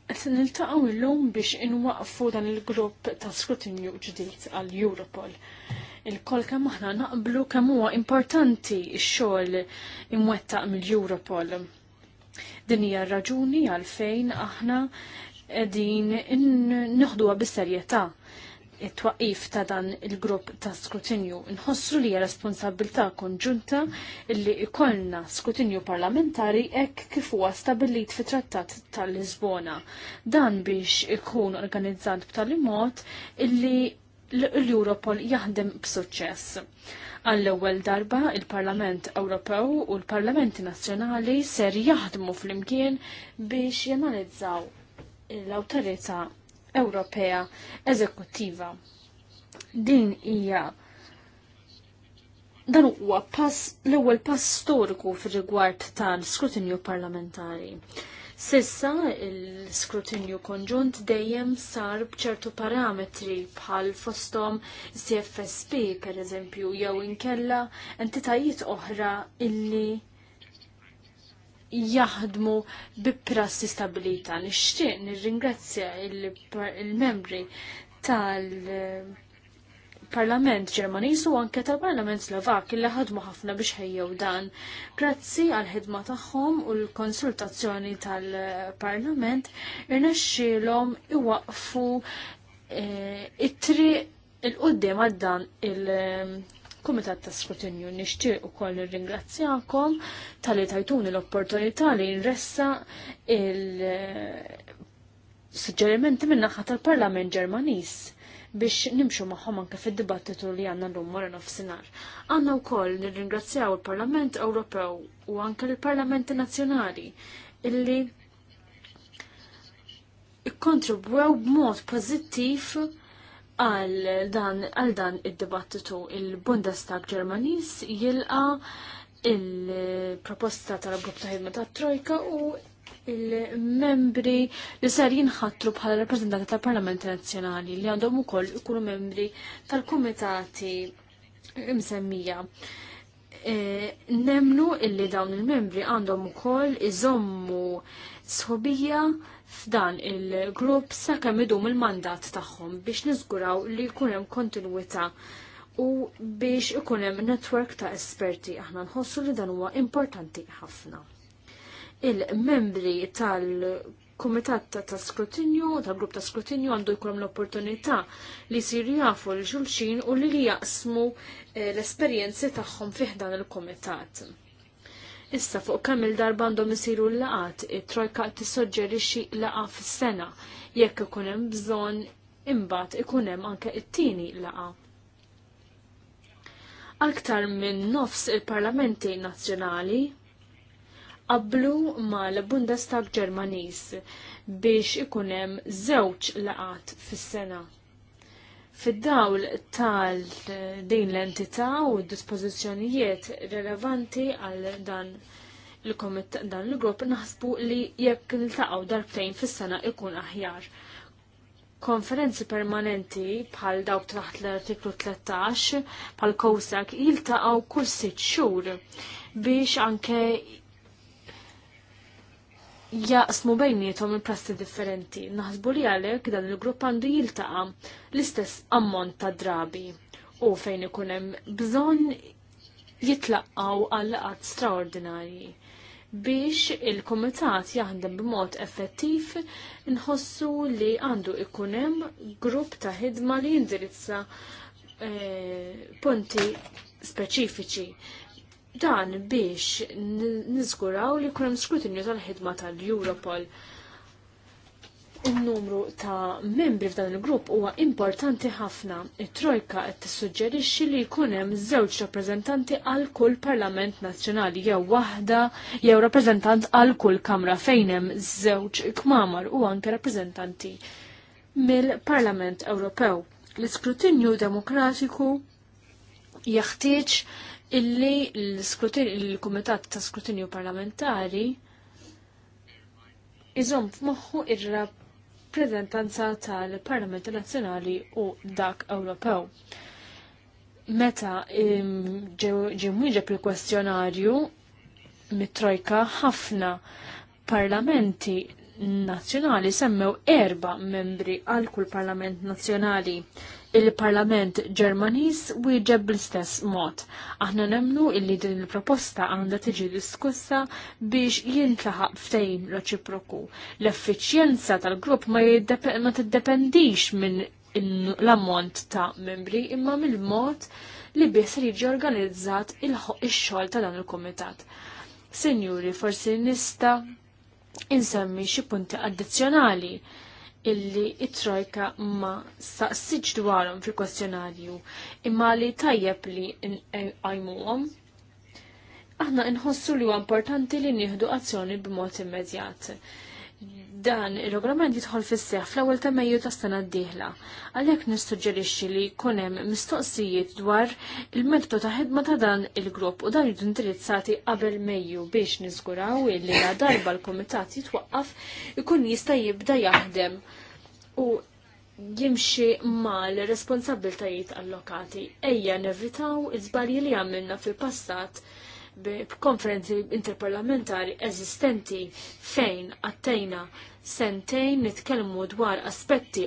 Qed niltaqgħu lum biex inwaqfu dan il-grupp ta' skrutinju ġdid għal Europol. Il-kol kemm aħna naqblu kemm huwa importanti x-xogħol imwettaq mill-Europol. Din hija raġuni għalfejn aħna in noħduha bis-serjetà it-twaqif ta' dan il-grupp ta' skrutinju. Nħossru li responsabilità konġunta li ikollna skrutinju parlamentari ek kif huwa stabilit fi trattat tal-Lisbona. Dan biex ikun organizzat b'tali mod illi l-Europol jaħdem b'suċċess. Għall-ewwel darba il-Parlament Ewropew u l-Parlamenti Nazzjonali ser jaħdmu fl-imkien biex jenalizzaw l-awtorità Ewropea Eżekuttiva. Din hija dan huwa pass l-ewwel pass storiku fir-rigward tal-skrutinju parlamentari. Sissa il-skrutinju konġunt dejjem sar bċertu parametri bħal fostom CFSP per eżempju jew inkella entitajiet oħra illi jaħdmu bi prassi stabilita. Nixtieq nirringrazzja il-membri tal- parlament Ġermaniż u anke tal-Parlament Slovak li ħadmu ħafna biex ħejjew dan. Grazzi għal ħidma tagħhom u l-konsultazzjoni tal-Parlament irnexxielhom iwaqfu eh, it-triq il-qudiem għal dan il- kumitat ta' skrutinju nixtieq ukoll nirringrazzjakom tal-li tajtuni l-opportunità li nressa il-suġġerimenti min-naħa tal-Parlament Ġermaniż biex nimxu maħħom anke fid-dibattitu li għanna l-lum wara nofsinhar. Għanna wkoll nirringrazzjaw il-Parlament Ewropew u anke l-Parlamenti Nazzjonali illi ikkontribwew b'mod pożittiv għal dan għal dan id-dibattitu il-Bundestag Ġermanis jilqa il-proposta tal-grupp ta' ħidma ta' Trojka u il-membri li ser jinħatru bħala rappresentanti tal-Parlament Nazzjonali li għandhom ukoll ikunu membri tal-kumitati msemmija. E, nemnu illi dawn il-membri għandhom ukoll iżommu sħobija f'dan il-grupp sakemm idum il-mandat tagħhom biex niżguraw li jkun hemm kontinwità u biex ikun hemm netwerk ta' esperti aħna nħossu li dan huwa importanti ħafna. Il-membri tal-Kumitat ta' skrutinju, tal-grupp ta' skrutinju għandu jkun l-opportunità li jsir jafu l-xulxin u li jaqsmu eh, l-esperjenzi tagħhom fih dan il-Kumitat Issa fuq kemm il-darba għandhom isiru l-laqat, it-trojka tissoġġerixxi laqa fis-sena jekk ikun hemm bżonn imbagħad ikun hemm anke it-tieni laqa. Aktar minn nofs il-parlamenti nazzjonali qablu mal-Bundestag Ġermaniż biex ikun hemm żewġ laqat fis-sena. Fid-dawl tal din l-entità u d-dispożizzjonijiet relevanti għal dan il-komitat dan il-grupp naħsbu li jekk niltaqgħu darbtejn fis-sena ikun aħjar. Konferenzi permanenti bħal dawk taħt l-artiklu 13 bħal kowsak jiltaqgħu kull sitt xhur biex anke jaqsmu bejnietom il-prassi differenti. Naħsbu li għalek dan il-grupp għandu jiltaqa l-istess ammont ta' drabi u fejn ikun hemm bżonn għal qatt straordinarji biex il-komitat jaħdem b'mod effettiv nħossu li għandu ikunem grupp ta' ħidma li jindirizza eh, punti speċifiċi dan biex niżguraw li kunem skrutinju tal-ħidma tal-Europol. Il-numru ta' membri f'dan il-grupp huwa importanti ħafna. It-trojka qed tissuġġerixxi li jkun hemm żewġ rappreżentanti għal kull Parlament Nazzjonali jew waħda jew rappreżentant għal kull Kamra fejn hemm żewġ kmamar u anke rappreżentanti mill-Parlament Ewropew. L-iskrutinju demokratiku jeħtieġ illi l-Kumitat ta' Skrutinju Parlamentari iżom f'moħħu ir-rappreżentanza tal-Parlament Nazzjonali u dak Ewropew. Meta ġimwieġeb il-kwestjonarju mit-trojka ħafna parlamenti nazzjonali semmew erba membri għal kull parlament nazzjonali il-Parlament Ġermaniż wieġeb bl-istess mod. Aħna nemnu illi din il-proposta għandha tiġi diskussa biex jintlaħaq ftejn reċiproku. L-effiċjenza tal-grupp ma, ma tiddependix minn l-ammont ta' membri imma mill-mod li biser jiġi organizzat il-xogħol ta' dan il-komitat. Sinjuri, forsi nista' insemmi xi punti addizzjonali illi it-trojka ma saqsiġ dwarhom fil-kwestjonarju imma li tajjeb li għajmuhom. Aħna nħossu li huwa importanti li nieħdu azzjoni b'mod immedjat dan il-regolament jidħol fis-seħ fl-ewwel ta' Mejju ta' sena d-dieħla. Għalhekk nissuġġerixxi li jkun hemm mistoqsijiet dwar il-metodu ta' ħidma ta' dan il-grupp u dan jiġu indirizzati qabel Mejju biex niżguraw li la darba l-kumitat jitwaqqaf ikun jista' jibda jaħdem u jimxi mal responsabiltajiet allokati. Ejja nevitaw iż-żbalji li għamilna fil-passat b'konferenzi interparlamentari eżistenti fejn għattejna sentejn nitkellmu dwar aspetti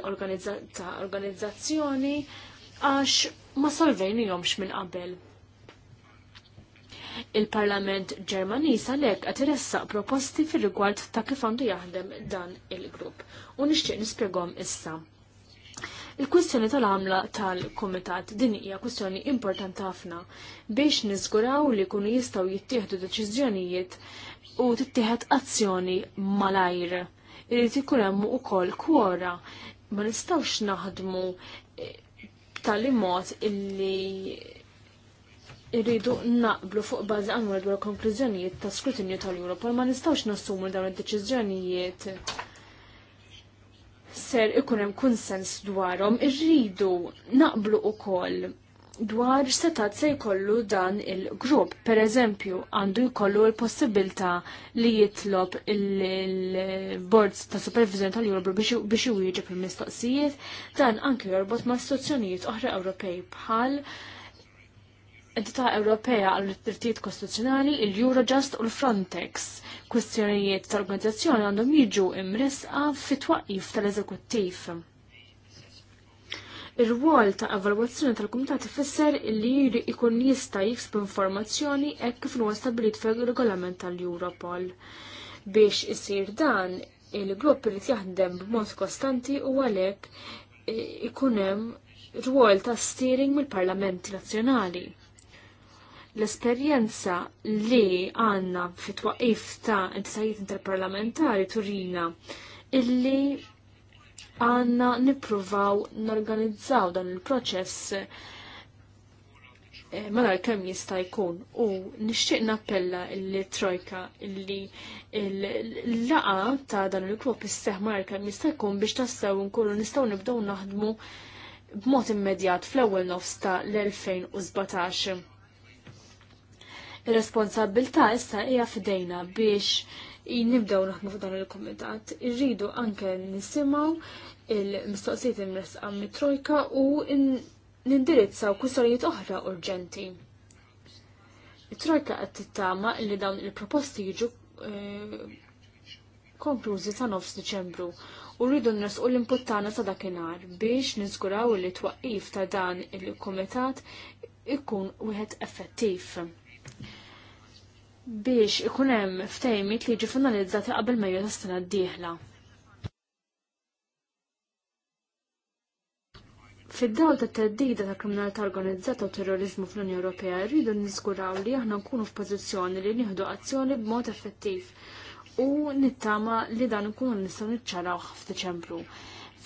ta' organizzazzjoni għax ma salvejnihomx minn qabel. Il-Parlament Ġermaniż għalhekk qed iressaq proposti fir-rigward ta' kif għandu jaħdem dan il-grupp u nixtieq nispjegom issa Il-kwistjoni tal-għamla tal-komitat din hija kwistjoni importanti ħafna biex niżguraw li kunu jistgħu jittieħdu deċiżjonijiet u tittieħed azzjoni malajr. Irid ikun hemm ukoll kwora ma nistgħux naħdmu eh, tal-imod illi irridu naqblu fuq bażi għanwar dwar konklużjonijiet ta' skrutinju tal-Europol ma nistgħux nassumu dawn id-deċiżjonijiet ser ikun hemm dwarom, dwarhom irridu naqblu koll dwar setat se jkollu dan il-grupp. Per eżempju, għandu jkollu l-possibilta li jitlob il-boards ta' supervizjoni tal-Europa biex iwieġeb il-mistoqsijiet, dan anke jorbot ma' istituzzjonijiet oħra Ewropej bħal entità Ewropea għal drittijiet kostituzzjonali, il-Eurojust u l-Frontex. Kwistjonijiet tal-organizzazzjoni għandhom jiġu imresqa fit-twaqif tal-eżekuttiv. Ir-rwol ta' evalwazzjoni tal-Kumitat ifisser li jiri ikun jista' jiksb informazzjoni hekk kif huwa stabbilit fir-regolament tal-Europol. Biex isir dan, il-grupp irid jaħdem b'mod kostanti u għalhekk eh, ikun hemm rwol ta' steering mill-Parlamenti Nazzjonali L-esperjenza li għanna fit twaqif ta' intisajiet interparlamentari turina illi għanna nipruvaw norganizzaw dan il-proċess eh, mela kemm jista' jkun u nixtieq nappella li trojka li l-laqa ta' dan il-grupp isseħ mara kemm jista' jkun biex tassew nkunu nistgħu nibdew naħdmu b'mod immedjat fl-ewwel nofs ta' l-2017. Ir-responsabilità issa hija f'idejna biex nibdew naħmu f'dan il-kumitat. Irridu anke nisimgħu il-mistoqsijiet imresqa mit-trojka u nindirizzaw kwistjonijiet oħra urġenti. It-trojka qed tittama li dawn il-proposti jiġu eh, konklużi ta' nofs Diċembru u rridu nresqu l-input tagħna ta' dakinhar biex niżguraw li twaqqif ta' dan il-kumitat ikun wieħed effettiv biex ikun hemm ftejmit li jiġi finalizzati qabel Mejju tas-sena d-dieħla. Fid-dawl ta' teddida ta' kriminalità organizzata u terrorizmu fl-Unjoni Ewropea rridu niżguraw li aħna nkunu f'pożizzjoni li nieħdu azzjoni b'mod effettiv u nittama li dan nkunu nistgħu niċċaraw f'Diċembru.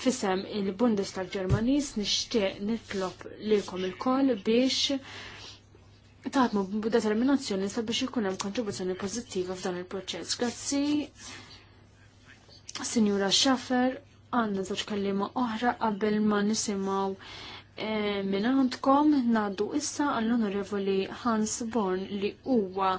Fisem il-Bundestag Ġermaniż nixtieq nitlob lilkom ilkoll biex taħdmu b'determinazzjoni sabiex ikun hemm kontribuzzjoni pożittiva f'dan il-proċess. Grazzi, Signora Schaffer, għandna żewġ kelliema oħra qabel ma nisimgħu eh, minn għandkom ngħaddu issa għall-Onorevoli Hans Born li huwa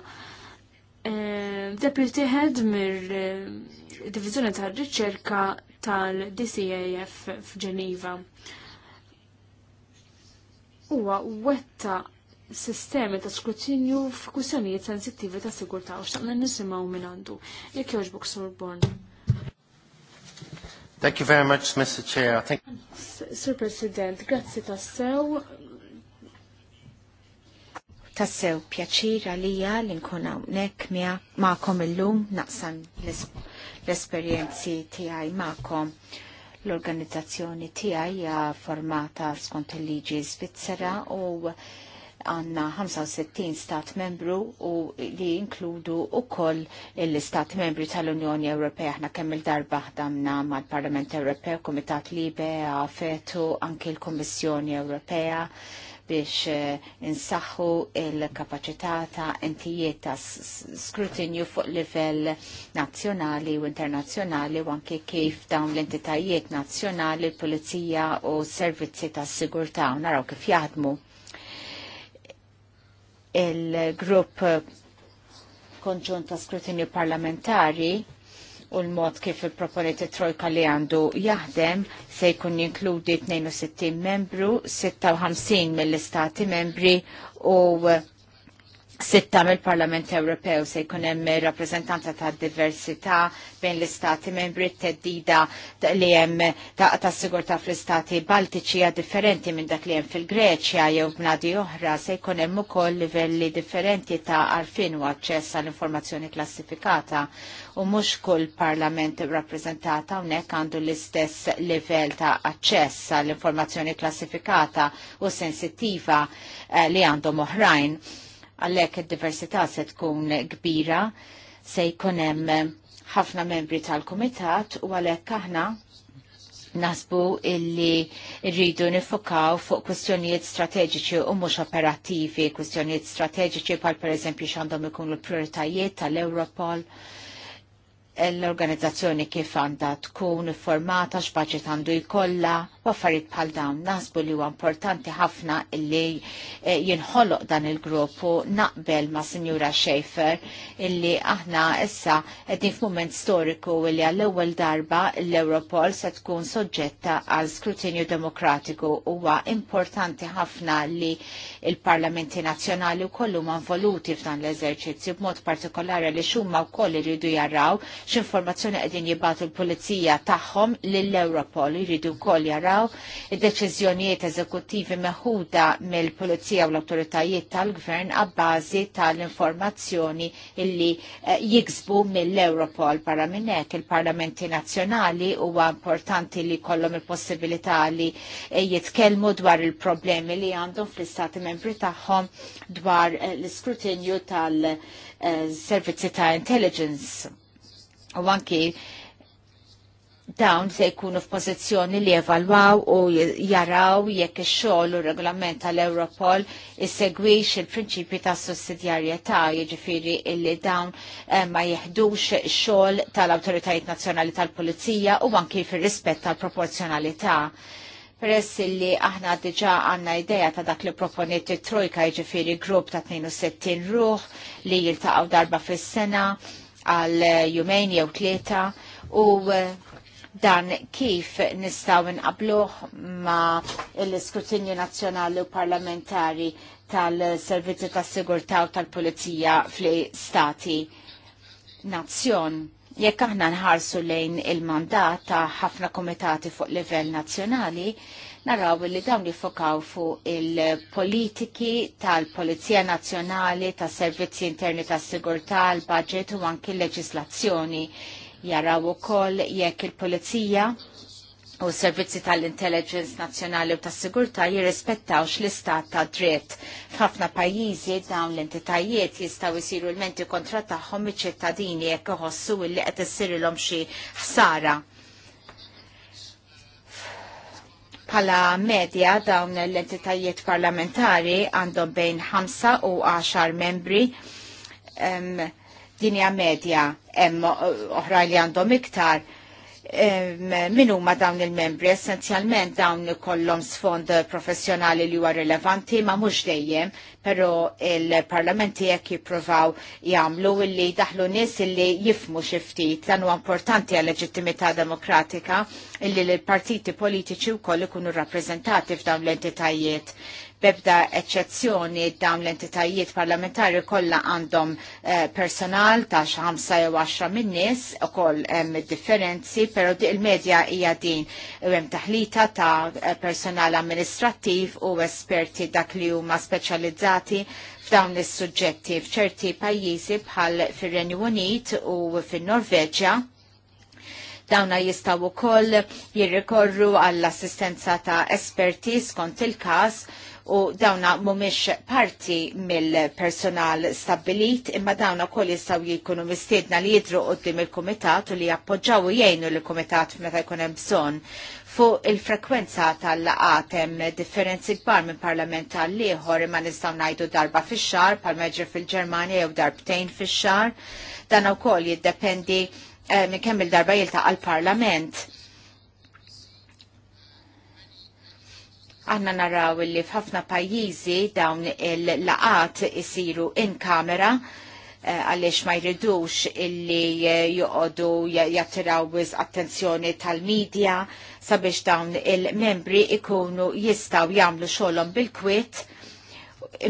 eh, deputy head mir eh, divizjoni tar-riċerka tal-DCAF f'Ġeniva. Huwa wetta sistemi ta' skrutinju f'kwistjonijiet sensittivi ta' sigurtà u xtaqna nisimgħu minn għandu. Jekk jogħġbok Sur Born. Thank you very much, Mr. Chair. I think... Sir President, grazzi tassew. Tassew pjaċir għalija li nkun hawnhekk ma'kom illum naqsam l-esperjenzi tiegħi ma'kom l-organizzazzjoni tiegħi hija formata skont il-liġi Svizzera u għanna 65 stat membru u li inkludu u koll l-stat membri tal-Unjoni Ewropea. Aħna kemm il-darba ħdamna mal-Parlament Ewropew, Komitat Libe, Fetu, anki l-Kommissjoni Ewropea biex eh, insaħħu il-kapacità ta' entijiet ta' skrutinju fuq livell nazzjonali u internazzjonali u anke kif dawn l-entitajiet nazzjonali, l-Pulizija u s servizzi ta' sigurtà naraw kif jaħdmu il-grupp konġunt ta' skrutinju parlamentari u l-mod kif il-proponenti trojka li għandu jaħdem se jkun jinkludi 62 membru, 56 mill-istati membri u sitta mill-Parlament Ewropew se jkun hemm rappreżentanza ta' diversità bejn l-istati membri t-teddida li hemm ta', ta sigurtà fl-istati Baltiċi hija differenti minn dak li hemm fil-Greċja jew bnadi oħra se jkun hemm ukoll livelli differenti ta' għarfien u aċċess għall informazzjoni klassifikata u mhux kull parlament rappreżentata hawnhekk għandu l-istess livell ta' aċċess għall informazzjoni klassifikata u sensittiva eh, li għandhom oħrajn għalhekk id-diversità se tkun kbira se jkun hemm ħafna membri tal-kumitat u għalhekk aħna nasbu illi rridu nifokaw fuq kwestjonijiet strateġiċi u mhux operattivi, kwestjonijiet strateġiċi bħal pereżempju x'għandhom ikunu l-prioritajiet tal-Europol l-organizzazzjoni kif għandha tkun formata x'baġit għandu jkollha u affarijiet bħal dawn nasbu li huwa importanti ħafna illi eh, jinħoloq dan il-gruppu naqbel ma' Sinjura Schaefer illi aħna issa qegħdin f'mument storiku illi għall-ewwel darba l-Europol se tkun soġġetta għal skrutinju demokratiku huwa importanti ħafna li il-parlamenti nazzjonali wkoll ma involuti f'dan l-eżerċizzju b'mod partikolari li xumma wkoll iridu jarraw x'informazzjoni qegħdin jibgħatu l-pulizija tagħhom lill-Europol jridu wkoll jaraw id-deċiżjonijiet eżekuttivi meħuda mill-pulizija u l-awtoritajiet tal-gvern għabbażi tal-informazzjoni illi eh, jiksbu mill-Europol barra minn hekk il-parlamenti nazzjonali huwa importanti li kollhom il-possibilità li eh, jitkellmu dwar il-problemi li għandhom fl-istati membri tagħhom dwar eh, l-iskrutinju tal-servizzi ta' intelligence u anki dawn se jkunu f'pożizzjoni li evalwaw u jaraw jekk ix-xogħol u regolament tal-Europol issegwix il-prinċipji ta' sussidjarjetà, jiġifieri illi dawn eh, ma jeħdux xogħol tal-Awtoritajiet Nazzjonali tal-Pulizija u anki fir-rispett tal-proporzjonalità. Peress li aħna diġa għanna ideja ta' dak li proponiet trojka jiġifieri grupp ta' 62 ruħ li jiltaqaw darba fis-sena għal eh, jumejn jew tlieta u eh, dan kif nistaw nqabluħ ma l-iskrutinju nazzjonali u parlamentari tal-servizzi tas sigurtà u tal-pulizija fl-stati nazzjon. Jekk aħna nħarsu lejn il-mandat ta' ħafna komitati fuq livell nazzjonali, naraw li dawn jifokaw fuq il-politiki tal-Polizija Nazzjonali, tas-Servizzi Interni tas-Sigurtà, l-Budget u anki l-leġislazzjoni jaraw ukoll jekk il-Polizija u s-servizzi tal-intelligence nazjonali u tas-sigurtà jirrispettawx l-istat ta' dritt. F'ħafna pajjiżi dawn l-entitajiet jistgħu jsiru l-menti kontra tagħhom iċ-ċittadini jekk iħossu li qed issirilhom xi ħsara. Pala medja dawn l-entitajiet parlamentari għandhom bejn 5 u 10 membri um, dinja medja emma oħra li għandhom iktar minu ma dawn il-membri, essenzjalment dawn kollom sfond professjonali li huwa rilevanti, ma mux dejjem, pero il-parlamenti jekk jipruvaw jamlu illi daħlu nis illi jifmu xiftit, dan huwa importanti għal leġittimità demokratika illi l-partiti politiċi u koll ikunu rappresentati f'dawn l-entitajiet bebda eċezzjoni dawn l-entitajiet parlamentari kollha għandhom eh, personal ta' xamsa jew għaxra min-nies ukoll hemm differenzi, però di il-medja hija din hemm taħlita ta' eh, personal amministrattiv u esperti dak li huma speċjalizzati f'dawn is-suġġetti f'ċerti pajjiżi bħal fir-Renju Unit u fin-Norveġġja dawna jistaw koll jirrikorru għall-assistenza ta' esperti skont il-każ u dawna mumiex parti mill-personal stabilit imma dawna kol jistaw jikunu mistiedna li jidru qoddim il-komitat u li jappoġġaw jgħinu il komitat meta jkun hemm bżonn fuq il-frekwenza tal laqatem hemm differenzi kbar minn parlament tal imma nistgħu ngħidu darba fix-xahar pal fil-Ġermanja jew darbtejn fix-xahar. Dan ukoll jiddependi eh, minn kemm il-darba jiltaqa' għal parlament Aħna naraw li f'ħafna pajjiżi dawn il-laqat isiru in kamera eh, għaliex ma jridux illi eh, joqodu jattiraw attenzjoni tal-medja sabiex dawn il-membri ikunu jistaw jamlu xolom bil-kwit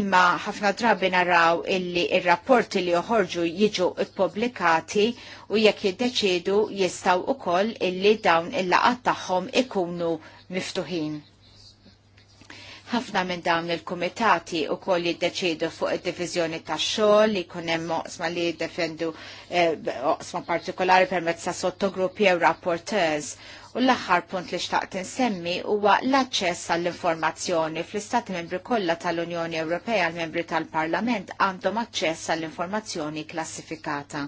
imma ħafna drabi naraw illi il-rapporti li joħorġu jiġu ippubblikati u jekk jiddeċidu jistaw ukoll illi dawn il-laqat tagħhom ikunu miftuħin. Ħafna minn dawn il-kumitati u koll jiddeċidu fuq id-divizjoni tax xogħol li jkun hemm oqsma li jiddefendu eh, oqsma partikolari permezz ta' sottogruppi jew rapporteurs u l-aħħar punt li xtaqt insemmi huwa l-aċċess għall-informazzjoni fl-Istati membri kollha tal-Unjoni Ewropea l membri tal-Parlament għandhom aċċess għall-informazzjoni klassifikata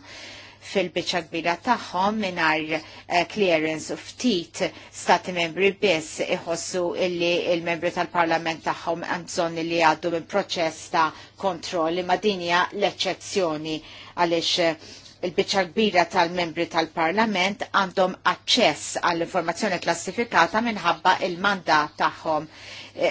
fil-biċċa kbira tagħhom mingħajr eh, clearance of ftit stati membri biss iħossu illi il-membri tal-Parlament tagħhom għandżon li għaddu minn proċess ta' kontroll imma dinja l-eċċezzjoni għaliex eh, il-biċċa kbira tal-membri tal-Parlament għandhom aċċess għall-informazzjoni klassifikata minħabba il-mandat tagħhom e, e,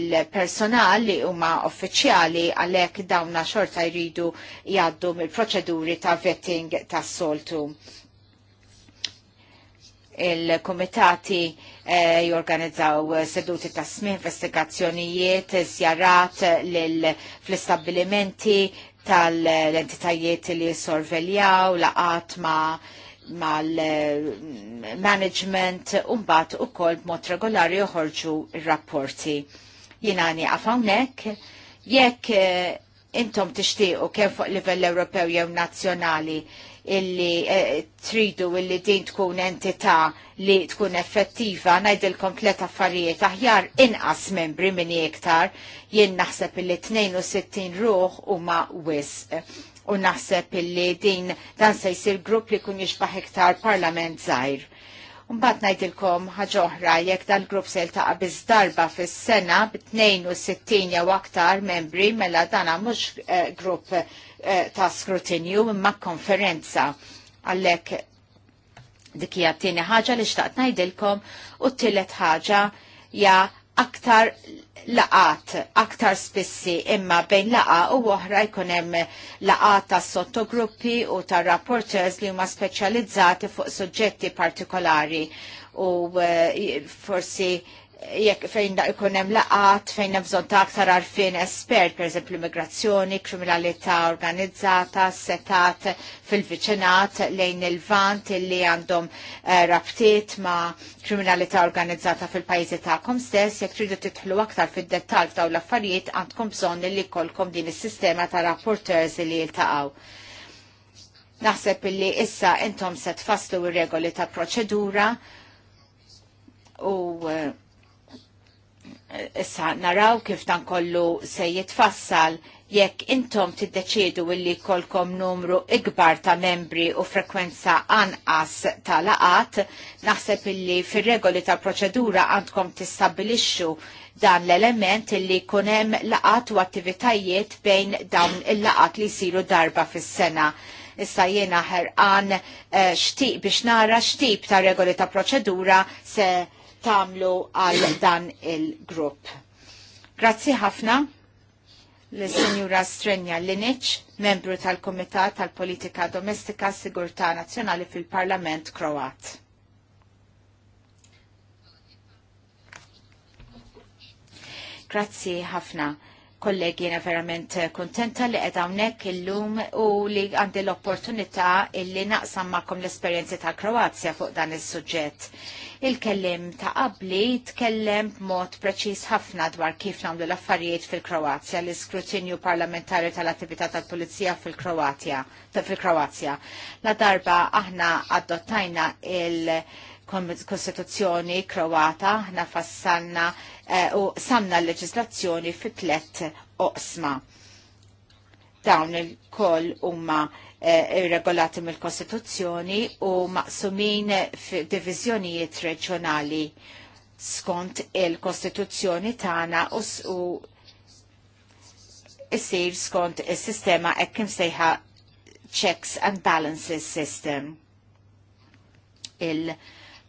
il-personal li huma uffiċjali għalhekk dawna xorta jridu jgħaddu mill-proċeduri ta' vetting tas-soltu il-komitati e, jorganizzaw seduti ta' smi, investigazzjonijiet, zjarat fl-istabilimenti, tal-entitajiet li sorveljaw, laqat ma' mal-management umbat u kol b'mod regolari uħorġu rapporti. Jinani għafawnek, jekk eh, intom tixtiqu kien fuq livell Ewropew jew nazzjonali illi eh, tridu illi din tkun entità li tkun effettiva najdilkom tlet affarijiet aħjar inqas membri minni iktar jien naħseb illi 62 ruħ huma wisq u naħseb illi din dan se jsir grupp li kun jixbaħ iktar parlament zaħir. Mbagħad ngħidilkom ħaġa oħra jekk dal-grupp se jiltaqa' biż darba fis-sena b'62 jew aktar membri mela dana mhux eh, grupp Eh, ta' skrutinju imma konferenza għallek dikija t-tini ħaġa li xtaqt najdilkom u t-tillet ħaġa ja aktar laqat, aktar spissi imma bejn laqa u oħra jkunem laqat ta' sottogruppi u ta' rapporters li huma speċjalizzati fuq suġġetti partikolari u eh, forsi jekk fejn da ikun hemm laqat, fejn hemm bżonn ta' aktar għarfien espert, pereżempju immigrazzjoni, kriminalità organizzata, setat fil-viċinat lejn il-vant illi għandhom eh, rabtiet ma' kriminalità organizzata fil-pajjiżi tagħkom stess, jekk tridu titħlu aktar fid dettal f'daw l-affarijiet għandkom bżonn li jkollkom din is-sistema ta' rapporteurs li jiltaqgħu. Naħseb illi issa intom se faslu ir-regoli ta' proċedura u eh, issa naraw kif dan kollu se jitfassal jekk intom tiddeċiedu illi kolkom numru ikbar ta' membri u frekwenza anqas ta' laqat, naħseb illi fir-regoli ta' proċedura għandkom tistabilixxu dan l-element illi kunem laqat u attivitajiet bejn dawn il-laqat li jisiru darba fis-sena issa jiena ħerqan eh, xtieq biex nara x'tip ta' regoli ta' proċedura se tamlu għal dan il-grupp. Grazzi ħafna l-Senjura Strenja Linic, membru tal-Komitat tal-Politika Domestika Sigurtà Nazzjonali fil-Parlament Kroat. Grazzi ħafna kollegi jena verament kontenta li edha unnek il-lum u li għandi l-opportunità illi naqsam ma'kom l-esperienzi ta' Kroazja fuq dan is suġġett Il-kellim ta' qabli tkellem b'mod preċis ħafna dwar kif nagħmlu l-affarijiet fil-Kroazja, l-iskrutinju parlamentari tal-attività tal-Pulizija fil-Kroazja, fil-Kroazja. La darba aħna adottajna il- kostituzzjoni Kroata ħna fassanna eh, u samna l-leġislazzjoni fi tlet oqsma. Dawn il-koll huma eh, regolati mill-Kostituzzjoni u maqsumin divizjonijiet reġjonali skont il-Kostituzzjoni tagħna u issir skont is-sistema hekk kim sejħa checks and balances system. Il-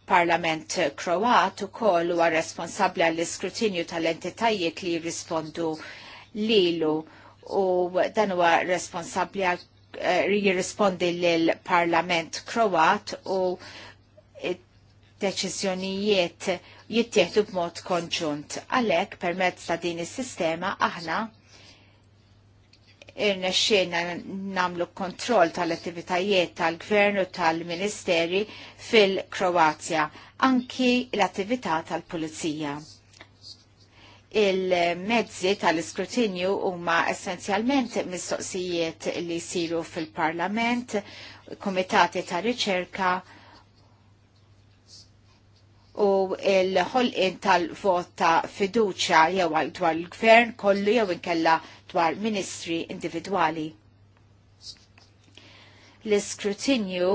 parlament Kroat u koll huwa responsabli għall-iskrutinju tal-entitajiet li jirrispondu lilu u dan huwa responsabli eh, jirrispondi l-Parlament Kroat u deċiżjonijiet jittieħdu b'mod konġunt. Għalhekk permezz ta' din is-sistema aħna irnexxina namlu kontroll tal-attivitajiet tal-gvern u tal-ministeri fil-Kroazja, anki l-attività tal-Pulizija il-mezzi tal-iskrutinju huma essenzjalment mistoqsijiet li jsiru fil-Parlament, komitati tal riċerka u l-ħolqin tal-vot ta' fiduċa jew dwar il gvern kollu jew inkella dwar ministri individwali. L-iskrutinju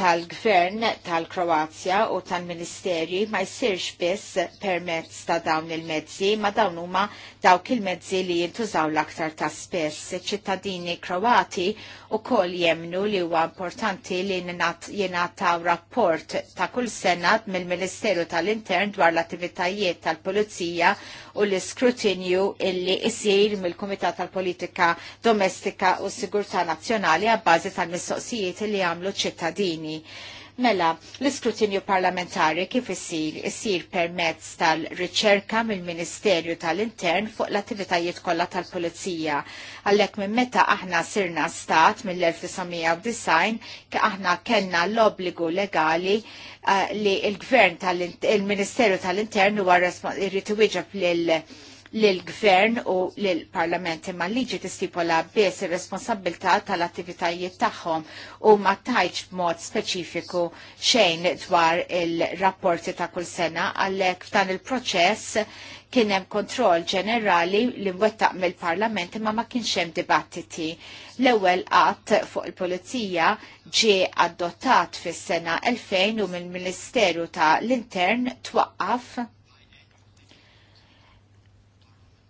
tal-gvern tal-Kroazja u tal-Ministeri ma jsirx biss permezz ta' dawn il-mezzi, ma dawn huma dawk il-mezzi li jintużaw l-aktar ta' spess. ċittadini Kroati u kol jemnu li huwa importanti li jenataw rapport ta' kull sena mill-Ministeru tal-Intern dwar l-attivitajiet tal-Polizija u l-iskrutinju illi isir mill-Kumitat tal-Politika Domestika u Sigurtà Nazzjonali għabbażi tal-mistoqsijiet li għamlu ċittadini. Mela, l-iskrutinju parlamentari kif isir isir permezz tal-riċerka mill-Ministerju tal-Intern fuq l-attivitajiet kollha tal-Pulizija. Għalhekk minn meta aħna sirna stat mill-1990 ke aħna kellna l-obbligu legali uh, li l-Gvern tal-Ministerju tal-Intern huwa irrid iwieġeb lil l-gvern u l-parlament imma liġi tistipola biss ir-responsabilità tal-attivitajiet tagħhom u ma tajċ b'mod speċifiku xejn dwar il-rapporti ta' kull sena għalhekk f'dan il-proċess kien hemm kontroll ġenerali li mwettaq mill-Parlament imma ma kienx hemm dibattiti. L-ewwel qatt fuq il-Pulizija ġie adottat fis-sena 2000 u mill-Ministeru ta' l-Intern twaqqaf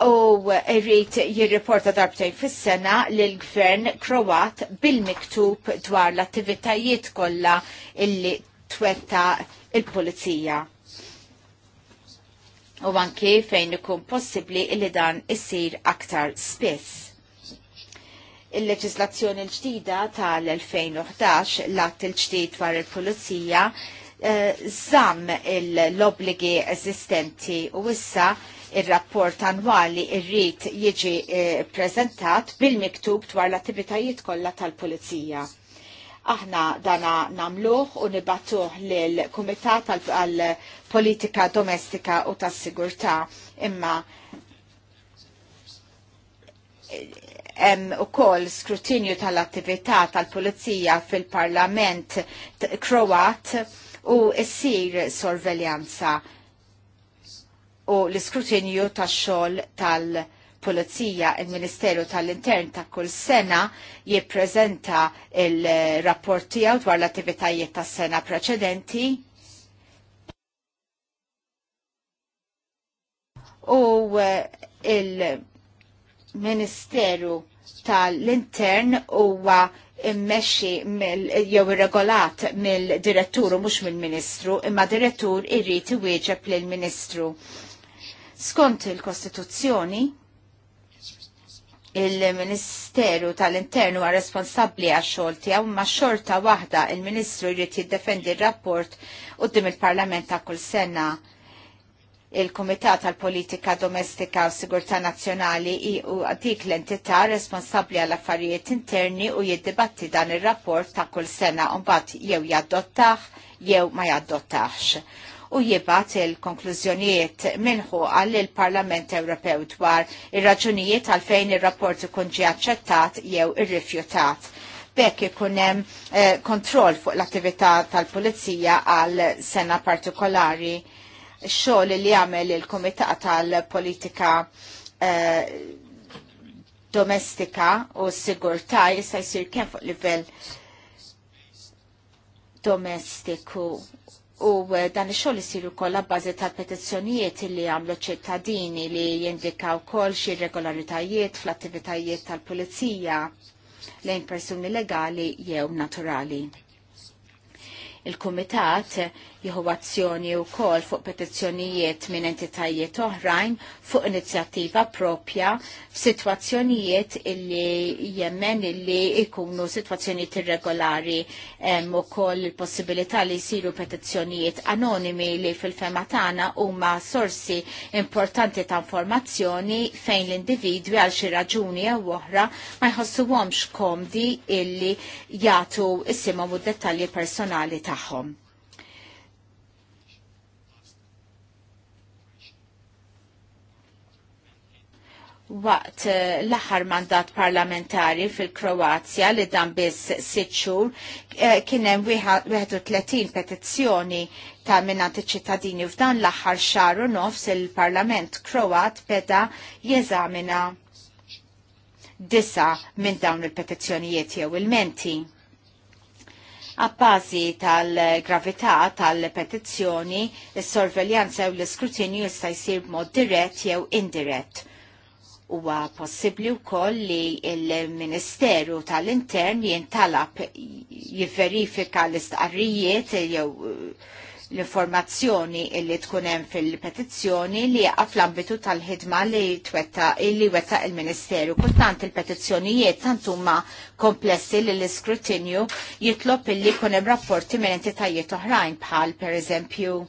u rrit jirriporta darbtejn fis-sena l gvern Kroat bil-miktub dwar l-attivitajiet kollha illi twetta il-Pulizija. U anke fejn ikun possibbli illi dan issir aktar spiss. Il-leġislazzjoni l-ġdida tal-2011 l-att il-ġdid dwar il-Pulizija żamm eh, il l-obligi eżistenti u issa Il-rapport annwali irrid jiġi eh, prezentat bil-miktub dwar l-attivitajiet kollha tal-Pulizija. Aħna dana namluħ u nibattuħ l-Kumitat għal-Politika Domestika u tas-Sigurtà imma eh, hemm ukoll skrutinju tal-attività tal-Pulizija fil-Parlament Kroat u ssir sorveljanza u l-iskrutinju tax-xogħol tal-Pulizija il-Ministeru tal-Intern ta' kull sena jippreżenta il-rapport tiegħu dwar l-attivitajiet tas-sena preċedenti u eh, il-Ministeru tal-Intern huwa immexxi jew irregolat mill-direttur u mhux mill-Ministru, imma direttur irrid iwieġeb lill-Ministru. Skont il-Kostituzzjoni, il-Ministeru tal-Internu għar responsabli għax xogħol tiegħu ma xorta waħda il-Ministru jrid jiddefendi r-rapport dim il-Parlament ta' kull sena il-Komitat tal-Politika Domestika u Sigurtà Nazzjonali u dik l-entità responsabbli għall affarijiet interni u jiddibatti dan ir-rapport ta' kull sena u bat jew jaddottax jew ma jaddottax u jibat il-konklużjonijiet minħu għall il-Parlament Ewropew dwar ir-raġunijiet għalfejn ir-rapport ikun ġie aċċettat jew irrifjutat bekk ikunem hemm eh, kontroll fuq l-attività tal-Pulizija għal sena partikolari xogħol li jagħmel il-Kumitat tal-Politika eh, Domestika u Sigurtà jista' jsir kemm fuq livell domestiku U eh, dan ix-xogħol isir ukoll bażi tal-petizzjonijiet li għamlu ċittadini li jindikaw kol xi irregolaritajiet fl-attivitajiet tal-pulizija lejn persuni legali jew naturali. Il-Kumitat jieħu azzjoni wkoll fuq petizzjonijiet minn entitajiet oħrajn fuq inizjattiva propja f'sitwazzjonijiet illi jemmen illi ikunu sitwazzjonijiet irregolari u kol il-possibilità li jsiru petizzjonijiet anonimi li fil-fema tagħna huma sorsi importanti ta' informazzjoni fejn l-individwi għal xi raġuni jew oħra ma jħossuhomx komdi illi jagħtu isimhom u dettalji personali tagħhom. waqt eh, l-aħħar mandat parlamentari fil-Kroazja li dan biss sitt xhur eh, kien hemm 31 petizzjoni ta' minnant iċ-ċittadini f'dan l-aħħar xahar u nofs il-Parlament Kroat beda jeżamina disa minn dawn il-petizzjonijiet jew il-menti. Appazi tal-gravità tal-petizzjoni, is-sorveljanza u l-iskrutinju jista' jsir b'mod dirett jew indirett Huwa possibbli wkoll li il-Ministeru tal-Intern jintalab jivverifika l-istqarrijiet jew uh, l-informazzjoni li tkun hemm fil-petizzjoni li jaqa' fl-ambitu tal-ħidma li twetta li wetta il-Ministeru. Kultant il-petizzjonijiet tant huma komplessi li l-iskrutinju jitlob illi jkun hemm rapporti minn entitajiet oħrajn bħal pereżempju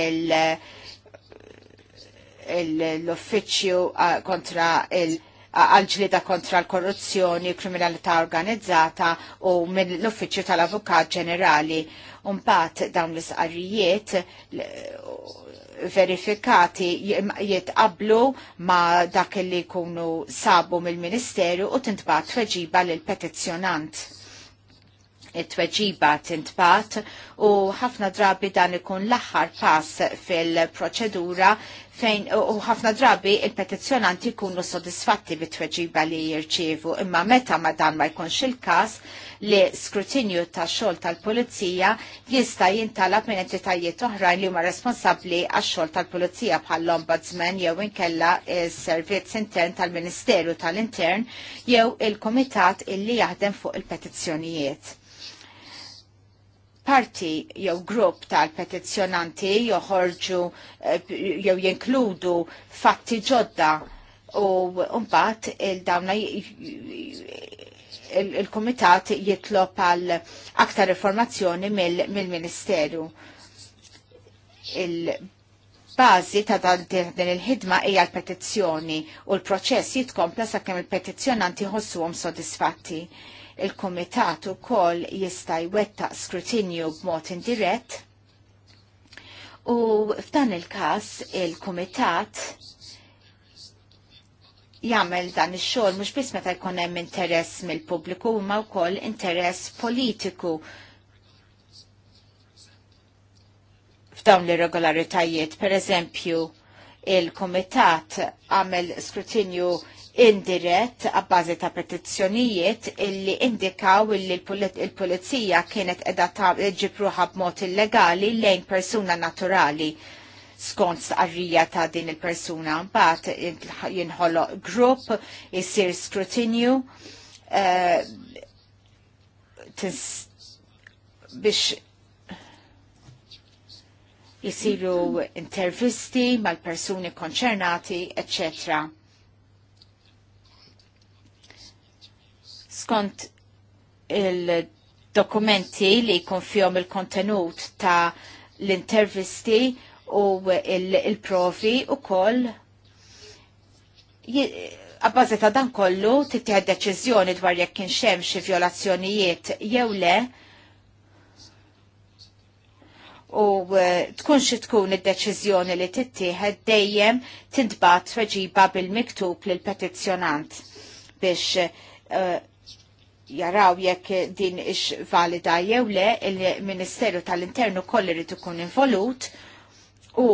il- l-Uffiċċju kontra il- għalġlida kontra l-korruzzjoni, kriminalità organizzata u minn l-Uffiċċju tal-Avukat Ġenerali. Unbat dawn l-isqarrijiet verifikati jitqablu ma dak li kunu sabu mill-Ministeru u tintbat tweġiba l-petizzjonant it-tweġiba tintbat u ħafna drabi dan ikun l-aħħar pass fil-proċedura fejn u ħafna drabi il-petizzjonanti jkunu sodisfatti bit-tweġiba li jirċievu imma meta ma dan ma jkunx il-każ li skrutinju ta' xogħol tal-pulizija jista' jintalab minn entitajiet oħrajn li huma responsabbli għax xogħol tal-pulizija l ombudsman jew inkella s-servizz intern tal-Ministeru tal-Intern jew il-Kumitat illi jaħdem fuq il-petizzjonijiet parti jew grupp tal-petizzjonanti joħorġu eh, jew jinkludu fatti ġodda u mbagħad il-dawna il-komitat jitlob għal aktar informazzjoni mill-Ministeru. Il-bazi ta' din il-ħidma hija l-petizzjoni u l-proċess jitkompla sakemm il-petizzjonanti ħossuhom sodisfatti. sodisfatti Il-Komitat ukoll jista' jwettaq skrutinju b'mod indirett u f'dan il-każ il-Komitat jagħmel dan ix-xogħol mhux biss meta jkun hemm interess mill-pubbliku huma wkoll interess politiku f'dawn li regolaritajiet. Per eżempju, il-Komitat għamel skrutinju indirett għabbażi ta' petizzjonijiet illi indikaw illi l-pulizija kienet edha ta' ġipruħa b'mod illegali lejn persuna naturali skont arrija ta' din il-persuna. Mbagħad jinħolo grupp, isir skrutinju eh, biex jisiru intervisti mal-persuni konċernati, eccetera skont il-dokumenti li jkun fihom il-kontenut ta' l-intervisti u il-provi u koll għabbażi ta' dan kollu tittieħed deċiżjoni dwar jekk kien xemm xi violazzjonijiet jew le u eh, tkun xi tkun id-deċiżjoni li tittieħed dejjem tintbagħat reġiba bil-miktub lil petizzjonant biex uh, jaraw jekk din ix valida jew le il-Ministeru tal-Internu kollu irid ikun involut u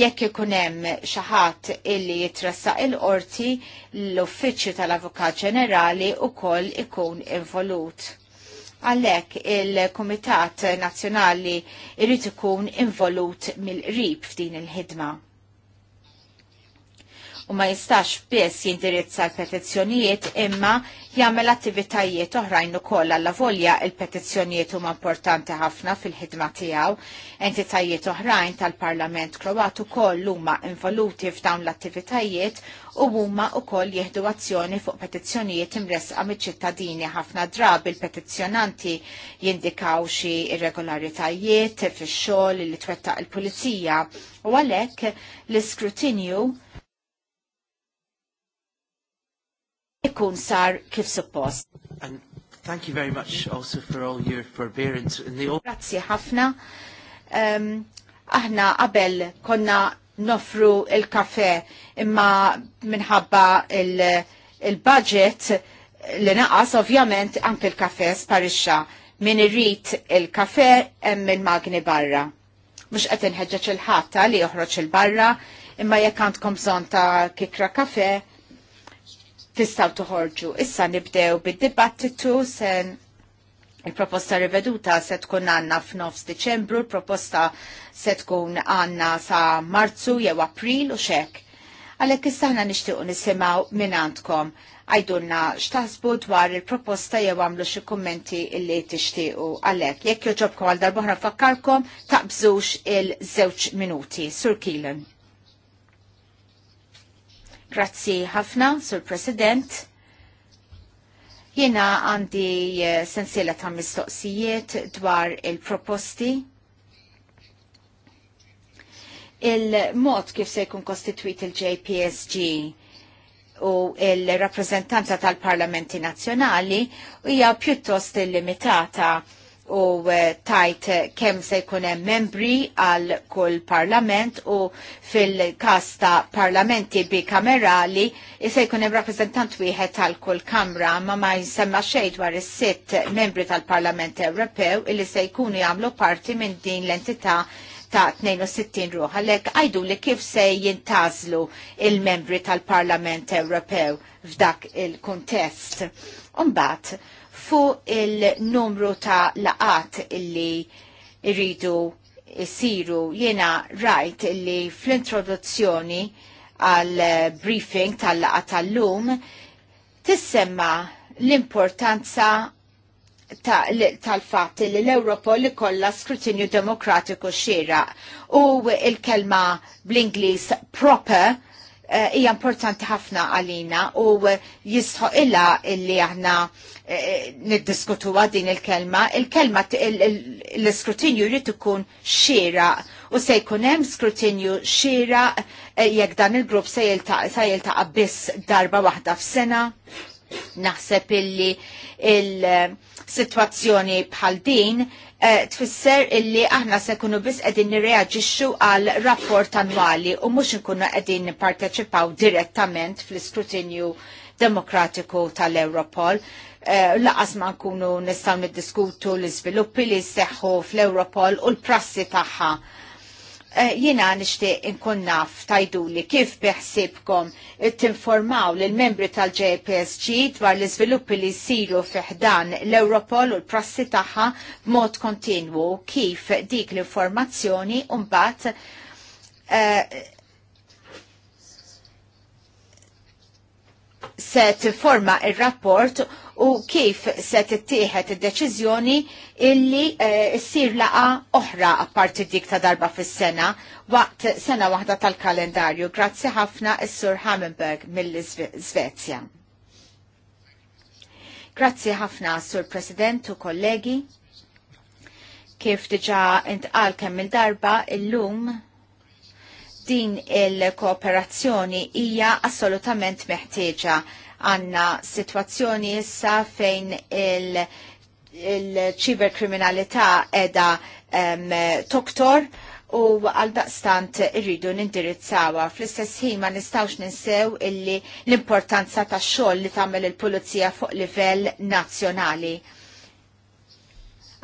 jekk ikun hemm xi ħadd illi jitrassaq il-qorti l-Uffiċċju tal-Avukat Ġenerali wkoll ikun involut. Għalhekk il-Kumitat Nazzjonali irid ikun involut mill-qrib f'din il-ħidma u ma jistax biss jindirizza l-petizzjonijiet imma jagħmel attivitajiet oħrajn ukoll alla volja il-petizzjonijiet huma importanti ħafna fil-ħidma tiegħu. Entitajiet oħrajn tal-Parlament Kroat ukoll huma involuti f'dawn l-attivitajiet u huma wkoll jieħdu azzjoni fuq petizzjonijiet imresqa miċ-ċittadini ħafna drabi il-petizzjonanti jindikaw xi irregolaritajiet fix-xogħol li twettaq il-pulizija u għalhekk l-iskrutinju ikun sar kif suppost. thank you very much also for all your forbearance. Grazzi ħafna. Um, aħna qabel konna nofru il-kafe imma minħabba il-budget il li naqas ovvjament anke il-kafe sparixxa min irrid il-kafe hemm il-magni barra. Mhux qed inħeġġeġ il-ħatta li joħroġ il-barra imma jekk għandkom bżonn ta' kikra kafe tistaw toħorġu. Issa nibdew bid-dibattitu sen Il-proposta riveduta se tkun għanna f'nofs Deċembru, il-proposta se tkun għanna sa' Marzu jew April u xek. Għalek ħna nishtiq nisimaw minn għandkom. Għajdunna xtaħsbu dwar il-proposta jew għamlu xie kommenti illi tishtiqu. Għalek, jekk joġobkom għal darbohra fakkarkom, taqbżux il-żewċ minuti. Sur Kielen. Grazzi ħafna, Sur President. Jena għandi eh, sensiela ta' mistoqsijiet dwar il-proposti. Il-mod kif se jkun kostituit il-JPSG u il-rappresentanza tal-parlamenti nazjonali hija pjuttost limitata u eh, tajt kemm se jkun hemm membri għal kull parlament u fil-każ ta' parlamenti bikamerali se jkun hemm rappreżentant wieħed għal kull kamra ma ma jinsemma xejn dwar is-sitt membri tal-Parlament Ewropew illi se jkunu jagħmlu parti minn din l-entità ta' 62 ruħ, għalek għajdu li kif se jintazlu il-membri tal-Parlament Ewropew f'dak il-kontest. Umbat, fuq il-numru ta' laqat illi rridu siru jena rajt illi fl-introduzzjoni għal briefing tal laqat tal-lum tissemma l-importanza tal-fat li l-Europol li kolla skrutinju demokratiku xira u il-kelma bl-Inglis proper Eh, hija importanti ħafna għalina u eh, illa illi aħna eh, niddiskutuha din il-kelma. Il-kelma l-iskrutinju jrid ikun xira u se jkun hemm skrutinju xira jekk dan il-grupp se jiltaqa' biss darba waħda f'sena. Naħseb illi il-sitwazzjoni bħal din Eh, tfisser illi aħna se kunu bis qegħdin nirreaġixxu għal rapport annwali u mhux inkunu qegħdin nipparteċipaw direttament fl-iskrutinju demokratiku tal-Europol. Eh, laqas ma nkunu nistgħu niddiskutu l-iżviluppi li jseħħu fl-Europol u l-prassi tagħha Eh, jiena nixtieq inkun naf li kif biħsibkom tinformaw lill membri tal-JPSG dwar l iżviluppi li jsiru fiħdan l-Europol u l-prassi tagħha b'mod kontinwu kif dik l-informazzjoni mbagħad eh, se forma il rapport u kif se tittieħed id-deċiżjoni illi eh, ssir laqa oħra apparti dik ta' darba fis-sena waqt sena waħda tal-kalendarju. Grazzi ħafna s sur Hammenberg mill-Svezja. Grazzi ħafna Sur President u kollegi. Kif diġa intqal kemm il-darba illum lum din il-kooperazzjoni hija assolutament meħtieġa għanna situazzjoni issa fejn il- il-ċiberkriminalità edha um, toktor u għaldaqstant irridu nindirizzawa. Fl-istess ħin ma nistawx ninsew illi l-importanza ta' xogħol li tagħmel il-pulizija fuq livell nazzjonali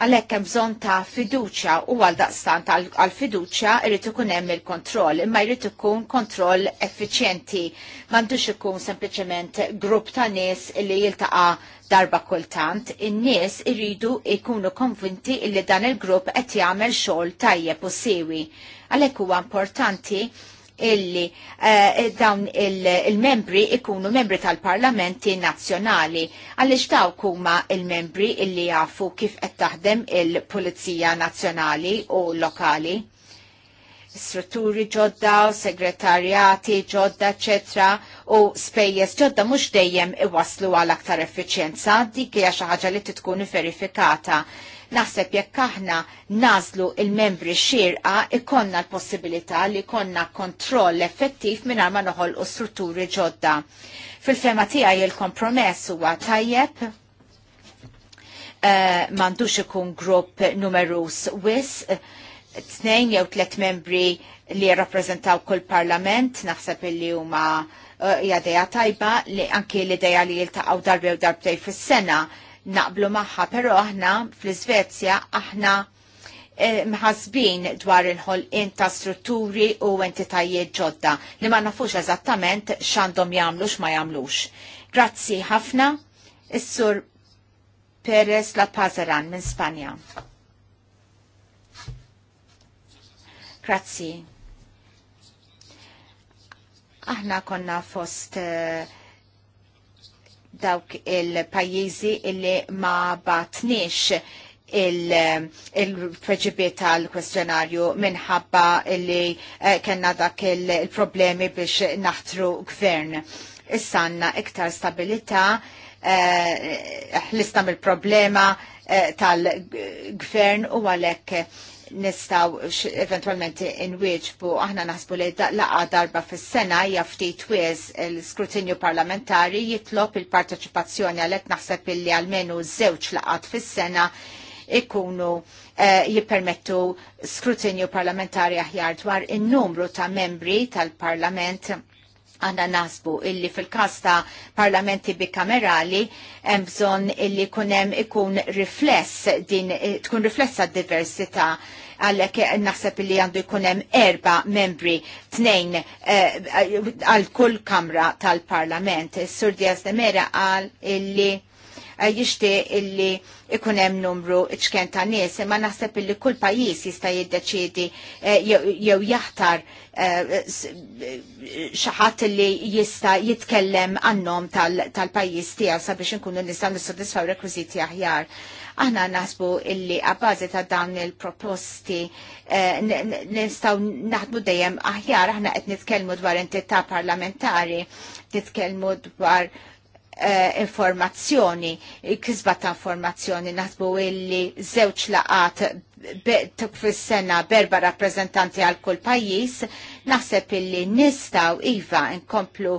Għalhekk hemm bżonn ta' fiduċja u għal daqstant għal fiduċja irrit ikun hemm il-kontroll, imma jrid ikun kontroll effiċjenti. M'għandux ikun sempliċement grupp ta' nies li jiltaqa' darba kultant, in-nies iridu jkunu konvinti li dan il-grupp qed jagħmel xogħol tajjeb u sewi. Għalhekk huwa importanti illi uh, dawn il-membri il ikunu membri tal-parlamenti nazzjonali għaliex daw huma il-membri illi jafu kif qed taħdem il-Pulizija Nazzjonali u lokali strutturi ġodda, segretarjati ġodda, ecc. u spejjeż ġodda mhux dejjem iwaslu għal aktar effiċjenza, dik hija xi ħaġa li titkun verifikata Naħseb jekk aħna nażlu il-membri xirqa ikonna l-possibilità li konna kontroll effettiv minn ma noħol u strutturi ġodda. Fil-fema tiegħi il-kompromess huwa tajjeb eh, mandux ikun grupp numerus wis tnejn jew tliet membri li jirrappreżentaw kull parlament, naħseb li huma jadeja eh, tajba li anki l-ideja li jiltaqaw u darbtej fis-sena naqblu maħħa, pero aħna fl-Svezja aħna eh, mħasbin dwar il ħol ta' strutturi u entitajiet ġodda li ma nafux eżattament x'għandhom jamlux ma jagħmlux. Grazzi ħafna, is-Sur Perez La Pazaran minn Spanja. Grazzi. Aħna konna fost uh, dawk il-pajjiżi illi ma batniex il-preġibiet il preġibi il tal kwestjonarju minħabba illi eh, kena dak il-problemi biex naħtru gvern. Issanna iktar stabilita eh, l-istam mill-problema eh, tal-gvern u għalek nistaw eventualment inwieġbu aħna naħsbu li laqa darba fis sena hija ftit wies l-skrutinju parlamentari jitlob il-parteċipazzjoni għalhekk naħseb illi għalmenu żewġ laqat fis sena ikunu jipermettu eh, jippermettu skrutinju parlamentari aħjar dwar in-numru ta' membri tal-parlament għanna nasbu illi fil-kasta parlamenti bikamerali bżon illi kunem ikun rifless din tkun riflessa diversita għallek naħseb illi għandu jkunem erba membri tnejn eh, għal kull kamra tal-parlament. Sur Diaz de Mera għal illi Eh, jixtieq illi ikun hemm numru ċken ta' nies, imma naħseb illi kull pajjiż jista' jiddeċiedi eh, jew jaħtar eh, xi ħadd illi jista' jitkellem għannom tal-pajjiż tiegħu sabiex inkunu nistgħu nissodisfaw rekwiżiti aħjar aħna nasbu illi bażi ta' dawn il-proposti nistaw naħdmu dejjem aħjar, aħna qed nitkellmu dwar entità parlamentari, nitkellmu dwar Eh, informazzjoni, kisba ta' informazzjoni naħsbu illi żewġ laqat fis-sena berba rappreżentanti għal kull pajjiż, naħseb illi nistaw iva nkomplu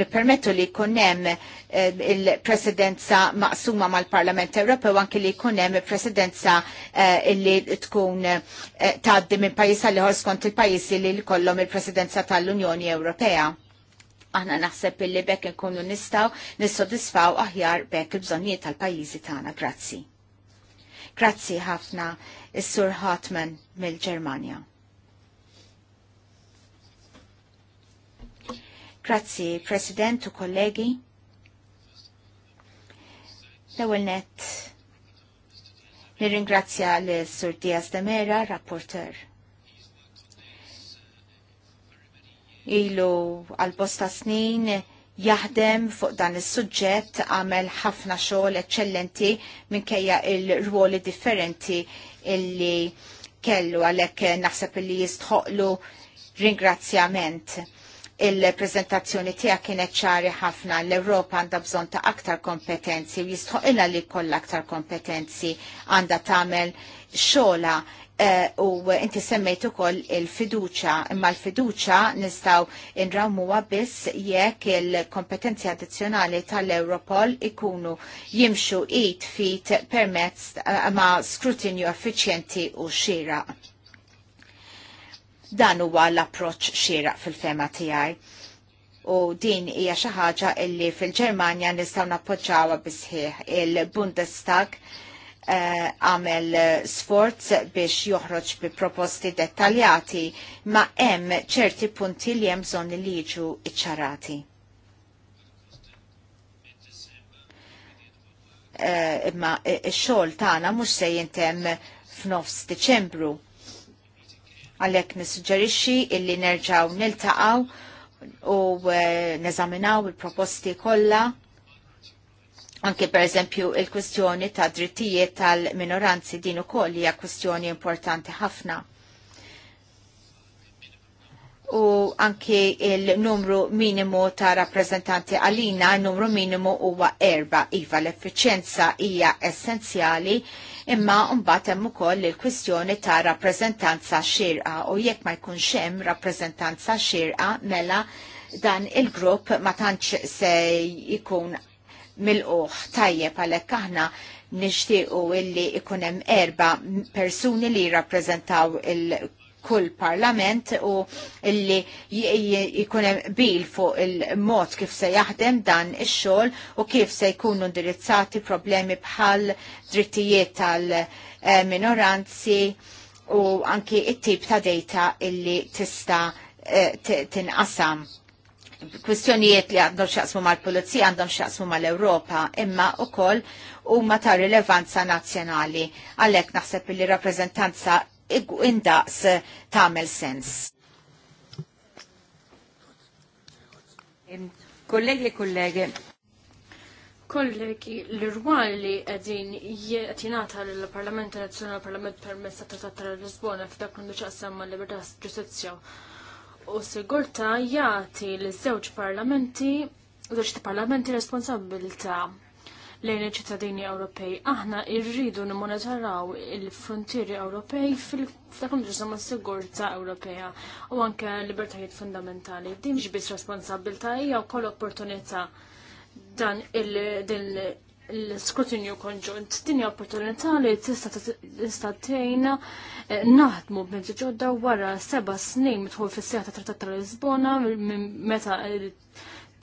nippermettu li kunem eh, il-presidenza maqsuma mal-Parlament Ewropew anki li kunem presidenza eh, li tkun taddi minn pajis għal skont il-pajis li kollom il-presidenza tal-Unjoni Ewropea. Aħna naħseb illi bekk nkunu nistaw nissodisfaw aħjar bekk il-bżonnijiet tal-pajjiżi tagħna. Grazzi. Grazzi ħafna is-Sur Hartman mill-Ġermanja. Grazzi, President u kollegi. L-ewwel nett Nirringrazzja l-Sur Diaz de Mera, rapporter. ilu għal-bosta snin jaħdem fuq dan is-suġġett għamel ħafna xogħol eċċellenti minkejja il-ruoli differenti illi kellu għalhekk naħseb illi jistħoqlu ringrazzjament il-prezentazzjoni tiegħek kienet ċari ħafna l-Ewropa għandha bżonn ta' aktar kompetenzi u jistħoqilha li jkollha aktar kompetenzi għandha tagħmel xogħla Eh, u inti semmejt ukoll il-fiduċa, imma l-fiduċa nistaw inrawmu biss jekk il-kompetenzi addizzjonali tal-Europol ikunu jimxu id fit permezz eh, ma' skrutinju effiċjenti u xira. Dan huwa l-approċċ xira fil-fema tiegħi u din hija xi ħaġa illi fil-Ġermanja nistgħu nappoġġawha bisħieħ il-Bundestag Eh, għamel eh, sforz biex joħroġ bi proposti dettaljati, ma hemm ċerti punti li hemm zon li jiġu iċċarati. Eh, imma x-xogħol tagħna mhux se jintem f'nofs Diċembru. Għalhekk nissuġġerixxi illi nerġgħu niltaqgħu u neżaminaw il-proposti kollha Anke per eżempju il-kwestjoni ta' drittijiet tal-minoranzi din ukoll hija kwestjoni importanti ħafna. U anke il-numru minimu ta' rappresentanti għalina, numru minimu huwa erba. Iva l-effiċenza hija essenzjali imma mbagħad hemm ukoll il-kwistjoni ta' rappreżentanza xirqa u jekk ma jkunx hemm rappreżentanza xirqa mela dan il-grupp ma tantx se jkun mil uħ tajjeb għalhekk aħna nixtiequ illi ikun hemm erba' persuni li jirrappreżentaw il kull parlament u illi ikunem bil fuq il-mod kif se jaħdem dan ix-xogħol u kif se jkunu indirizzati problemi bħal drittijiet tal-minoranzi u anki it-tip ta' data illi tista' eh, tinqasam kwistjonijiet li għandhom xaqsmu mal-Polizija għandhom xaqsmu mal-Europa imma u koll u ma ta' rilevanza nazjonali għallek naħseb li rappresentanza indaqs tamel sens. Kollegi, kollegi, kollegi, l-irwal li għedin jgħatinata l-Parlament Nazjonal, l-Parlament permessa ta' Lisbona f'dak kundu ċaqsam ma' libertà ġustizzja u sigurta jagħti l żewġ parlamenti, żewġ parlamenti responsabilità lejn iċ-ċittadini Ewropej. Aħna rridu nimmonitoraw il-frontieri Ewropej fil-dakum ġisum sigurta Ewropea u anke libertajiet fundamentali. Din mhix biss responsabilità hija wkoll opportunità dan il-din l-skrutinju konġunt. Dini opportunità li tista' tgħinna eh, naħdmu b'mezzi ġodda wara seba snin midħol fis-seħħa ta' Trattat ta' Lisbona meta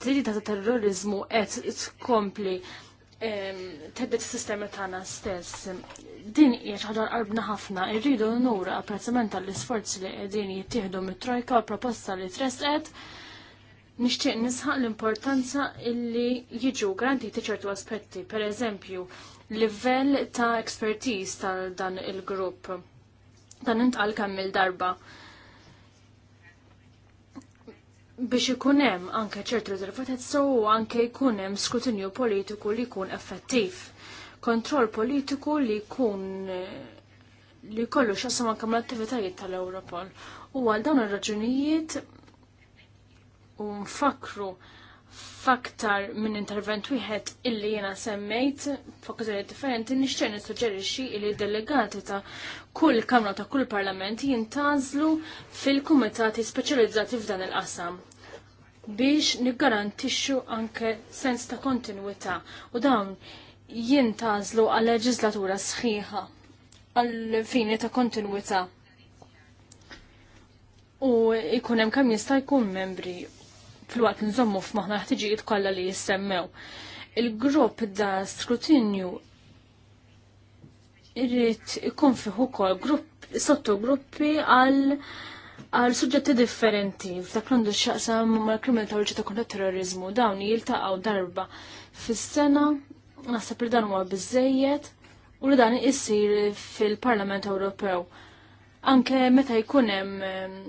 tridi ta' terrorizmu qed tkompli teddit is-sistema tagħna stess. Din hija xi ħaġa qalbna ħafna, irridu nura apprezzament tal-isforzi li qegħdin jittieħdu mit-trojka u proposta li tresqet nixtieq nisħaq l-importanza illi jiġu garantiti ċertu aspetti, per eżempju, livell ta' expertise tal dan il-grupp. Dan intqal kemm il-darba. Biex ikun hemm anke ċertu riservatezza u anke jkun hemm skrutinju politiku li jkun effettiv. Kontroll politiku li jkun li kollu xasam anke l attivitajiet tal-Europol. U għal dawn ir-raġunijiet u nfakru faktar minn intervent wieħed illi jiena semmejt f'okkażjoni differenti nixtieq nissuġġerixxi li delegati ta' kull kamra ta' kull parlament jintażlu fil-kumitati speċjalizzati f'dan il-qasam biex niggarantixxu anke sens ta' kontinwità u dawn jintażlu għal leġislatura sħiħa għal fini ta' kontinwità u jkun hemm kemm jista' jkun membri fil-waqt nżommu f'maħna ħtiġijiet kollha li jissemmew. Il-grupp da skrutinju irrit ikun fiħu kol grupp sottogruppi għal għal suġġetti differenti, f'dak l-għandu xaqsam mal kriminal ta' uċċita kontra terrorizmu, dawn jiltaqgħu darba fis-sena, naħseb li dan huwa biżejjed u li dan issir fil-Parlament Ewropew. Anke meta jkun hemm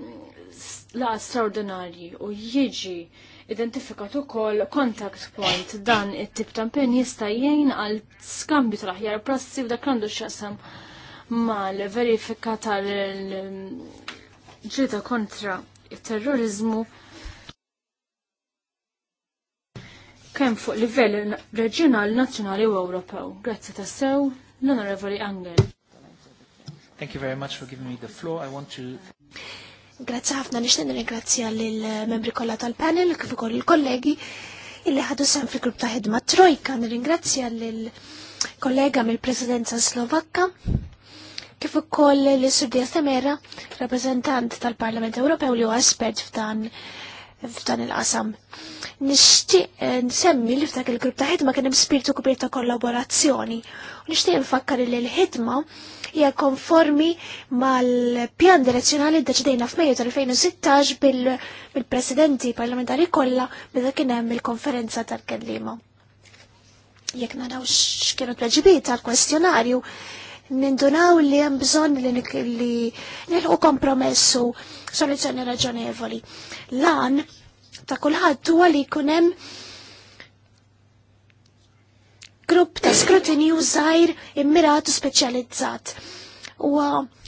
la straordinarji u jiġi identifikat ukoll contact point dan it-tip ta' impenn jista' jgħin għal skambju tal-aħjar prassi u dak għandu x'jaqsam mal-verifika tal-ġrida kontra il-terrorizmu kemm fuq livell reġjonali, nazzjonali u Ewropew. Grazzi tassew, l-Onorevoli Angel. Thank you very much for giving me the floor. I want to Grazzi ħafna nixtieq nirringrazzja lill-membri kollha tal-panel kif ukoll il-kollegi illi ħadu sem fil-grupp ta' ħidma Trojka. Nirringrazzja lill-kollega mill-Presidenza Slovakka kif ukoll l-Sur Semera, rappreżentant tal-Parlament Ewropew li huwa espert f'dan f'dan il-qasam. Nixtieq eh, nsemmi li f'dak il-grupp ta' ħidma kien hemm spiritu kbir ta' kollaborazzjoni u nixtieq nfakkar li l-ħidma hija konformi mal-pjan direzzjonali deċidejna f'Mejju tal-2016 bil-presidenti parlamentari kollha meta kien hemm il-konferenza tal-kellima. Jekk naraw x'kienu tweġibiet tal-kwestjonarju, nindunaw li hemm bżonn li nilħu kompromessu soluzzjoni raġonevoli. Lan ta' kulħadd huwa li jkun hemm grupp ta' skrutinju żgħir immirat u speċjalizzat. U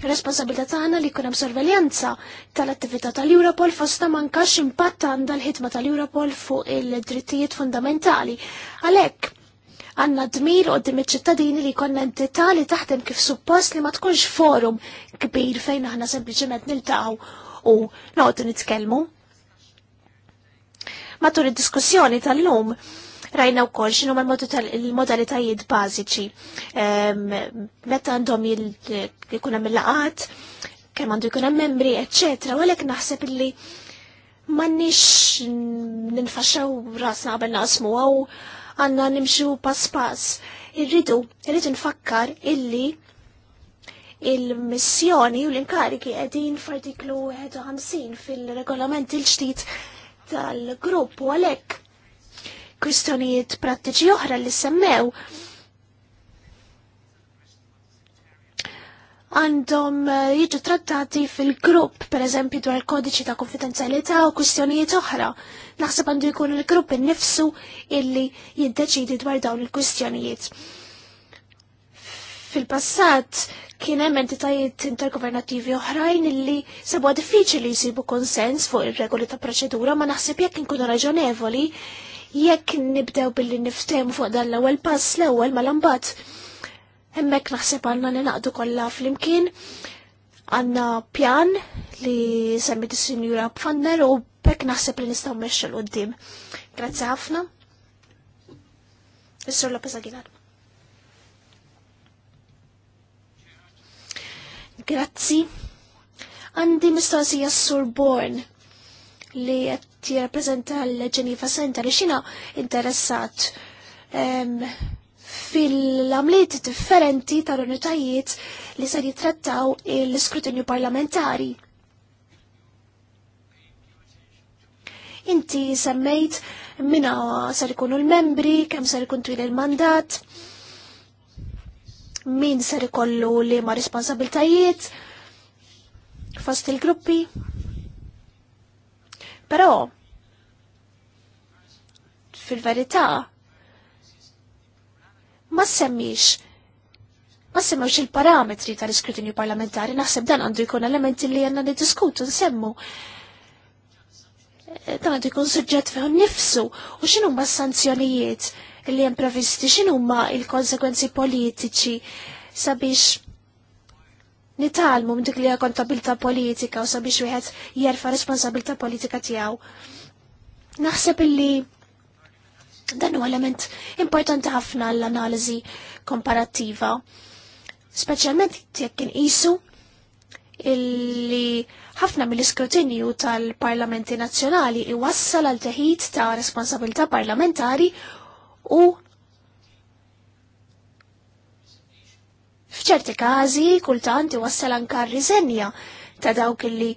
responsabilità tagħna li jkun hemm sorveljanza tal-attività tal-Europol fosta mankax impatt għandha l-ħidma tal-Europol fuq il-drittijiet fundamentali. Għalhekk għanna dmir qoddim iċ-ċittadini li jkollna entità li taħdem kif suppost li ma tkunx forum kbir fejn aħna sempliċement niltaqgħu u noqgħdu nitkellmu. Matul id-diskussjoni tal-lum, Rajna wkoll xinu mal modalitajiet bażiċi. Ehm, meta għandhom jkun hemm il-laqat, kemm għandu jkun hemm membri, eċċetra, u għalhekk naħseb illi m'għandniex ninfaxxaw rasna qabel naqsmu għaw għandna nimxu pass pas. Irridu, irridu nfakkar illi il-missjoni u l-inkariki għedin f'artiklu 51 fil-regolament il-ġdid tal-grupp u għalek kwistjonijiet prattiċi oħra li semmew. għandhom eh, jiġu trattati fil-grupp, per eżempju dwar il-kodiċi ta' konfidenzjalità u kwistjonijiet oħra. Naħseb għandu jkun il-grupp innifsu illi jiddeċidi dwar dawn il-kwistjonijiet. Fil-passat kien hemm entitajiet intergovernattivi oħrajn illi sebu diffiċli jsibu konsens fuq ir-regoli ta' proċedura ma naħseb jekk inkunu raġonevoli jekk nibdew billi niftehmu fuq dan l-ewwel pass l-ewwel mal-ambat. Hemmhekk naħseb għandna ninaqdu kollha flimkien għandna pjan li semmit is-Sinjura Pfanner u bekk naħseb li nistgħu mmexxa l qudiem Grazzi ħafna. Is-Sur Lopez Aguilar. Grazzi. Għandi mistoqsija s-Sur Born li qed jirrappreżenta l-Ġeniva Center li xina interessat fil-għamliet differenti tal-unitajiet li se jitrattaw l-iskrutinju parlamentari. Inti semmejt minna ser ikunu l-membri, kemm ser ikun twil il-mandat, min ser ikollu li ma' responsabiltajiet, fost il-gruppi. Però fil-verità ma semmix ma semmewx il-parametri tal-iskrutinju parlamentari, naħseb dan għandu jkun elementi li għanna diskutu nsemmu. Eh, dan għandu jkun suġġett fiħu nifsu, u xinu ma sanzjonijiet li jen previsti, xinu ma il-konsekwenzi politiċi sabiex nitalmu m'dik dik li kontabilta politika u sabiex wieħed jerfa' responsabilta politika tiegħu. Naħseb illi dan huwa element importanti ħafna l-analiżi komparattiva. Speċjalment jekk inqisu illi ħafna mill-iskrutinju tal-parlamenti nazzjonali iwassal għal teħid ta' responsabilità parlamentari u F'ċerti każi kultant iwassal anka riżenja ta' dawk illi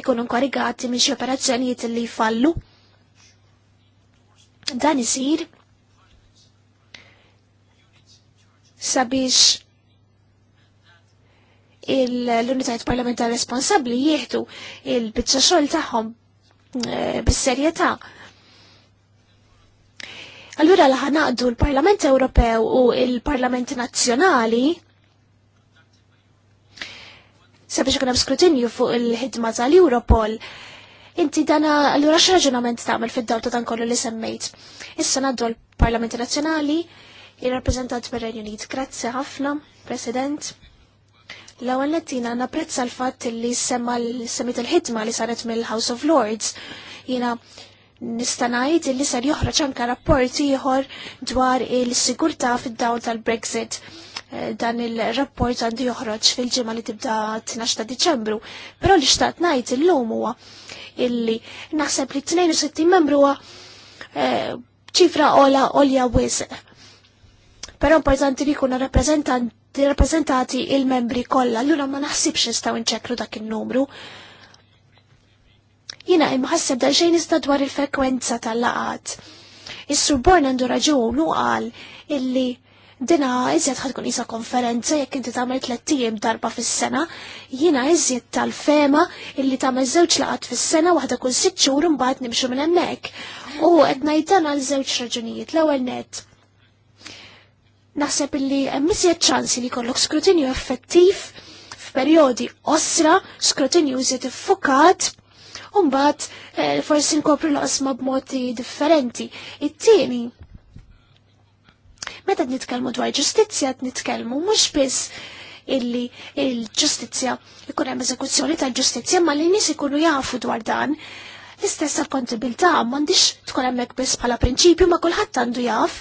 ikunu nkarigati minn xi operazzjonijiet li jfallu. Dan isir sabiex l-unitajt parlamentari responsabli jieħdu il-bicċa xogħol tagħhom eh, bis-serjetà. Allura ħanaqdu l-Parlament Ewropew u l-Parlament Nazzjonali sabiex ikun skrutinju fuq il-ħidma tal-Europol. Inti dana allura x'raġunament tagħmel fid dawta ta' dan kollu li semmejt. Issa naddu l-Parlamenti Nazzjonali, il rappreżentant per renju Unit. Grazzi ħafna, President. L-ewwel nettina napprezza l-fatt li semma semmit il-ħidma li saret mill-House of Lords. Jiena nista' ngħid li sar joħroġ ka rapporti ieħor dwar il-sigurtà fid-dawl tal-Brexit dan il-rapport għandu joħroġ fil-ġimgħa li tibda 12 ta' Diċembru. Però li xtaqt ngħid illum huwa illi naħseb li 62 membru huwa eh, ċifra ola olja wisq. Però importanti li jkunu rappreżentati il-membri kollha, allura ma naħsibx nistgħu nċekru dak in-numru jina imħasseb xejn iżda dwar il-frekwenza tal-laqat. Is-sur għandu raġun u qal illi Dina iżjed ħadkun isa konferenza jekk inti tagħmel tlettijiem darba fis-sena, jiena iżjed tal-fema illi tagħmel żewġ laqat fis-sena waħda kull sitt xhur imbagħad nimxu minn hemmhekk. U qed ngħid dan għal żewġ raġunijiet. L-ewwel nett. Naħseb illi hemm iżjed ċansi li jkollok skrutinju effettiv f'perjodi osra, skrutinju iżjed iffukat Umbat, eh, forsi nkopri l-qasma b'modi differenti. It-tieni, Meta nitkellmu dwar ġustizzja nitkellmu mhux biss illi il-ġustizzja ikun hemm eżekuzzjoni tal-ġustizzja ma li nies ikunu jafu dwar dan. L-istess akkontibilità m'għandix tkun hemmhekk biss bħala prinċipju ma kulħadd għandu jaf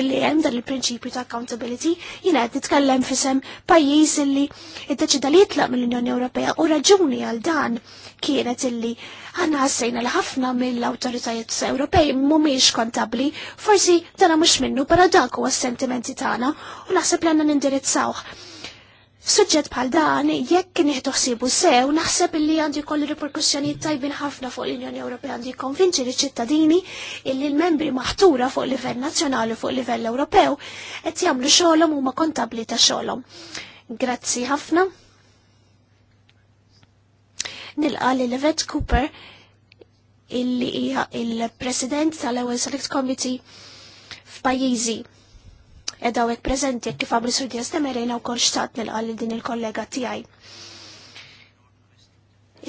illi hemm dan il-prinċipju ta' accountability jiena qed nitkellem fisem pajjiż illi iddeċida li jitlaq mill-Unjoni Ewropea u raġuni għal dan kienet illi għanna għassajna li ħafna mill-awtoritajiet Ewropej mhumiex kontabli, forsi dana mhux minnu, però dak huwa s-sentimenti tagħna u naħseb li għanna nindirizzawh F'suġġett bħal dan, jekk nieħdu ħsibu sew, naħseb illi għandu jkollu riperkussjonijiet tajbin ħafna fuq l-Unjoni Ewropea għandu jikkonvinċi l-ċittadini illi l-membri maħtura fuq livell nazzjonali fuq livell Ewropew qed jagħmlu xogħolhom huma kontabbli ta' xogħolhom. Grazzi ħafna. Nilqa li Levet Cooper illi hija il-President tal-Ewwel Select Committee f'pajjiżi Edaw ek prezenti kif għabri sudjas temerejna u korxtat nil-għalli din il-kollega tijaj.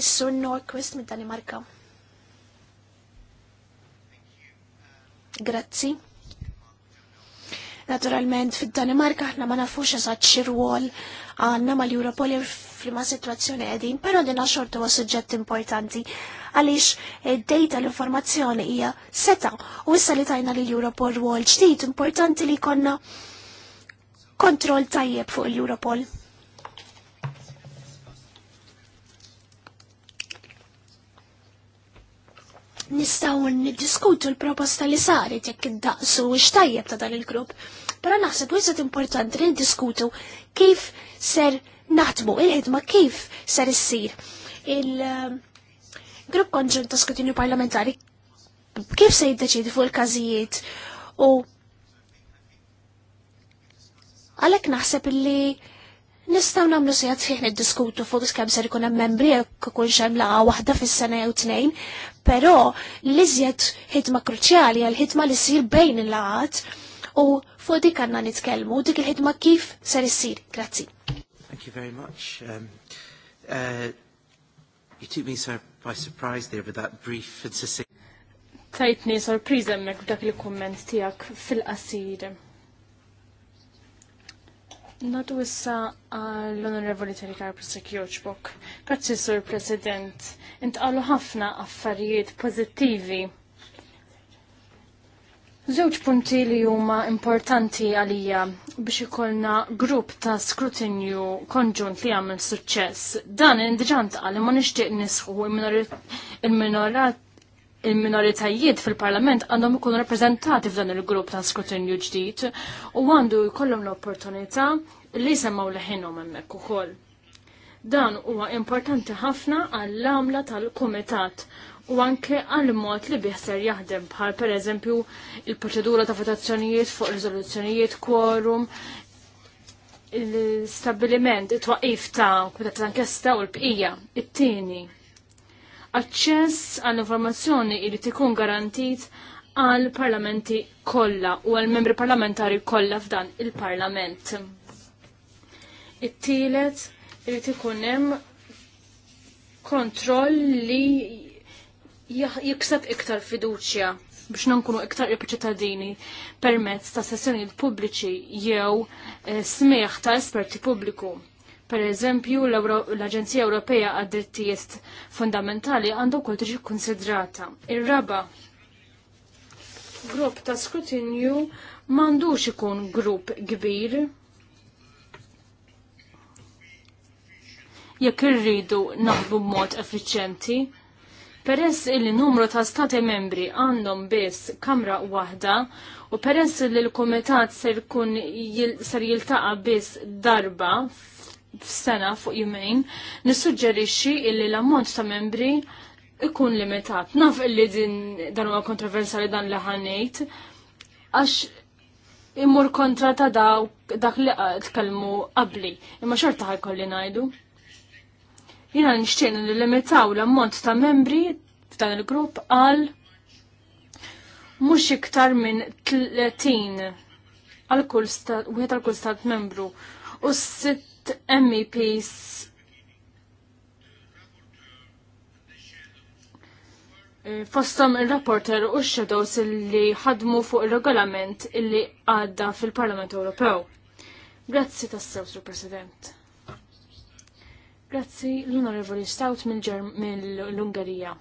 Issu Norquist mid Danimarka. Grazzi. Naturalment, fid-Danimarka ħna ma nafux eżatt rwol għanna mal-Europol flima situazzjoni għedin, pero din xorta huwa suġġett importanti għaliex id-data eh, l-informazzjoni hija seta u issa li tajna li l-Europol rwol ġdid importanti li konna kontroll tajjeb fuq l-Europol. Nistaw niddiskutu l-proposta li saret jekk id-daqsu u xtajjeb ta' dan il-grupp. Pero naħseb li importanti li ndiskutu kif ser naħdmu il-ħidma kif ser issir. Il-grupp eh, konġunt ta' Skutinju parlamentari kif se jiddeċidi fuq il-każijiet u għalhekk naħseb li nistgħu nagħmlu sejat fih niddiskutu fuq kemm ser ikun hemm membri jekk ikun hemm laqgħa waħda fis-sena jew tnejn, però l-iżjed ħidma kruċjali għal ħidma li ssir bejn il-laqgħat u fuq dik għanna nitkellmu dik il-ħidma kif ser issir. Grazzi. Thank you very much. Um, uh, you took me sir, by surprise there with that brief and succinct. Tajtni sorpriża mek dak il-komment tijak fil-qasir. Nadu issa l-Onorevoli Terikar joċbok. Grazzi, Sur President. Intqalu ħafna affarijiet pozittivi Żewġ punti li huma importanti għalija biex ikollna grupp ta' skrutinju konġunt li għamil suċċess. Dan indiġant għal ma nixtieq nisħu il-minoritajiet fil-parlament għandhom ikunu rappreżentati f'dan il-grupp ta' skrutinju ġdid u għandu jkollhom l-opportunità li semmaw leħinhom hemmhekk ukoll. Dan huwa importanti ħafna għall-għamla tal-kumitat u anke għal mod li biħser jaħdem bħal per eżempju il-proċedura ta' votazzjonijiet fuq riżoluzzjonijiet quorum, il-stabiliment, it-twaqif ta' kutat l-ankesta u l-bqija, it-tieni. Aċċess għall informazzjoni li tikun garantit għal parlamenti kollha u għal membri parlamentari kollha f'dan il-parlament. It-tielet irid ikun hemm kontroll li jikseb iktar fiduċja biex nankunu iktar il-ċittadini permezz ta' sessjonijiet pubbliċi jew eh, smieħ ta' esperti pubbliku. Per eżempju, l-Aġenzija Ewropea għad-drittijiet fundamentali għandu kol tiġi konsidrata. Ir-raba grupp ta' skrutinju mandux ikun grupp kbir jekk irridu naħbu b'mod effiċjenti Peress il numru ta' stati membri għandhom biss kamra waħda u peress li l-komitat ser jil, ser jiltaqa biss darba f'sena fuq jumejn, nissuġġerixxi illi l-ammont ta' membri ikun limitat. Naf illi din dan huwa kontroversali dan li ħanejt għax imur kontra ta' dak li tkellmu qabli. Imma xorta ħajkolli ngħidu. Jena li limitaw l-ammont ta' membri f'dan il-grupp għal mhux iktar minn 30 għal kull stat, wieħed għal kull stat membru u sitt MEPs eh, fostom il-rapporter u x-shadows li ħadmu fuq il-regolament illi għadda fil-Parlament Ewropew. Grazzi tassew, Sur President. Grazzi l-Onorevoli Stout mill-Ungerija.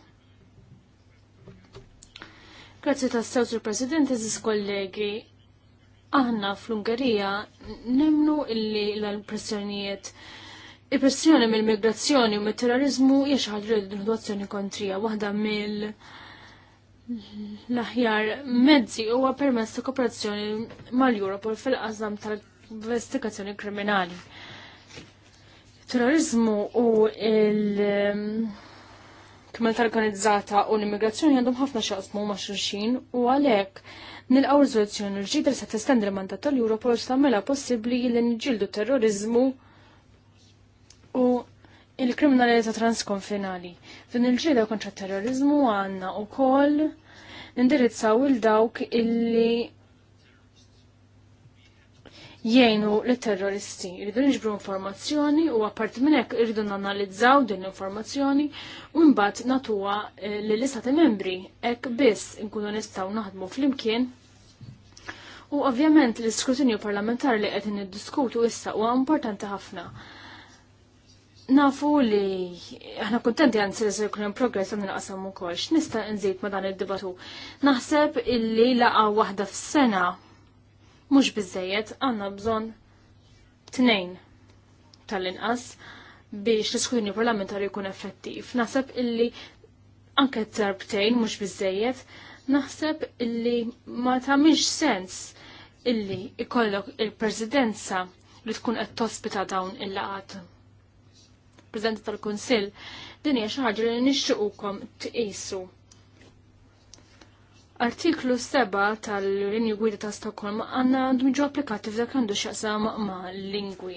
Grazzi ta' Stout il-President, eżis kollegi. Aħna fl-Ungerija nemnu illi l-impressjonijiet Il-pressjoni mill-migrazzjoni u mill-terrorizmu jiex ħadru l-azzjoni kontrija waħda mill- l-aħjar mezzi huwa permess ta' kooperazzjoni mal-Europol fil-qasam tal-investigazzjoni kriminali terrorizmu u il- um, kriminalità organizzata u l-immigrazzjoni għandhom ħafna xaqsmu ma' xulxin u għalhekk nilqgħu riżoluzzjoni l-ġdida se testendi l-mandat tal-Europol tagħmilha mela possibbli li niġġieldu terrorizmu u il-kriminalità transkonfinali. Din il ġilda kontra terrorizmu għandna wkoll nindirizzaw il dawk illi jgħinu li terroristi. Irridu nġbru informazzjoni u għapart minn hekk irridu nanalizzaw din l-informazzjoni u mbagħad natuwa eh, li l-istati membri hekk biss nkunu nistgħu naħdmu flimkien U ovvjament l-iskrutinju parlamentari li qed niddiskutu issa huwa importanti ħafna. Nafu li aħna kuntenti għan se jkun hemm progress għandna naqsam nista' X'nista' nżid ma' dan id-dibatu. Naħseb illi laqa waħda f sena mhux biżejjed għandna bżonn tnejn tal-inqas biex l-iskrinju parlamentari jkun effettiv. Naħseb illi anke t-tarbtejn mhux biżejjed, naħseb illi ma tagħmilx sens illi ikollok il-presidenza li tkun qed tospita dawn il-laqat. Presidenza tal-Kunsill, din hija xi ħaġa li nixtiequkom tqisu artiklu 7 tal-linju gwida ta' Stockholm għanna għandhom applikati f'dak għandu xaqsam ma' lingwi.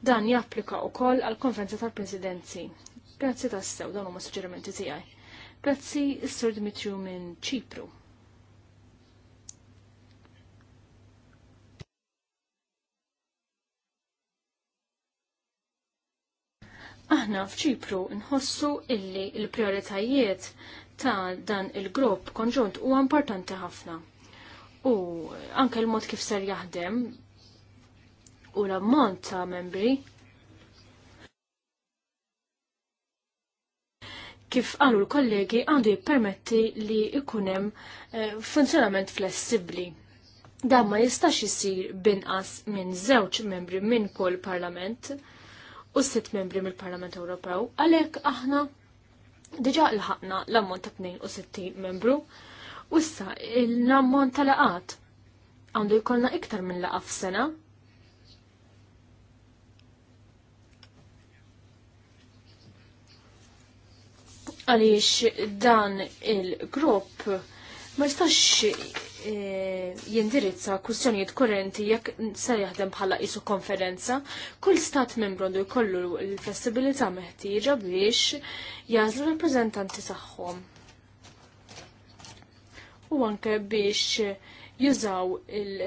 Dan japplika u koll għal-konferenza tal-presidenzi. Grazzi ta' sew, dan ma' suġġerimenti tiegħi. Grazzi s-Sur Dimitriu minn Ċipru. Aħna f'ċipru nħossu illi l-prioritajiet ta' dan il-grupp konġunt huwa importanti ħafna. U anke l-mod kif ser jaħdem u l-ammont ta' membri kif qalu l-kollegi għandu jippermetti li ikunem eh, funzjonament flessibli. Dan ma jistax isir binqas minn żewġ membri minn kull parlament u sitt membri mill-Parlament Ewropew, għalhekk aħna Diġa l-ħakna l-ammont ta' 62 membru, u issa l-ammont ta' laqat għandu jkollna iktar minn laqaf f'sena. Għaliex dan il-grupp ma jistax E, jindirizza kwistjonijiet kurrenti jekk se jaħdem bħala isu konferenza, kull stat membru għandu jkollu l-flessibilità meħtieġa biex jażlu rappreżentanti tagħhom. U anke biex jużaw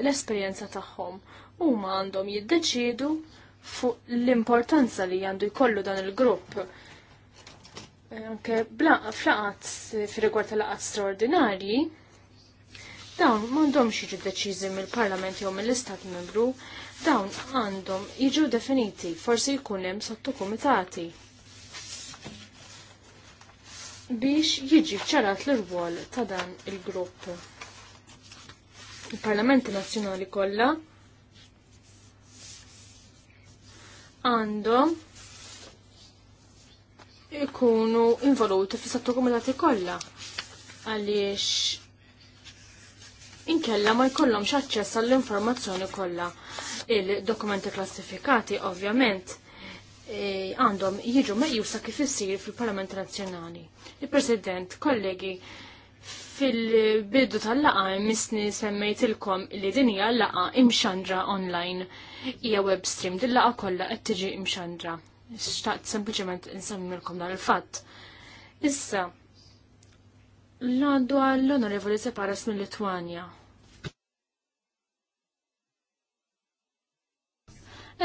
l-esperjenza tagħhom huma għandhom jiddeċidu fuq l-importanza li għandu jkollu dan il-grupp e, anke flaqat fir-rigward tal-laqat straordinarji dawn m'għandhomx jiġu deċiżi mill-Parlament jew mill-Istat Membru, dawn għandhom jiġu definiti, forsi jkun hemm sottokumitati biex jiġi ċarat l-rwol ta' dan il-grupp. Il-Parlamenti Nazzjonali kollha għandhom ikunu involuti fi sottokumitati kollha għaliex inkella ma jkollhomx aċċess għall-informazzjoni kollha. Il-dokumenti klassifikati ovvjament e, għandhom jiġu meqjusa kif issir fil-Parlament Nazzjonali. Il-President, kollegi, fil-bidu tal-laqa misni semmejtilkom li din hija laqa imxandra online hija web stream din laqa kollha qed tiġi imxandra. Xtaqt sempliċement insemmilkom dan il-fatt. Issa, l-għandu għall-onorevoli Separas minn Litwanja.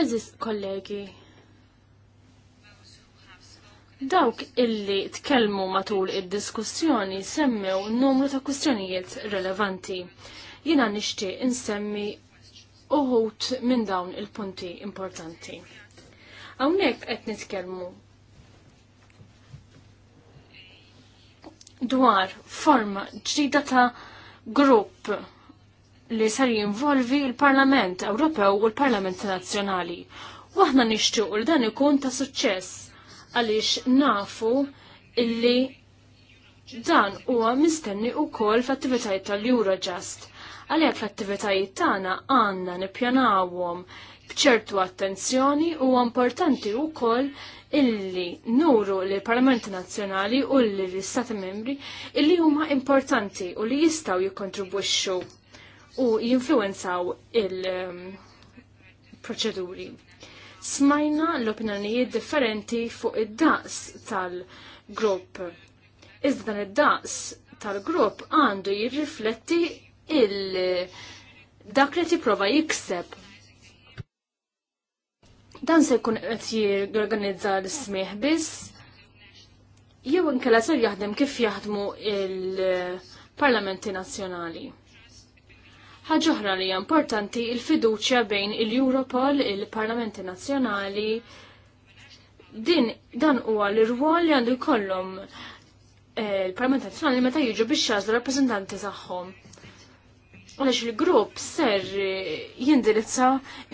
Eżis, kollegi, dawk illi tkellmu matul id-diskussjoni semmew numru ta' kwistjonijiet relevanti. Jina nixtieq insemmi uħut minn dawn il-punti importanti. Hawnhekk qed nitkellmu dwar forma ġdida ta' grupp li sar jinvolvi l parlament Ewropew u l-Parlament Nazzjonali. Waħna nixtieq li dan ikun ta' suċċess għaliex nafu illi dan huwa mistenni wkoll fl-attivitajiet tal-Eurojust. Għalhekk l-attivitajiet tagħna għandna nippjanawhom b'ċertu attenzjoni u importanti wkoll illi nuru l parlamenti Nazzjonali u l-Istati Membri illi huma importanti u li jistaw jikontribwixxu u jinfluenzaw il-proċeduri. Um, Smajna l-opinjonijiet differenti fuq id-daqs tal-grupp. Iżda dan id-daqs tal-grupp għandu jirrifletti il- dak li tipprova jikseb Dan se jkun qed jorganizza l-ismieħ biss jew inkella ser jaħdem kif jaħdmu il-parlamenti nazzjonali. Ħaġa oħra li hija importanti il-fiduċja bejn il-Europol, il-Parlamenti Nazzjonali, din dan huwa l-irwol li għandu jkollhom eh, il-Parlament Nazzjonali meta jiġu biex jażlu rappreżentanti tagħhom għalix il-grupp ser eh, jindirizza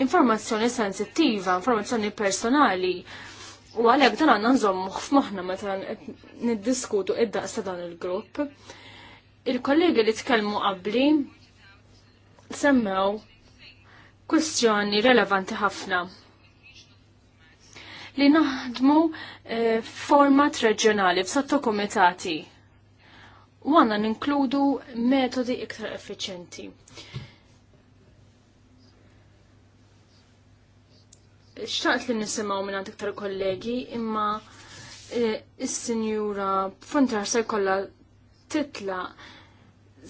informazzjoni sensittiva, informazzjoni personali. U għalek dan għanna nżommu f'moħna meta niddiskutu id-daqs ta' dan il-grupp. Il-kollegi li tkellmu qabli semmew kwestjoni relevanti ħafna li naħdmu eh, format reġjonali f'sotto komitati u għanna ninkludu metodi iktar effiċenti. Xtaqt li nisimaw minn għand kollegi imma e, il sinjura Funtar se kolla titla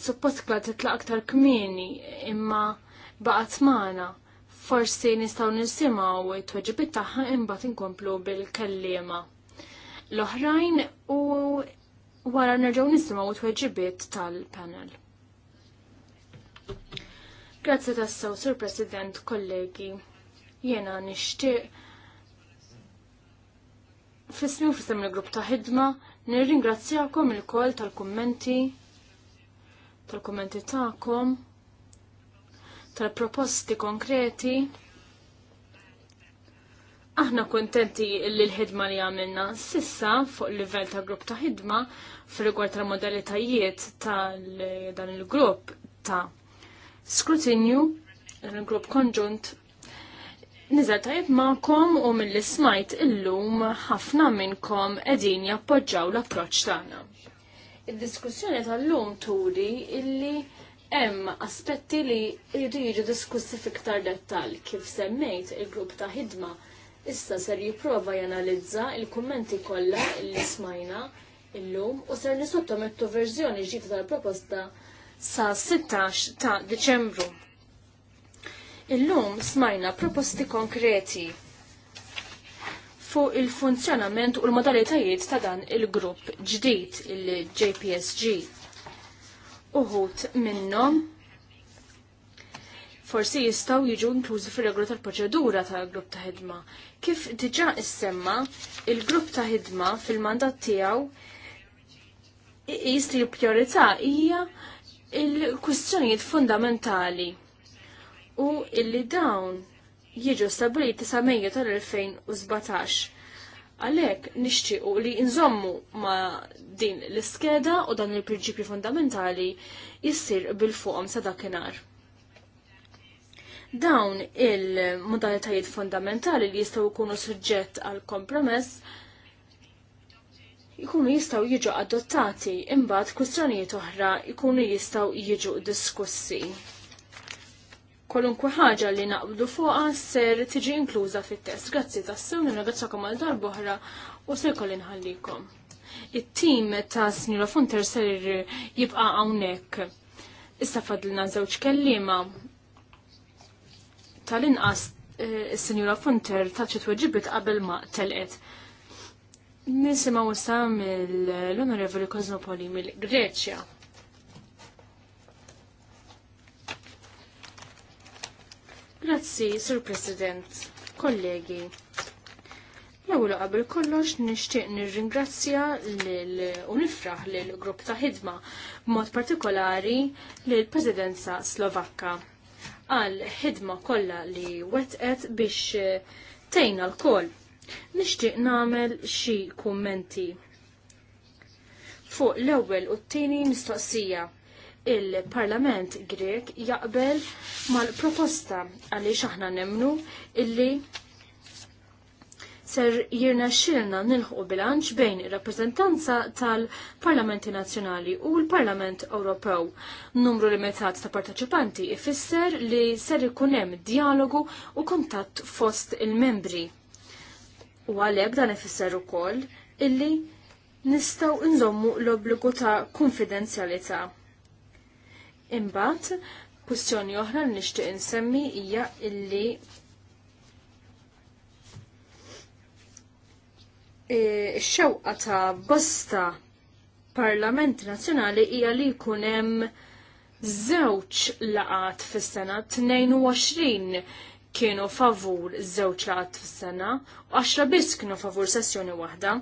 suppost kla titla aktar kmini imma baqgħet magħna forsi nistgħu nisimgħu t-tweġibit tagħha imbagħad inkomplu bil-kelliema. L-oħrajn u wara nerġgħu nisimgħu t-tweġibiet tal-panel. Grazzi tassew, Sur President, kollegi. Jena nixtieq F'ismi u fl il-grupp ta' ħidma nirringrazzjakom il koll tal-kummenti tal-kummenti ta'kom tal-proposti konkreti Aħna kontenti li l-ħidma li għamilna sissa fuq il-livell ta' grupp ta' ħidma fil-rigward tal-modalitajiet ta' dan il-grupp ta' skrutinju, il-grupp konġunt Nizel tajib ma'kom u mill smajt illum ħafna minnkom edin jappoġġaw l-approċ tagħna. il diskussjoni tal-lum turi illi hemm aspetti li jridu jiġu diskussi fiktar dettal kif semmejt il-grupp ta' ħidma Issa ser jipprova janalizza il-kummenti kollha li smajna illum u ser nisottomettu verżjoni ġdida tal-proposta sa 16 ta' Deċembru. Illum smajna proposti konkreti fuq il-funzjonament u l-modalitajiet ta' dan il-grupp ġdid il-JPSG. Uħut minnom forsi jistgħu jiġu inklużi fir grupp tal-proċedura tal-grupp ta' ħidma. Kif diġà issemma, il-grupp ta' ħidma fil-mandat tiegħu jista' l hija il-kwistjonijiet fundamentali u illi dawn jiġu stabiliti sa' Mejju tal-2017. Għalhekk nixtiequ li nżommu ma' din l-iskeda u dan il-prinċipju fundamentali jissir bil-fuqom sa' dakinhar. Dawn il-modalitajiet fundamentali li jistaw ikunu suġġett għal kompromess ikunu jistaw jiġu adottati imbagħad kwistjonijiet oħra jkunu jistaw jiġu diskussi. Kolunkwe ħaġa li naqbdu fuqha ser tiġi inkluża fit-test. Grazzi tassew nirragazzakom għal darba oħra u se jkolli nħallikom. It-tim ta' Snira Funter ser jibqa' hawnhekk. Issa fadlna żewġ kellima tal-inqas eh, il-Sinjura Funter taċċi tweġibit qabel ma telqet. u sam mill-Onorevoli Kosnopoli mill-Greċja. Grazzi, Sir President, kollegi. L-ewwel qabel kollox nixtieq nirringrazzja lil u nifraħ lil grupp ta' ħidma b'mod partikolari lil Presidenza Slovakka għal ħidma kollha li wetqet biex eh, tejna l-koll. Nixtieq nagħmel xi kummenti. Fuq l-ewwel u t-tieni mistoqsija il-Parlament Grek jaqbel mal-proposta għaliex aħna nemnu illi ser jirna xilna nilħu bilanċ bejn ir-rappreżentanza tal-Parlamenti Nazzjonali u l-Parlament Ewropew. Numru limitat ta' parteċipanti ifisser li ser ikun hemm dialogu u kuntatt fost il-membri. U għalhekk dan ifisser ukoll illi nistgħu nżommu l-obbligu ta' konfidenzjalità. Imbagħad, kwistjoni oħra li nixtieq insemmi hija illi ix-xewqa e, ta' bosta Parlament Nazzjonali hija li jkun hemm żewġ laqat fis-sena 22 kienu favur żewġ laqat fis-sena u 10 biss kienu favur sessjoni waħda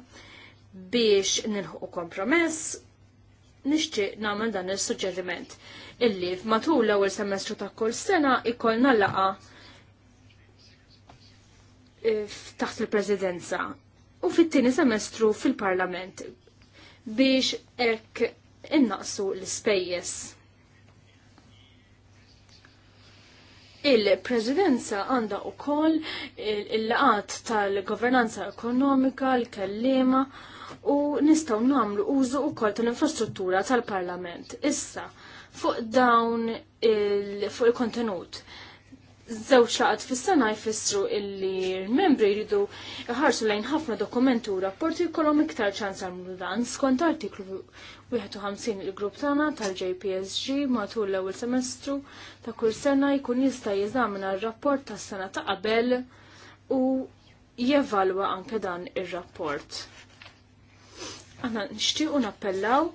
biex nilħu kompromess nixtieq nagħmel dan il-suġġeriment illi f'matul l-ewwel semestru ta' kull sena ikollna laqa e, taħt il-Presidenza u fit-tieni semestru fil-Parlament biex hekk innaqsu l-ispejjeż. Il-Presidenza għandha wkoll il-laqat tal-Governanza Ekonomika, l-kellima u nistgħu nagħmlu użu wkoll tal-infrastruttura tal-Parlament. Issa, fuq dawn il-kontenut. il kontenut żewġ laqat fis-sena jfissru illi l-membri jridu jħarsu lejn ħafna dokumenti u rapporti jkollhom iktar ċans għamlu dan skont artiklu 51 il-grupp tagħna tal-JPSG matul l-ewwel semestru ta' kull sena jkun jista' jeżamina r-rapport tas-sena ta' qabel u jevalwa anke dan ir-rapport. Aħna nixtiequ nappellaw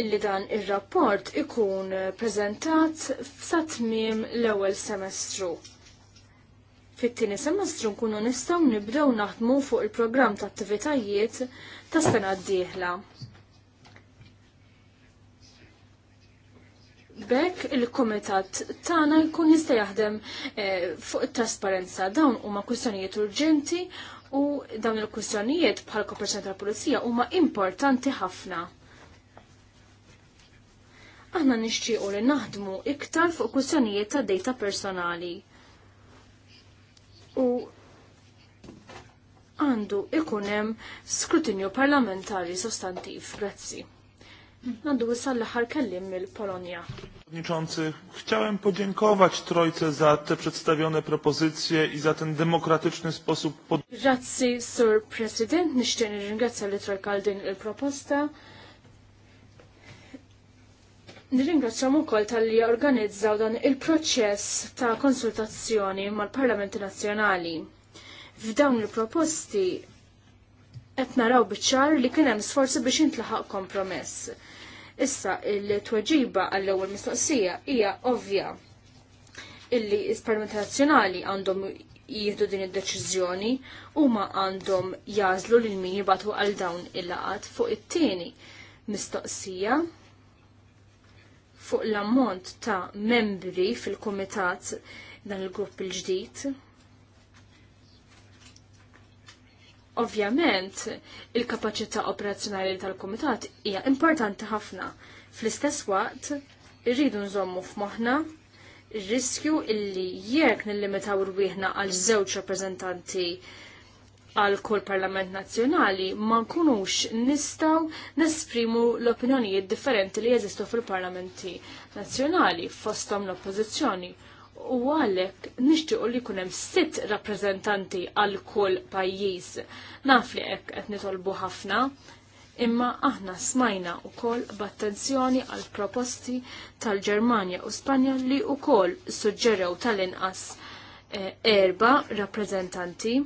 li dan ir-rapport ikun preżentat sa tmiem l-ewwel semestru. Fit-tieni semestru nkunu nistgħu nibdew naħdmu fuq il-programm ta' attivitajiet ta' sena d-dieħla. Bekk il-komitat tagħna jkun jista' jaħdem eh, fuq it-trasparenza dawn huma kwistjonijiet urġenti u dawn il-kwistjonijiet bħal koperċent tal-Pulizija huma importanti ħafna. Aħna nixtiequ li naħdmu iktar fuq kwistjonijiet ta' data personali. U għandu ikunem skrutinju parlamentari sostantiv. Grazzi. Għandu issa l-aħħar kellim mill-Polonja. Przewodniczący, chciałem podziękować Trojce za te przedstawione propozycje i za ten demokratyczny sposób pod... Grazzi, Sir President, nixtieq nirringrazzja li Trojka din il-proposta. Nirringrazzjom ukoll tal-li organizzaw dan il-proċess ta' konsultazzjoni mal-Parlamenti Nazzjonali. F'dawn il-proposti qed naraw biċ-ċar li kien hemm sforzi biex intlaħaq kompromess. Issa il-tweġiba għall-ewwel mistoqsija hija ovvja illi l parlamenti Nazzjonali għandhom jieħdu din id-deċiżjoni huma għandhom jażlu lil min jibatu għal dawn il-laqat fuq it-tieni mistoqsija fuq l-ammont ta' membri fil-komitat dan il-grupp il-ġdid. Ovvjament, il-kapacità operazzjonali tal-komitat hija importanti ħafna. Fl-istess waqt, irridu nżommu f'moħħna r riskju illi jekk nillimitaw irwieħna għal żewġ rappreżentanti għal kull Parlament Nazzjonali ma nkunux nistaw nesprimu l-opinjonijiet differenti li jeżistu fil-Parlamenti Nazzjonali fostom l-Oppożizzjoni. U għalek nixtiequ li kunem sitt rappreżentanti għal kull pajjiż. Naf li hekk qed nitolbu ħafna, imma aħna smajna u kol b'attenzjoni għal proposti tal-Ġermanja u Spanja li u kol suġġeraw tal-inqas eh, erba rappresentanti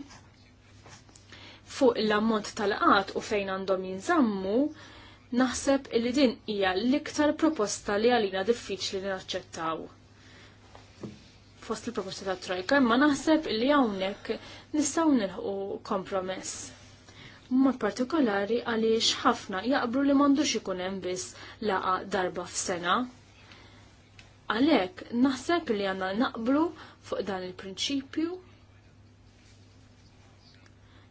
fuq l-ammont tal-qat u fejn għandhom jinżammu, naħseb illi din hija l-iktar proposta li għalina diffiċli li naċċettaw. Fost il-proposta ta' trojka, imma naħseb illi hawnhekk nistgħu nilħu kompromess. Mod partikolari għaliex ħafna jaqbru li m'għandux ikun hemm biss laqa darba f'sena. Għalhekk naħseb li għandna naqblu fuq dan il-prinċipju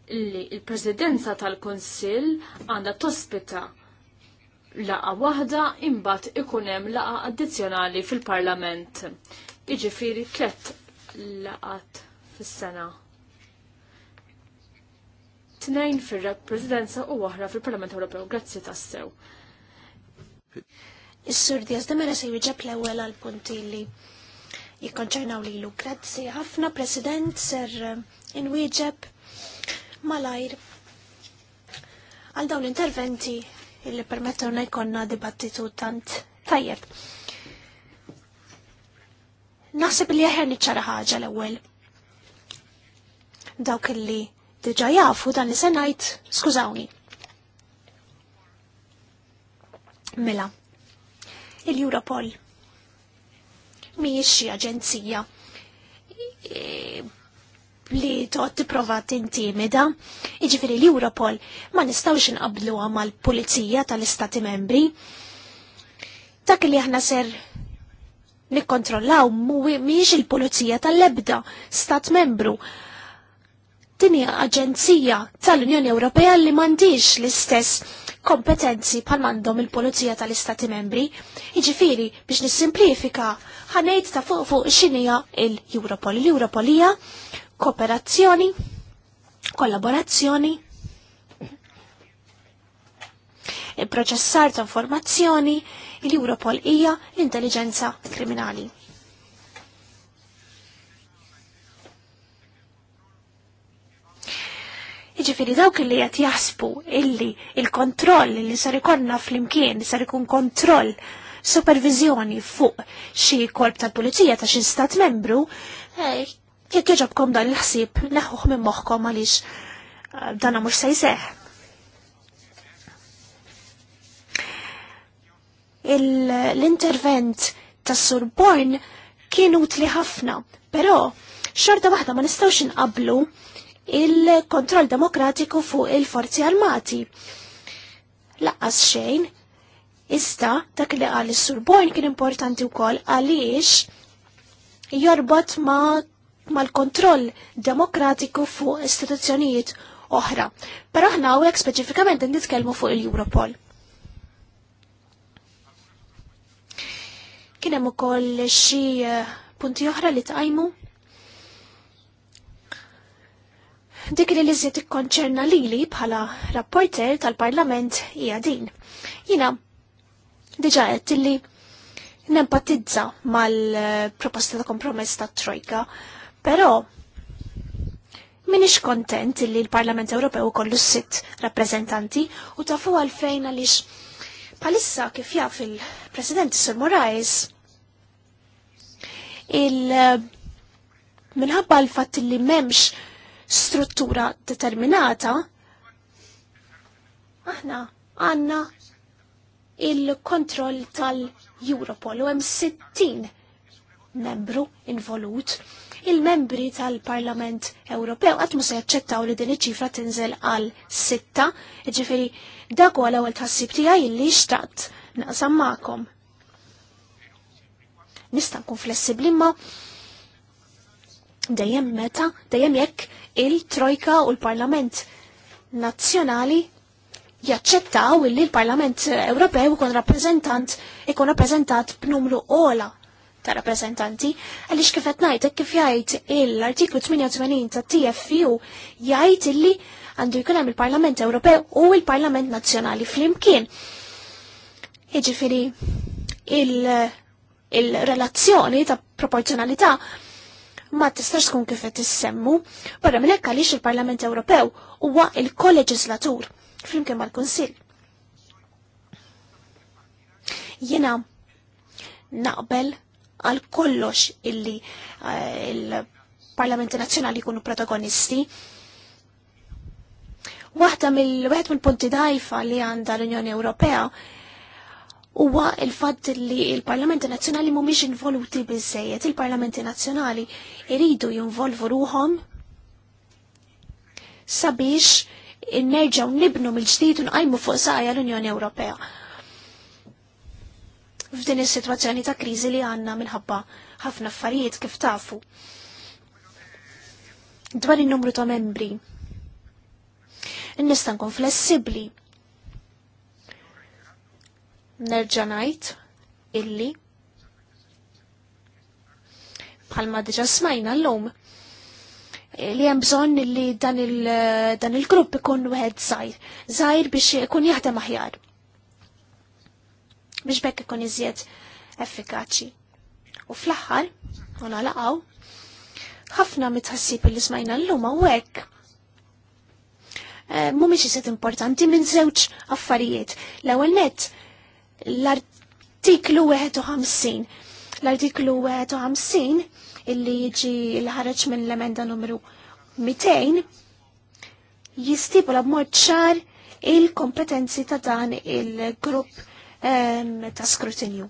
li il-Presidenza tal konsil għandha tospita laqa waħda imbagħad ikun hemm laqa addizzjonali fil-Parlament. Jiġifieri tlet laqat fis-sena. Tnejn fil presidenza u wahra fil-Parlament Ewropew. Grazzi tassew. Is-Sur Diaz de Mera se jwieġeb l-ewwel għall punti li jikkonċernaw lilu. Grazzi ħafna President ser eh, inwieġeb malajr għal dawn interventi illi na jkonna dibattitu tant tajjeb. Naħseb li jħer niċċara ħaġa l-ewwel. Dawk illi diġa jafu dan li se ngħid, skużawni. Mela, il-Europol miex xi aġenzija e, li t-prova tipprova tintimida. Jiġifieri li Europol ma nistgħux inqabluha mal-Pulizija tal-Istati Membri. Dak li aħna ser nikkontrollaw miex il-Pulizija tal-ebda Stat Membru. Dini aġenzija tal-Unjoni Ewropea li m'għandix l-istess kompetenzi pal mandom il-Polizija tal-Istati Membri, iġifiri biex nissimplifika ħanejt ta' fuq fuq xinija il-Europol. L-Europol kooperazzjoni, kollaborazzjoni, il-proċessar ta' informazzjoni, l europol hija l-intelligenza kriminali. Iġifiri dawk li qed jaħsbu illi il-kontroll li sar ikonna fl-imkien sar ikun kontroll supervizjoni fuq xi korp tal-pulizija ta' xi stat membru, eh, jekk jġobkom dan il-ħsib, neħuħ minn moħkom għalix eh, dana mux se L-intervent tas surborn kienu utli ħafna, pero xorta waħda ma nistawx inqablu il-kontroll demokratiku fuq il-forzi armati. Laqqas xejn, iżda dak li għal surborn kien importanti wkoll għaliex jorbot ma' mal-kontroll demokratiku fuq istituzzjonijiet oħra. Pero ħna għek specifikament nitkellmu fuq il-Europol. Kienem u koll xi eh, punti oħra li tqajmu. Dik li liżiet ikkonċerna lili bħala rapporter tal-Parlament hija din. Jina diġa qed li nempatizza mal-proposta ta' kompromess ta' Trojka Però minix kontent li l-Parlament Ewropew kollu sitt rappresentanti u tafu għalfejn għalix palissa kif jaf il-President Sir Moraes il minħabba l fat li memx struttura determinata aħna għanna il-kontroll tal-Europol u hemm 60 membru involut il-membri tal-Parlament Ewropew għatmu se jaċċettaw li din iċ-ċifra tinżel għal sitta, ġifiri dak għal l-ewwel tħassib tiegħi li xtaqt naqsam magħkom. Nista' nkun flessibbli ma dejjem meta, dejjem jekk il-Trojka u l-Parlament Nazzjonali jaċċettaw li l-Parlament Ewropew ikun rappreżentant ikun rappreżentat b'numru ola ta' rappresentanti għaliex kif qed kif jgħid l-artiklu 88 ta' TFU jgħid illi għandu jkun hemm il-Parlament Ewropew u il-Parlament Nazzjonali flimkien. Jiġifieri il-relazzjoni il ta' proporzjonalità ma tistax tkun kif qed issemmu, barra minn hekk għaliex il-Parlament Ewropew huwa il-koleġislatur flimkien mal-Kunsill. Jiena naqbel għal kollox illi eh, il-Parlamenti Nazzjonali jkunu protagonisti. Waħda mill wet mill-punti dajfa li għandha l-Unjoni Ewropea huwa il-fatt li il-Parlamenti Nazzjonali mhumiex involuti biżejjed. Il-Parlamenti Nazzjonali iridu jinvolvu ruhom sabiex innerġaw nibnu mill-ġdid u nqajmu fuq saqajja l-Unjoni Ewropea f'din is-sitwazzjoni ta' kriżi li għandna minħabba ħafna affarijiet kif tafu. Dwar in-numru ta' membri. Nista' nkun flessibbli. Nerġa' ngħid illi bħalma diġa smajna l-lum eh, li hemm bżonn li dan il-grupp ikun wieħed żgħir, żgħir biex ikun jaħdem aħjar biex bekk ikun iżjed effikaċi. U fl-aħħar, u nalaqgħu, ħafna mitħassib li smajna l-lum għawek. Eh, Mumiex jisit importanti minn żewġ affarijiet. L-ewwel net l-artiklu 51. L-artiklu 51 illi jiġi l-ħareġ minn l-emenda numru 200 jistipula b'mod ċar il-kompetenzi ta' dan il-grupp ta' skrutinju.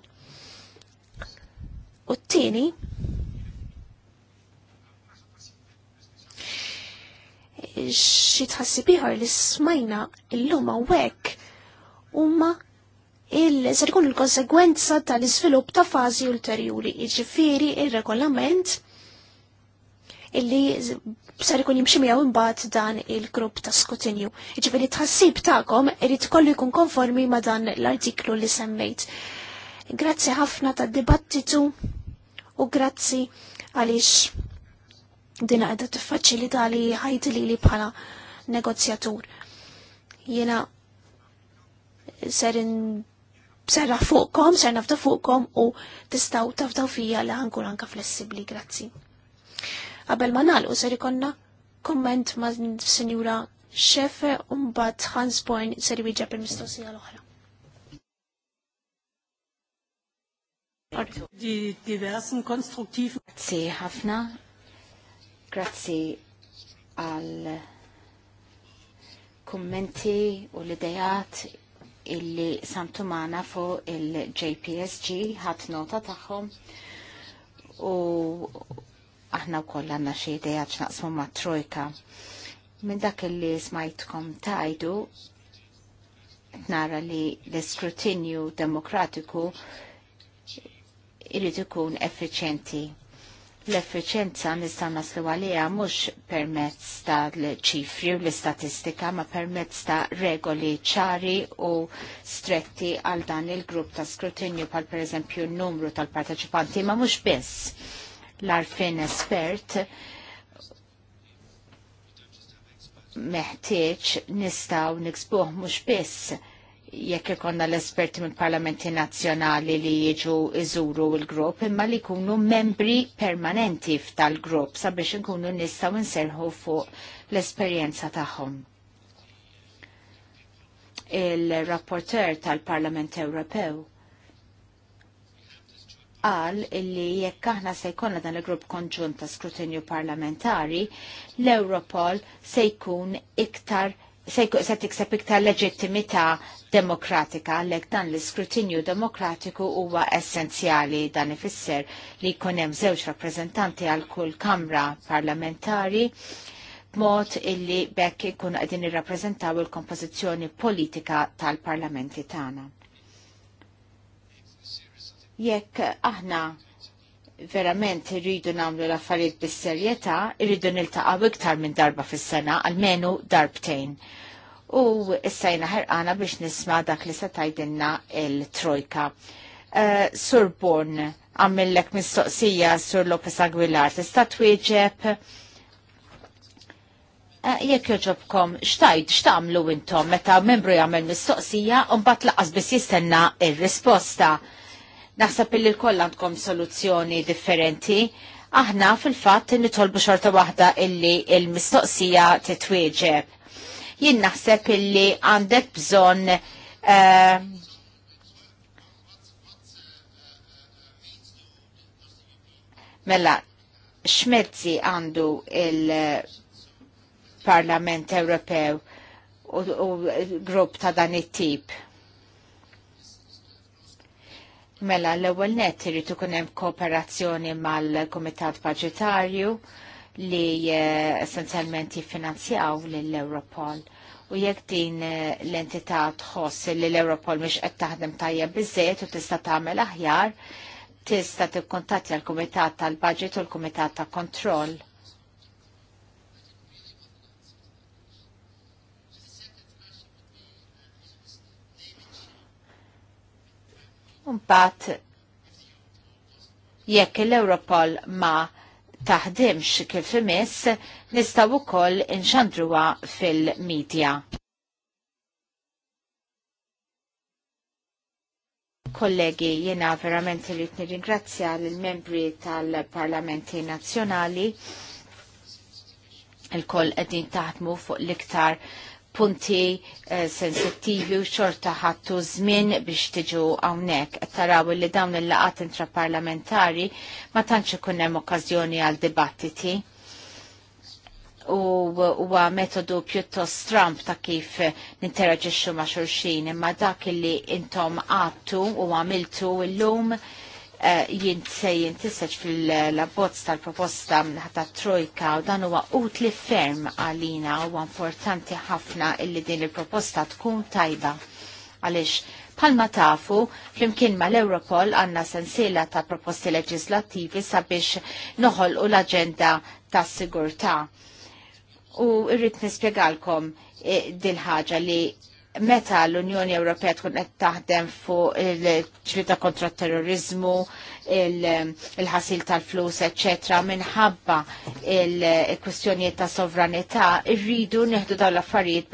U t-tieni xi tħassib ieħor li smajna llum u huma il ser ikun il-konsegwenza tal-iżvilupp ta' fażi ulterjuri, jiġifieri il regolament il-li b'sar ikun jimxi miegħu imbagħad dan il-grupp ta' skutinju. Jiġifieri tħassib tagħkom irid kollu jkun konformi ma' dan l-artiklu li semmejt. Grazzi ħafna tad dibattitu u grazzi għaliex din qiegħda tiffaċilita li ħajti li bħala negozjatur. Jiena serin serra fuqkom, ser nafta fuqkom u tistaw tafdaw fija li ħankun anka flessibli, grazzi. Għabel ma nagħlqu ser ikonna komment ma' Sinjura Xefe u mbagħad Point ser jwieġeb il-mistoqsija l-oħra. Grazzi diversen Grazie ħafna. Grazie għal kummenti u l-idejat illi samtu maħna fuq il-JPSG ħat nota taħħom u aħna wkoll għandna xi idea ċnaqsmu ma' trojka. Minn dak li smajtkom tajdu nara li l-iskrutinju demokratiku irrid ikun effiċenti. L-effiċenza nistgħu naslu għaliha mhux permezz ta' l-ċifri u l-istatistika ma' permezz ta' regoli ċari u stretti għal dan il-grupp ta' skrutinju pal pereżempju n-numru tal-parteċipanti ma' mhux biss l-arfin espert meħtieġ nistaw nixbuħ mhux biss jekk ikonna l-esperti mill parlamenti nazzjonali li jiġu iżuru l-grupp imma li jkunu membri permanenti f'tal-grupp sabiex inkunu nistaw nserħu fuq l-esperjenza tagħhom. Il-rapporter tal-Parlament Ewropew qal illi jekk aħna se jkollna dan il-grupp konġunt ta' skrutinju parlamentari, l-Europol se jkun iktar se tikseb iktar leġittimità demokratika għalhekk dan l-iskrutinju demokratiku huwa essenzjali dan ifisser li jkun hemm żewġ rappreżentanti għal kull kamra parlamentari b'mod illi bekk ikun qegħdin irrappreżentaw il-kompożizzjoni politika tal-parlamenti tagħna jekk aħna verament irridu namlu l-affarijiet bis-serjetà, irridu niltaqgħu iktar minn darba fis-sena, almenu darbtejn. U issajna ħerqana biex nisma' dak li se tgħidilna l-Trojka. Uh, eh, Sur Born, għamillek mistoqsija Sur Lopez Aguilar, tista' twieġeb eh, jekk joġobkom, xtajt, xtamlu intom meta membru jagħmel mistoqsija u mbagħad laqas biss jistenna r risposta Naħseb illi l-koll għandkom soluzzjoni differenti. Aħna fil-fatt nitolbu xorta waħda illi il-mistoqsija titwieġeb. Jien naħseb illi għandek bżonn uh, mela xmezzi għandu il-Parlament Ewropew u, u grupp ta' dan it-tip Mela, l-ewwel net irid ikun hemm kooperazzjoni mal-Kumitat Budgetarju li eh, essenzjalment jiffinanzjaw lill-Europol. U jekk din eh, l-entità tħoss li l-Europol mhix qed taħdem tajjeb biżejjed u tista' tagħmel aħjar, tista' tikkuntattja l-Kumitat tal-Budget u l-Kumitat ta' Kontroll Unbat, jekk l-Europol ma taħdimx kif imiss, nistaw ukoll inxandruha fil-medja. Kollegi, jena verament li nirringrazzja l-membri tal-Parlamenti Nazzjonali il-koll edin taħdmu fuq l-iktar punti eh, sensittivi u xorta ħattu żmien biex tiġu hawnhekk. Qed taraw li dawn il-laqat intraparlamentari ma tantx ikun hemm okkażjoni għal dibattiti u huwa metodu pjuttost stramp ta' kif ninteraġixxu ma' xulxin imma dak li intom għattu u għamiltu llum il Eh, jintsej jintisaċ fil-labbozz tal-proposta ta' trojka u dan huwa utli ferm għalina u importanti ħafna illi din il-proposta tkun tajba għalix Palma tafu, flimkien ma l-Europol għanna sensiela ta' proposti leġislativi sabiex noħol u l-agenda ta' sigurta. U irrit nispiegalkom eh, dil-ħagġa li meta l-Unjoni Ewropea tkun qed taħdem fuq il-ċrita kontra terrorizmu, il-ħasil il tal-flus, etc. minħabba il-kwestjonijiet ta' sovranità, irridu neħdu dawn l-affarijiet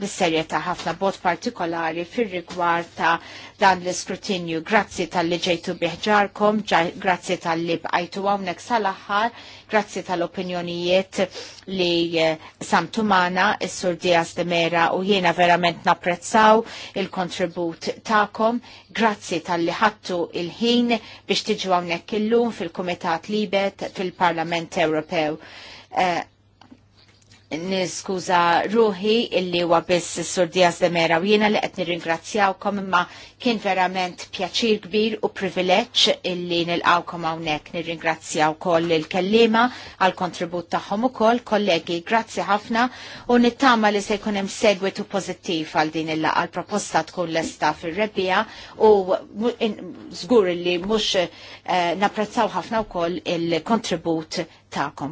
bis-serjetà ħafna bod partikolari fir-rigward ta' dan l-iskrutinju. Grazzi tal-li ġejtu biħġarkom, grazzi tal-li bqajtu hawnhekk sal-aħħar, grazzi tal-opinjonijiet li eh, samtu magħna sur Diaz de Mera u jiena verament napprezzaw il-kontribut tagħkom Grazzi tal-li ħattu il-ħin biex tiġu għawnek illum fil-Komitat Libet fil-Parlament Ewropew. Uh, niskuza ruħi illi huwa biss s-surdija Diaz demera u jena li qed nirringrazzjawkom imma kien verament pjaċir kbir u privileġġ illi nilqawkom hawnhekk nirringrazzjaw koll il-kellima għal kontribut tagħhom ukoll kollegi grazzi ħafna u nittama li se jkun hemm segwitu pozittiv għal din illa għal proposta tkun lesta fir-rebbija u zgur illi mhux eh, napprezzaw ħafna wkoll il-kontribut tagħkom.